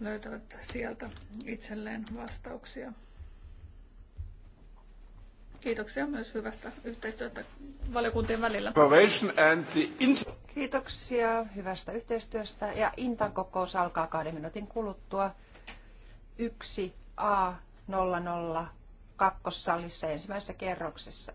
löytävät sieltä itselleen vastauksia. Kiitoksia myös hyvästä yhteistyöstä valiokuntien välillä. Kiitoksia hyvästä yhteistyöstä ja Intan kokous alkaa kahden minuutin kuluttua. 1 A 00 kakkossalissa ensimmäisessä kerroksessa.